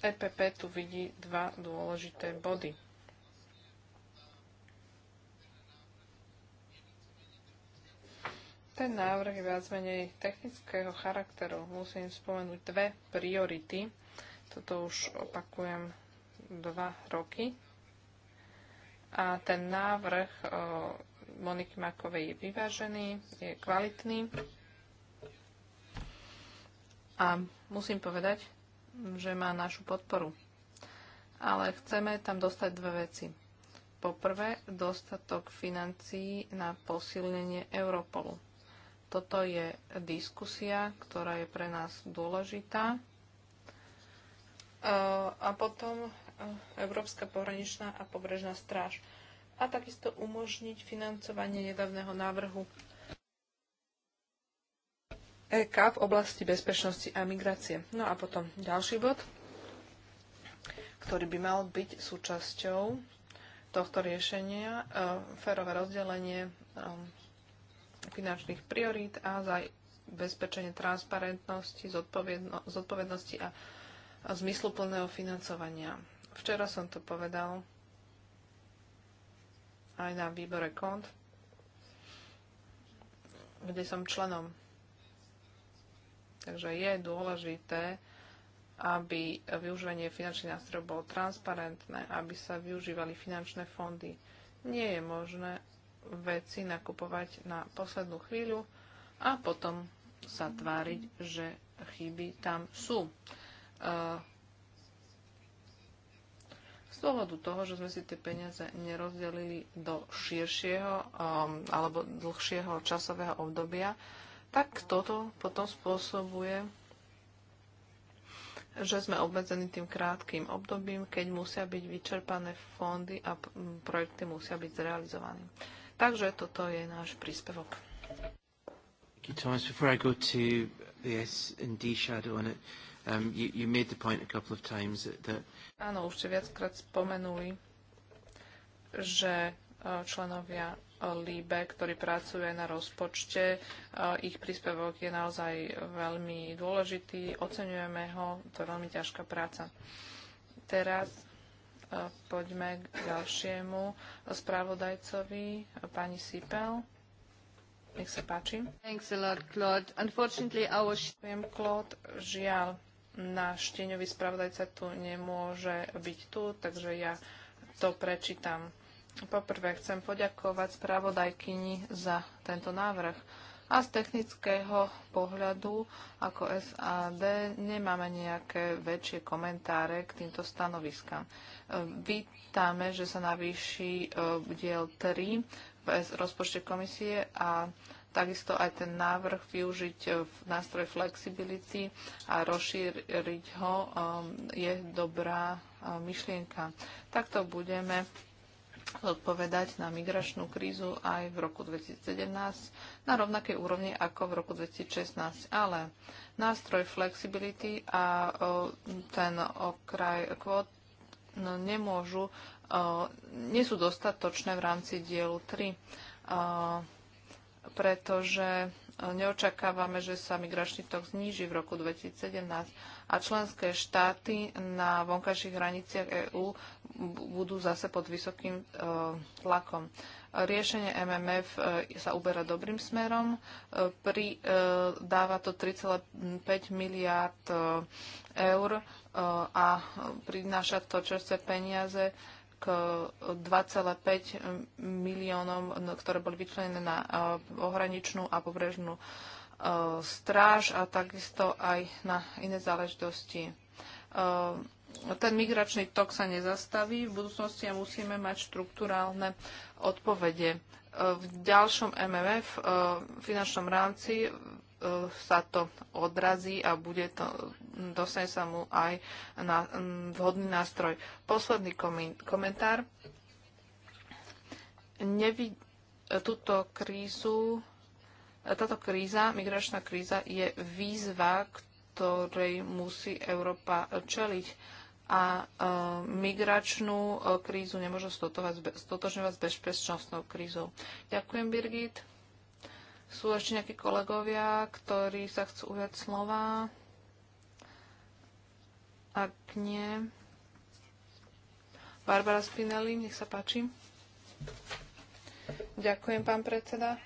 EPP tu vidí dva dôležité body. Ten návrh je viac menej technického charakteru. Musím spomenúť dve priority. Toto už opakujem dva roky. A ten návrh Moniky Makovej je vyvážený, je kvalitný. A musím povedať, že má našu podporu. Ale chceme tam dostať dve veci. Poprvé, dostatok financií na posilnenie Europolu. Toto je diskusia, ktorá je pre nás dôležitá. Ehm, a potom eh, Európska pohraničná a pobrežná stráž a takisto umožniť financovanie nedávneho návrhu EK v oblasti bezpečnosti a migrácie. No a potom ďalší bod, ktorý by mal byť súčasťou tohto riešenia, e, férové rozdelenie e, finančných priorít a zabezpečenie transparentnosti, zodpovednosti a, a zmysluplného financovania. Včera som to povedal aj na výbore KONT, kde som členom. Takže je dôležité, aby využívanie finančných nástrojov bolo transparentné, aby sa využívali finančné fondy. Nie je možné veci nakupovať na poslednú chvíľu a potom sa tváriť, že chyby tam sú. E, z dôvodu toho, že sme si tie peniaze nerozdelili do širšieho um, alebo dlhšieho časového obdobia, tak toto potom spôsobuje, že sme obmedzení tým krátkým obdobím, keď musia byť vyčerpané fondy a projekty musia byť zrealizované. Takže toto je náš príspevok. Thank you, Thomas. Before I go to the S&D shadow on it, Um, you, you made the point a couple of times that, Áno, už ste viackrát spomenuli, že e, členovia e, LIBE, ktorí pracuje na rozpočte, e, ich príspevok je naozaj veľmi dôležitý, oceňujeme ho, to je veľmi ťažká práca. Teraz poďme k ďalšiemu správodajcovi, pani Sipel. Nech sa páči. Thanks a lot, Claude. Unfortunately, our... Viem, Claude, žiaľ, náš tieňový spravodajca tu nemôže byť tu, takže ja to prečítam. Poprvé chcem poďakovať spravodajkyni za tento návrh. A z technického pohľadu ako SAD nemáme nejaké väčšie komentáre k týmto stanoviskám. E, vítame, že sa navýši e, diel 3 v rozpočte komisie a takisto aj ten návrh využiť v nástroj flexibility a rozšíriť ho um, je dobrá um, myšlienka. Takto budeme odpovedať na migračnú krízu aj v roku 2017 na rovnakej úrovni ako v roku 2016. Ale nástroj flexibility a ten okraj kvót no, nemôžu, nie sú dostatočné v rámci dielu 3 pretože neočakávame, že sa migračný tok zníži v roku 2017 a členské štáty na vonkajších hraniciach EÚ budú zase pod vysokým e, tlakom. Riešenie MMF e, sa uberá dobrým smerom, e, pri, dáva to 3,5 miliard eur a prináša to čerstvé peniaze k 2,5 miliónom, no, ktoré boli vyčlenené na e, ohraničnú a pobrežnú e, stráž a takisto aj na iné záležitosti. E, ten migračný tok sa nezastaví v budúcnosti a musíme mať štruktúrálne odpovede. V ďalšom MMF v finančnom rámci E, sa to odrazí a bude to, dostane sa mu aj na, vhodný nástroj. Posledný komentár. Nevi, túto krízu, táto kríza, migračná kríza je výzva, ktorej musí Európa čeliť a e, migračnú e, krízu nemôžu stotožňovať s bezpečnostnou krízou. Ďakujem, Birgit. Sú ešte nejakí kolegovia, ktorí sa chcú ujať slova? Ak nie... Barbara Spinelli, nech sa páči. Ďakujem, pán predseda.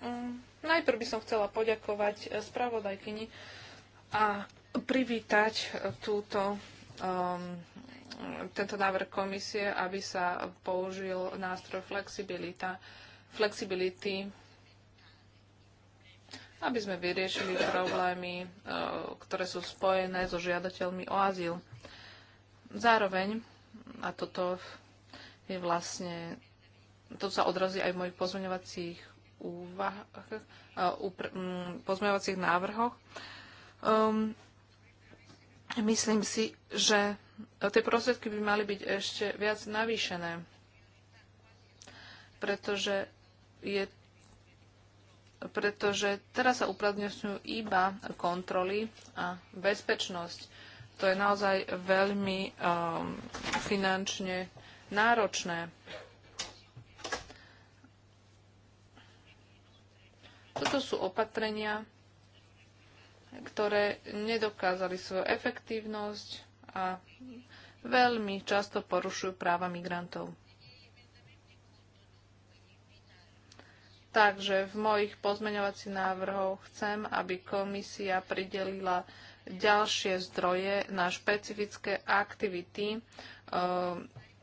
Mm, najprv by som chcela poďakovať spravodajkyni a privítať túto, um, tento návrh komisie, aby sa použil nástroj flexibilita flexibility, aby sme vyriešili problémy, eh, ktoré sú spojené so žiadateľmi o azyl. Zároveň, a toto je vlastne, to sa odrazí aj v mojich pozmeňovacích úvah, eh, mm, pozmeňovacích návrhoch, um, myslím si, že tie prostriedky by mali byť ešte viac navýšené, pretože je pretože teraz sa uplatňujú iba kontroly a bezpečnosť. To je naozaj veľmi um, finančne náročné. Toto sú opatrenia, ktoré nedokázali svoju efektívnosť a veľmi často porušujú práva migrantov. Takže v mojich pozmeňovacích návrhoch chcem, aby komisia pridelila ďalšie zdroje na špecifické aktivity e,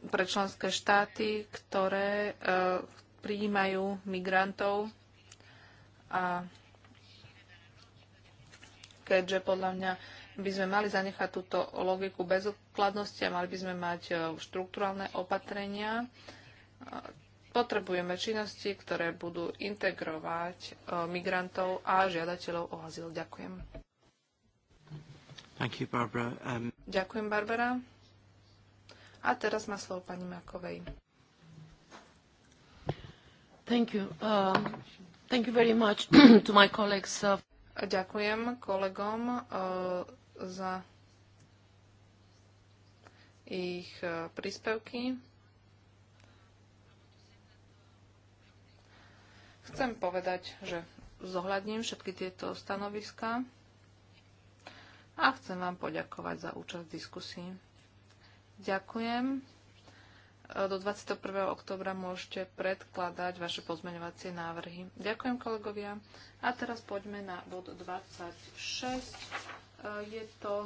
pre členské štáty, ktoré e, prijímajú migrantov. A keďže podľa mňa by sme mali zanechať túto logiku bezodkladnosti a mali by sme mať e, štruktúralné opatrenia, Potrebujeme činnosti, ktoré budú integrovať e, migrantov a žiadateľov o azyl. Ďakujem. You, Barbara. Um... Ďakujem, Barbara. A teraz má slovo pani Makovej. Thank you. Uh, thank you very much to my colleagues. Uh... Ďakujem kolegom uh, za ich uh, príspevky. Chcem povedať, že zohľadním všetky tieto stanoviská a chcem vám poďakovať za účasť v diskusii. Ďakujem. Do 21. oktobra môžete predkladať vaše pozmeňovacie návrhy. Ďakujem kolegovia. A teraz poďme na bod 26. Je to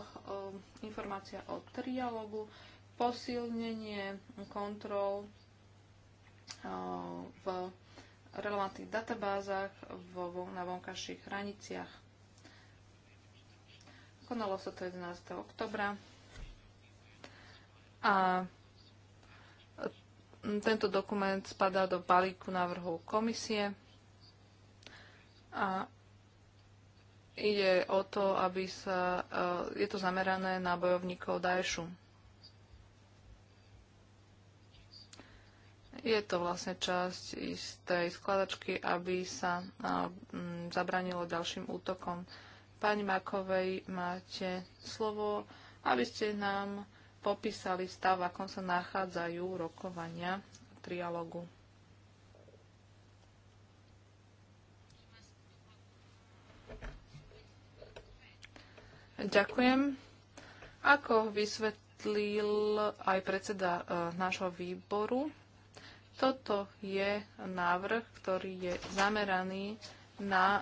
informácia o trialogu, posilnenie kontrol v relevantných databázach vo, na vonkajších hraniciach. Konalo sa to 11. oktobra a tento dokument spadá do balíku návrhov komisie a ide o to, aby sa, e, je to zamerané na bojovníkov Daešu. Je to vlastne časť z tej skladačky, aby sa zabranilo ďalším útokom. Pani Makovej, máte slovo, aby ste nám popísali stav, v akom sa nachádzajú rokovania trialogu. Ďakujem. Ako vysvetlil aj predseda e, nášho výboru, toto je návrh, ktorý je zameraný na e,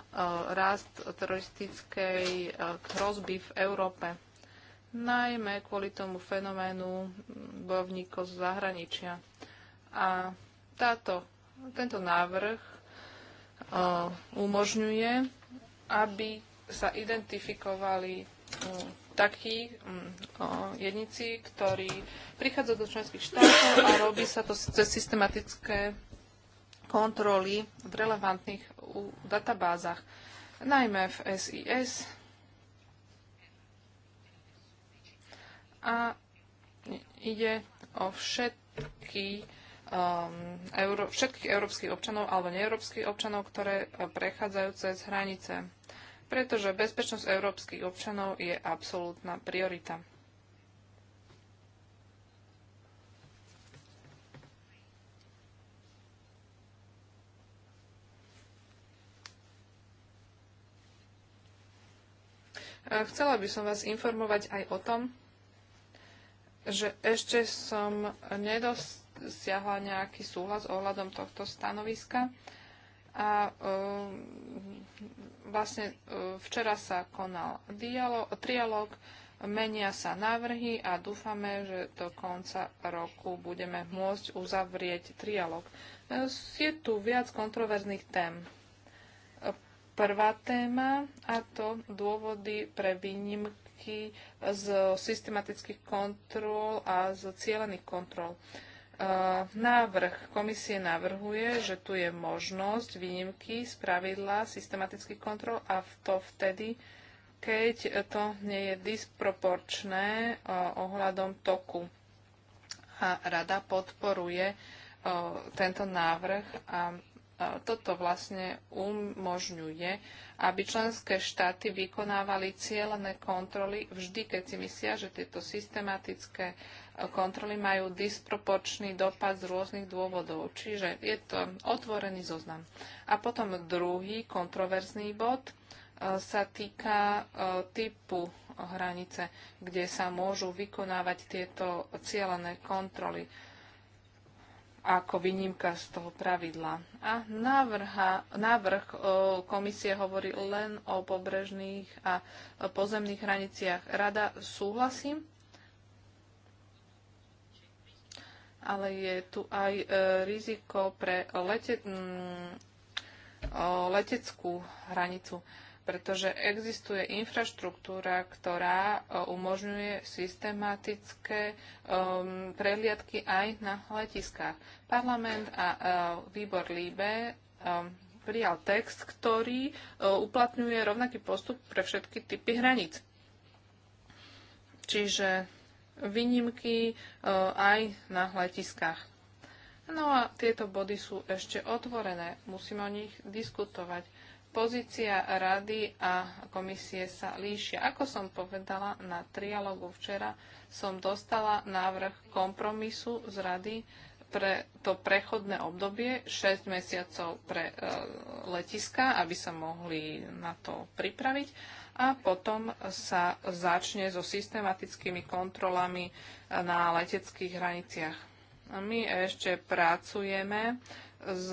rast teroristickej e, hrozby v Európe. Najmä kvôli tomu fenoménu mm, bojovníkov z zahraničia. A táto, tento návrh e, umožňuje, aby sa identifikovali mm, takí mm, jedníci, ktorí prichádzajú do členských štátov a robí sa to cez systematické kontroly v relevantných databázach, najmä v SIS. A ide o všetky um, všetkých európskych občanov alebo neeurópskych občanov, ktoré eh, prechádzajú cez hranice pretože bezpečnosť európskych občanov je absolútna priorita. Chcela by som vás informovať aj o tom, že ešte som nedosiahla nejaký súhlas ohľadom tohto stanoviska a vlastne e, včera sa konal dialog, trialog, menia sa návrhy a dúfame, že do konca roku budeme môcť uzavrieť trialog. E, je tu viac kontroverzných tém. E, prvá téma a to dôvody pre výnimky z systematických kontrol a z cieľených kontrol. Uh, Návrh komisie navrhuje, že tu je možnosť výnimky z pravidla systematických kontrol a to vtedy, keď to nie je disproporčné e, ohľadom toku. A rada podporuje e, tento návrh a toto vlastne umožňuje, aby členské štáty vykonávali cieľené kontroly vždy, keď si myslia, že tieto systematické e, kontroly majú disproporčný dopad z rôznych dôvodov. Čiže je to otvorený zoznam. A potom druhý kontroverzný bod e, sa týka e, typu hranice, kde sa môžu vykonávať tieto cieľené kontroly ako výnimka z toho pravidla. A návrha, návrh komisie hovorí len o pobrežných a pozemných hraniciach. Rada súhlasím, ale je tu aj e, riziko pre lete, mm, leteckú hranicu pretože existuje infraštruktúra, ktorá e, umožňuje systematické um, prehliadky aj na letiskách. Parlament a uh, výbor Líbe um, prijal text, ktorý uh, uplatňuje rovnaký postup pre všetky typy hraníc. Čiže výnimky uh, aj na letiskách. No a tieto body sú ešte otvorené, musíme o nich diskutovať. Pozícia rady a komisie sa líšia. Ako som povedala na trialogu včera, som dostala návrh kompromisu z rady pre to prechodné obdobie 6 mesiacov pre e, letiska, aby sa mohli na to pripraviť a potom sa začne so systematickými kontrolami e, na leteckých hraniciach. My ešte pracujeme s,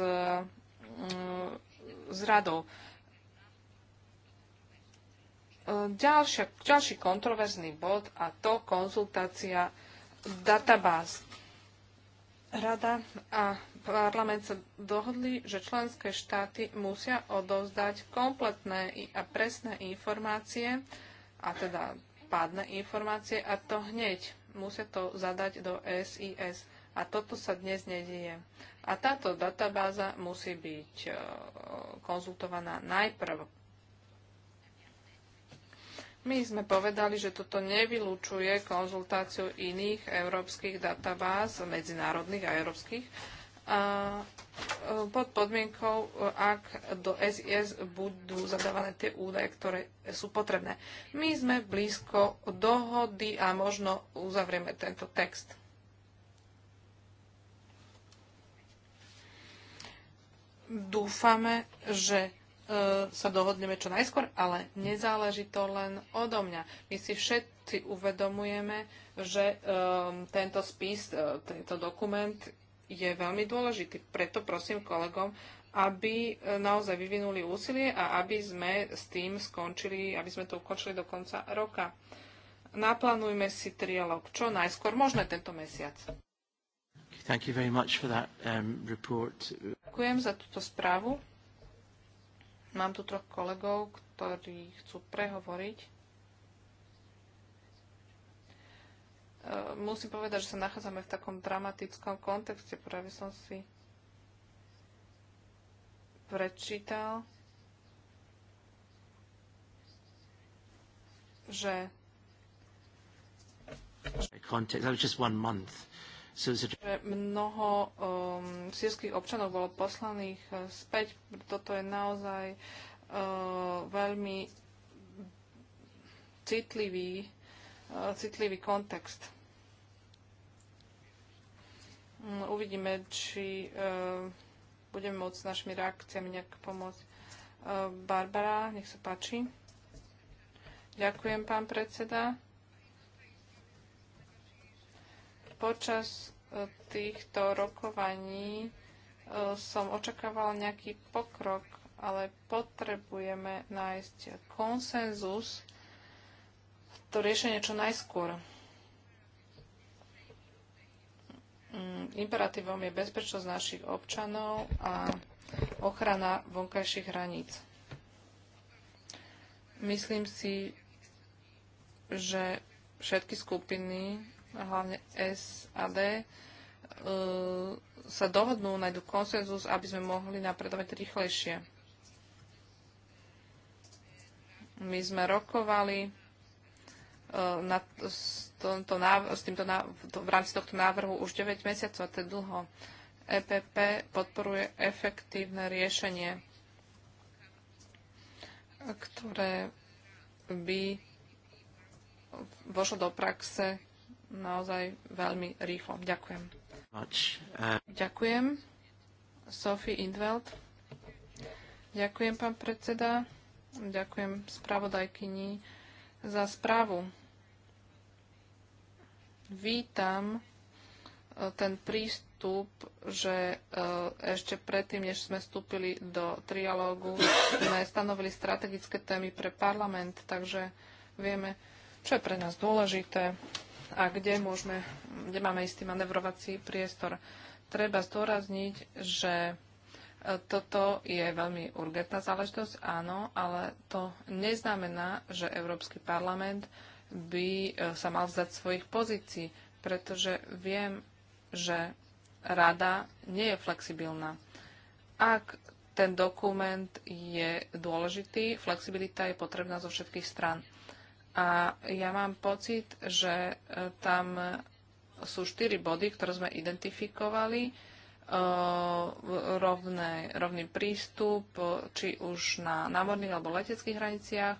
mm, s radou ďalšia, ďalší kontroverzný bod a to konzultácia databáz. Rada a parlament sa dohodli, že členské štáty musia odovzdať kompletné a presné informácie, a teda pádne informácie, a to hneď. Musia to zadať do SIS. A toto sa dnes nedieje. A táto databáza musí byť e, konzultovaná najprv my sme povedali, že toto nevylúčuje konzultáciu iných európskych databáz, medzinárodných a európskych, a e, pod podmienkou, e, ak do SIS budú zadávané tie údaje, ktoré sú potrebné. My sme blízko dohody a možno uzavrieme tento text. Dúfame, že E, sa dohodneme čo najskôr, ale nezáleží to len odo mňa. My si všetci uvedomujeme, že um, tento spis, uh, tento dokument je veľmi dôležitý. Preto prosím kolegom, aby uh, naozaj vyvinuli úsilie a aby sme s tým skončili, aby sme to ukončili do konca roka. Naplánujme si trialog čo najskôr, možné tento mesiac. Thank you very much for that, um, report. Ďakujem za túto správu. Mám tu troch kolegov, ktorí chcú prehovoriť. E, musím povedať, že sa nachádzame v takom dramatickom kontexte. Práve som si prečítal, že Context. That was just one month. Mnoho um, sírskych občanov bolo poslaných eh, späť. Toto je naozaj uh, veľmi citlivý, uh, citlivý kontext. Mm, uvidíme, či uh, budeme môcť s našimi reakciami nejak pomôcť. Uh, Barbara, nech sa páči. Ďakujem, pán predseda. počas e, týchto rokovaní e, som očakávala nejaký pokrok, ale potrebujeme nájsť konsenzus, to riešenie čo najskôr. Mm, imperatívom je bezpečnosť našich občanov a ochrana vonkajších hraníc. Myslím si, že všetky skupiny hlavne S a D, e, sa dohodnú, nájdu konsenzus, aby sme mohli napredovať rýchlejšie. My sme rokovali e, na, s, tomto, s týmto, v rámci tohto návrhu už 9 mesiacov, a to je dlho. EPP podporuje efektívne riešenie, ktoré by vošlo do praxe naozaj veľmi rýchlo. Ďakujem. Eh, Ďakujem. Sophie Indveld. Ďakujem, pán predseda. Ďakujem spravodajkyni za správu. Vítam eh, ten prístup, že eh, ešte predtým, než sme vstúpili do trialógu, sme stanovili strategické témy pre parlament, takže vieme, čo je pre nás dôležité, a kde, môžeme, kde máme istý manevrovací priestor. Treba zdôrazniť, že e, toto je veľmi urgentná záležitosť, áno, ale to neznamená, že Európsky parlament by e, sa mal vzdať svojich pozícií, pretože viem, že rada nie je flexibilná. Ak ten dokument je dôležitý, flexibilita je potrebná zo všetkých stran. A ja mám pocit, že e, tam e, sú štyri body, ktoré sme identifikovali. E, rovné, rovný prístup, či už na námorných alebo leteckých hraniciach.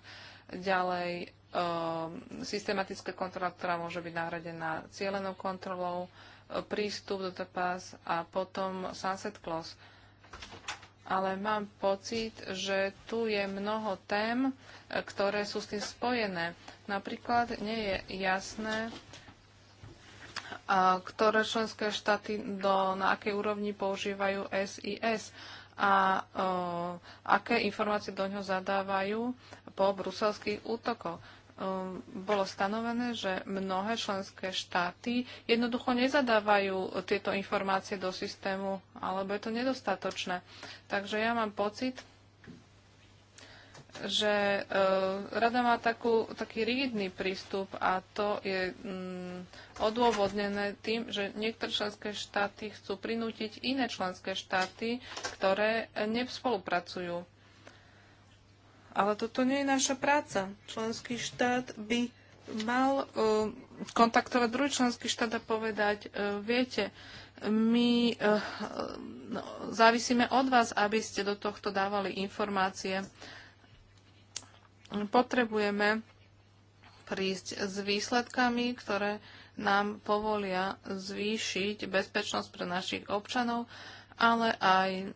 Ďalej systematická kontrola, ktorá môže byť náhradená cieľenou kontrolou, prístup do TPAS a potom sunset clause ale mám pocit, že tu je mnoho tém, e, ktoré sú s tým spojené. Napríklad nie je jasné, e, ktoré členské štáty do, na akej úrovni používajú SIS a o, e, aké informácie do ňoho zadávajú po bruselských útokoch. Ehm, bolo stanovené, že mnohé členské štáty jednoducho nezadávajú tieto informácie do systému, alebo je to nedostatočné. Takže ja mám pocit, že ehm, rada má takú, taký rigidný prístup a to je mm, odôvodnené tým, že niektoré členské štáty chcú prinútiť iné členské štáty, ktoré eh, nespolupracujú. Ale toto nie je naša práca. Členský štát by mal uh, kontaktovať druhý členský štát a povedať, uh, viete, my uh, no, závisíme od vás, aby ste do tohto dávali informácie. Potrebujeme prísť s výsledkami, ktoré nám povolia zvýšiť bezpečnosť pre našich občanov, ale aj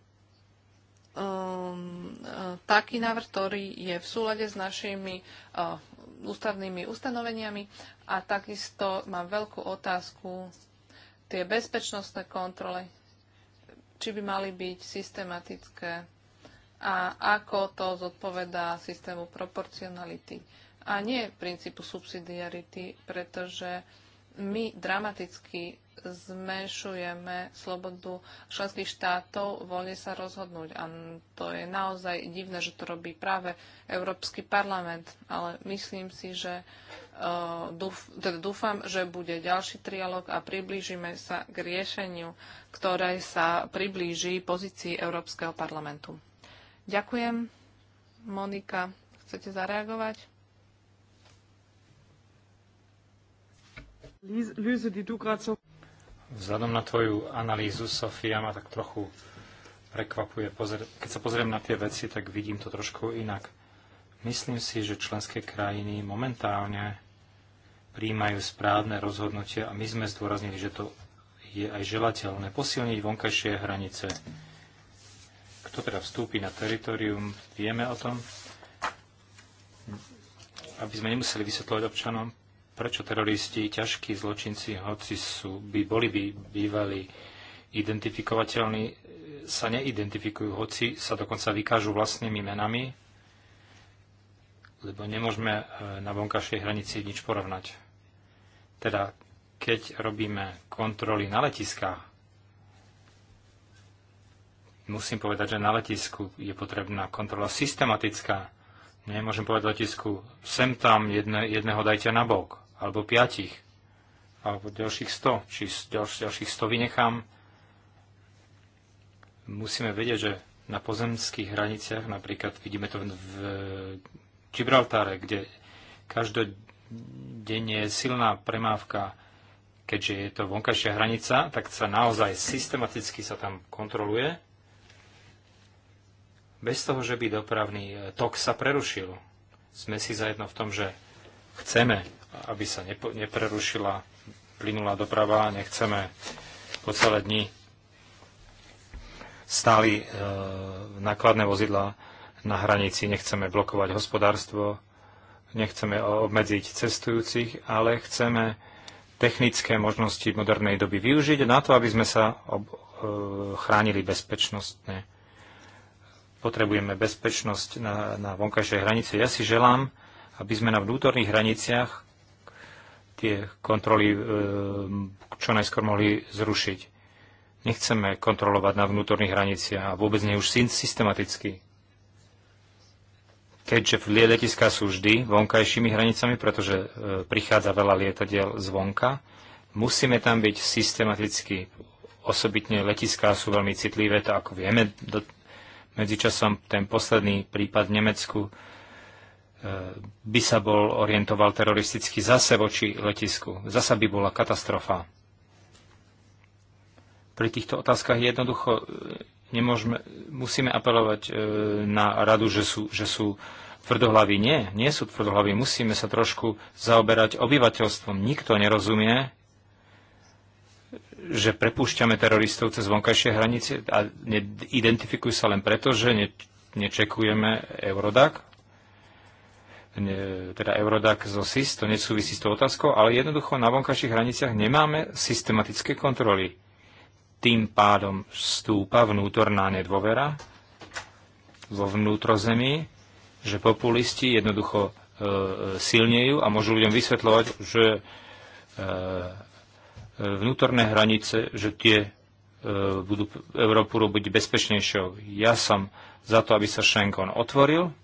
um, uh, taký návrh, ktorý je v súlade s našimi uh, ústavnými ustanoveniami a takisto mám veľkú otázku tie bezpečnostné kontroly, či by mali byť systematické a ako to zodpovedá systému proporcionality a nie princípu subsidiarity, pretože my dramaticky zmenšujeme slobodu členských štátov voľne sa rozhodnúť. A to je naozaj divné, že to robí práve Európsky parlament. Ale myslím si, že e, dúf, teda dúfam, že bude ďalší trialog a priblížime sa k riešeniu, ktoré sa priblíži pozícii Európskeho parlamentu. Ďakujem. Monika, chcete zareagovať? Lise, die du gerade so Vzhľadom na tvoju analýzu, Sofia, ma tak trochu prekvapuje. Keď sa pozriem na tie veci, tak vidím to trošku inak. Myslím si, že členské krajiny momentálne príjmajú správne rozhodnutie a my sme zdôraznili, že to je aj želateľné posilniť vonkajšie hranice. Kto teda vstúpi na teritorium, vieme o tom, aby sme nemuseli vysvetľovať občanom, Prečo teroristi, ťažkí zločinci, hoci sú, by boli by bývali identifikovateľní, sa neidentifikujú, hoci sa dokonca vykážu vlastnými menami, lebo nemôžeme e, na vonkajšej hranici nič porovnať. Teda, keď robíme kontroly na letiskách, musím povedať, že na letisku je potrebná kontrola systematická. Nemôžem povedať letisku, sem tam jedne, jedného dajte na bok alebo piatich, alebo ďalších 100, či ďalš, ďalších 100 vynechám. Musíme vedieť, že na pozemských hraniciach, napríklad vidíme to v Gibraltáre, kde každodenne je silná premávka, keďže je to vonkajšia hranica, tak sa naozaj systematicky sa tam kontroluje, bez toho, že by dopravný tok sa prerušil. Sme si zajedno v tom, že chceme aby sa neprerušila plynulá doprava. Nechceme po celé dni stáli e, nákladné vozidla na hranici, nechceme blokovať hospodárstvo, nechceme obmedziť cestujúcich, ale chceme technické možnosti modernej doby využiť na to, aby sme sa ob, e, chránili bezpečnostne. Potrebujeme bezpečnosť na, na vonkajšej hranici. Ja si želám, aby sme na vnútorných hraniciach tie kontroly e, čo najskôr mohli zrušiť. Nechceme kontrolovať na vnútorných hraniciach a vôbec nie už systematicky. Keďže letiska sú vždy vonkajšími hranicami, pretože e, prichádza veľa lietadiel zvonka, musíme tam byť systematicky. Osobitne letiská sú veľmi citlivé, to ako vieme, do, medzičasom ten posledný prípad v Nemecku E, by sa bol orientoval teroristicky zase voči letisku. Zasa by bola katastrofa. Pri týchto otázkach jednoducho e, nemôžeme, musíme apelovať e, na radu, že sú, že sú tvrdohlaví. Nie, nie sú tvrdohlaví. Musíme sa trošku zaoberať obyvateľstvom. Nikto nerozumie, že prepúšťame teroristov cez vonkajšie hranice a identifikujú sa len preto, že ne, nečekujeme Eurodac teda Eurodac zo SIS, to nesúvisí s tou otázkou, ale jednoducho na vonkajších hraniciach nemáme systematické kontroly. Tým pádom stúpa vnútorná nedôvera vo vnútrozemí, že populisti jednoducho e, silnejú a môžu ľuďom vysvetľovať, že e, e vnútorné hranice, že tie e, budú Európu robiť bezpečnejšou. Ja som za to, aby sa Schengen otvoril,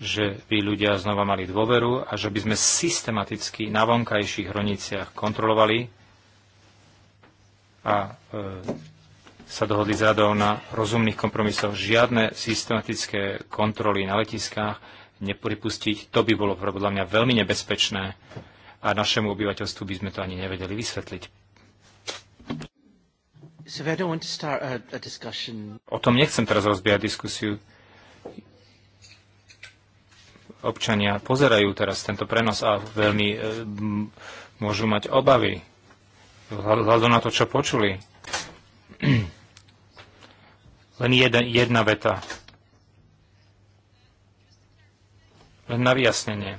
že by ľudia znova mali dôveru a že by sme systematicky na vonkajších hraniciach kontrolovali a e, sa dohodli z na rozumných kompromisoch žiadne systematické kontroly na letiskách nepripustiť. To by bolo podľa mňa veľmi nebezpečné a našemu obyvateľstvu by sme to ani nevedeli vysvetliť. O tom nechcem teraz rozbiať diskusiu občania pozerajú teraz tento prenos a veľmi e, môžu mať obavy hľadom na to, čo počuli. Len jeden, jedna veta. Len na vyjasnenie.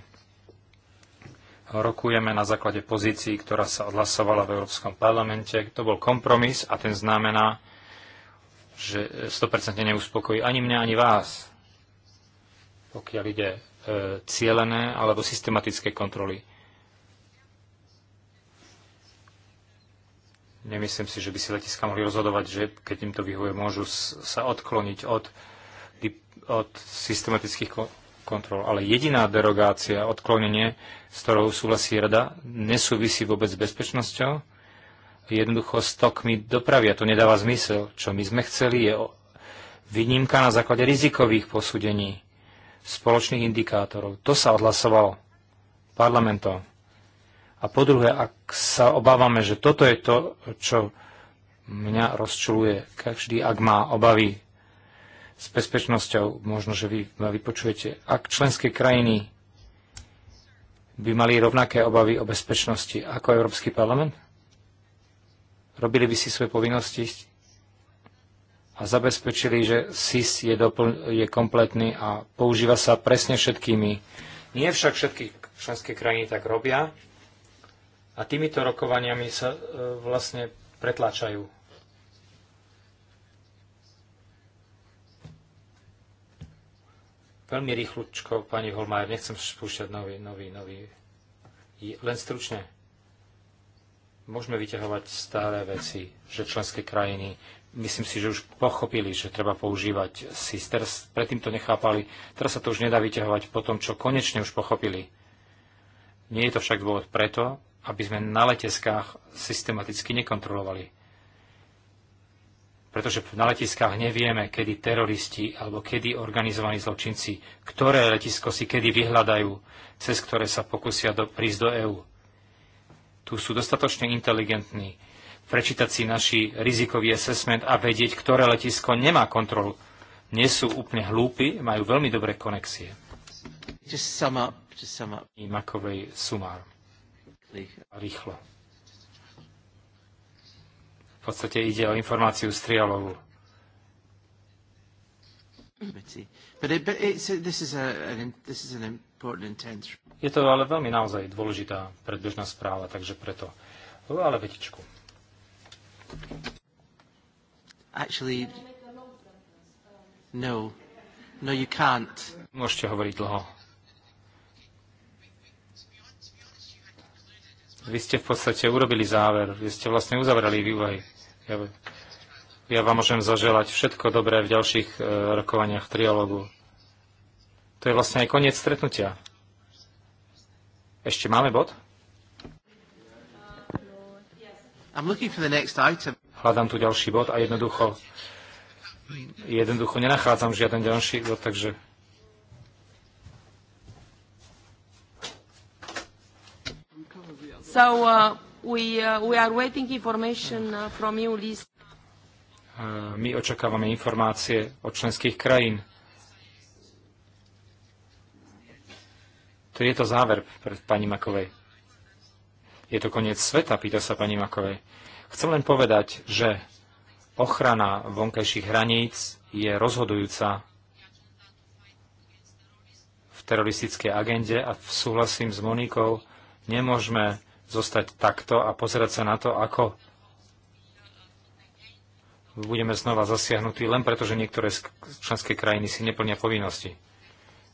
Rokujeme na základe pozícií, ktorá sa odhlasovala v Európskom parlamente. To bol kompromis a ten znamená, že 100% neuspokojí ani mňa, ani vás. Pokiaľ ide E, cielené alebo systematické kontroly. Nemyslím si, že by si letiska mohli rozhodovať, že keď im to vyhovuje, môžu sa odkloniť od, od systematických kontrol. Ale jediná derogácia, odklonenie, s ktorou súhlasí rada, nesúvisí vôbec s bezpečnosťou, jednoducho s tokmi dopravy. A to nedáva zmysel. Čo my sme chceli, je výnimka na základe rizikových posúdení spoločných indikátorov. To sa odhlasovalo parlamentom. A po druhé, ak sa obávame, že toto je to, čo mňa rozčuluje, každý, ak má obavy s bezpečnosťou, možno, že vy ma vypočujete, ak členské krajiny by mali rovnaké obavy o bezpečnosti ako Európsky parlament? Robili by si svoje povinnosti a zabezpečili, že SIS je, dopl- je kompletný a používa sa presne všetkými. Nie však všetky členské krajiny tak robia a týmito rokovaniami sa e, vlastne pretláčajú. Veľmi rýchlučko, pani Holmajer, nechcem spúšťať nový, nový, nový. Len stručne môžeme vyťahovať staré veci, že členské krajiny myslím si, že už pochopili, že treba používať sisters. predtým to nechápali, teraz sa to už nedá vyťahovať po tom, čo konečne už pochopili. Nie je to však dôvod preto, aby sme na leteskách systematicky nekontrolovali. Pretože na letiskách nevieme, kedy teroristi alebo kedy organizovaní zločinci, ktoré letisko si kedy vyhľadajú, cez ktoré sa pokusia do, prísť do EÚ. Tu sú dostatočne inteligentní prečítať si naši rizikový assessment a vedieť, ktoré letisko nemá kontrolu. Nie sú úplne hlúpi, majú veľmi dobré konexie. Just sum up, just sum up. I Makovej sumár. Rýchlo. V podstate ide o informáciu z trialovu. Je to ale veľmi naozaj dôležitá predbežná správa, takže preto. Ale vetičku. Actually, no. No, you can't. Môžete hovoriť dlho. Vy ste v podstate urobili záver. Vy ste vlastne uzavreli vývoj. Ja, ja vám môžem zaželať všetko dobré v ďalších e, rokovaniach triologu. To je vlastne aj koniec stretnutia. Ešte máme bod? Hľadám tu ďalší bod a jednoducho jednoducho nenachádzam žiaden ďalší bod, takže So uh, we, uh, we are waiting information uh, from you, Liz. my očakávame informácie od členských krajín. To je to záver pre pani Makovej. Je to koniec sveta, pýta sa pani Makovej. Chcem len povedať, že ochrana vonkajších hraníc je rozhodujúca v teroristickej agende a súhlasím s Monikou, nemôžeme zostať takto a pozerať sa na to, ako budeme znova zasiahnutí len preto, že niektoré členské krajiny si neplnia povinnosti.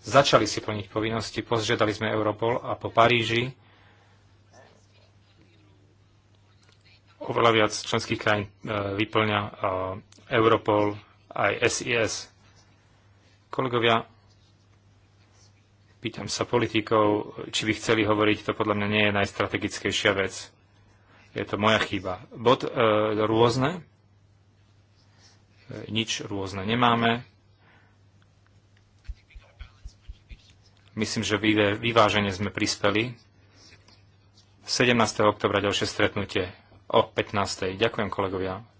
Začali si plniť povinnosti, požiadali sme Europol a po Paríži oveľa viac členských krajín e, vyplňa e, Europol aj SIS. Kolegovia, pýtam sa politikov, či by chceli hovoriť, to podľa mňa nie je najstrategickejšia vec. Je to moja chyba. Bod e, rôzne. E, nič rôzne nemáme. Myslím, že vyváženie sme prispeli. 17. oktobra ďalšie stretnutie o 15. Ďakujem kolegovia.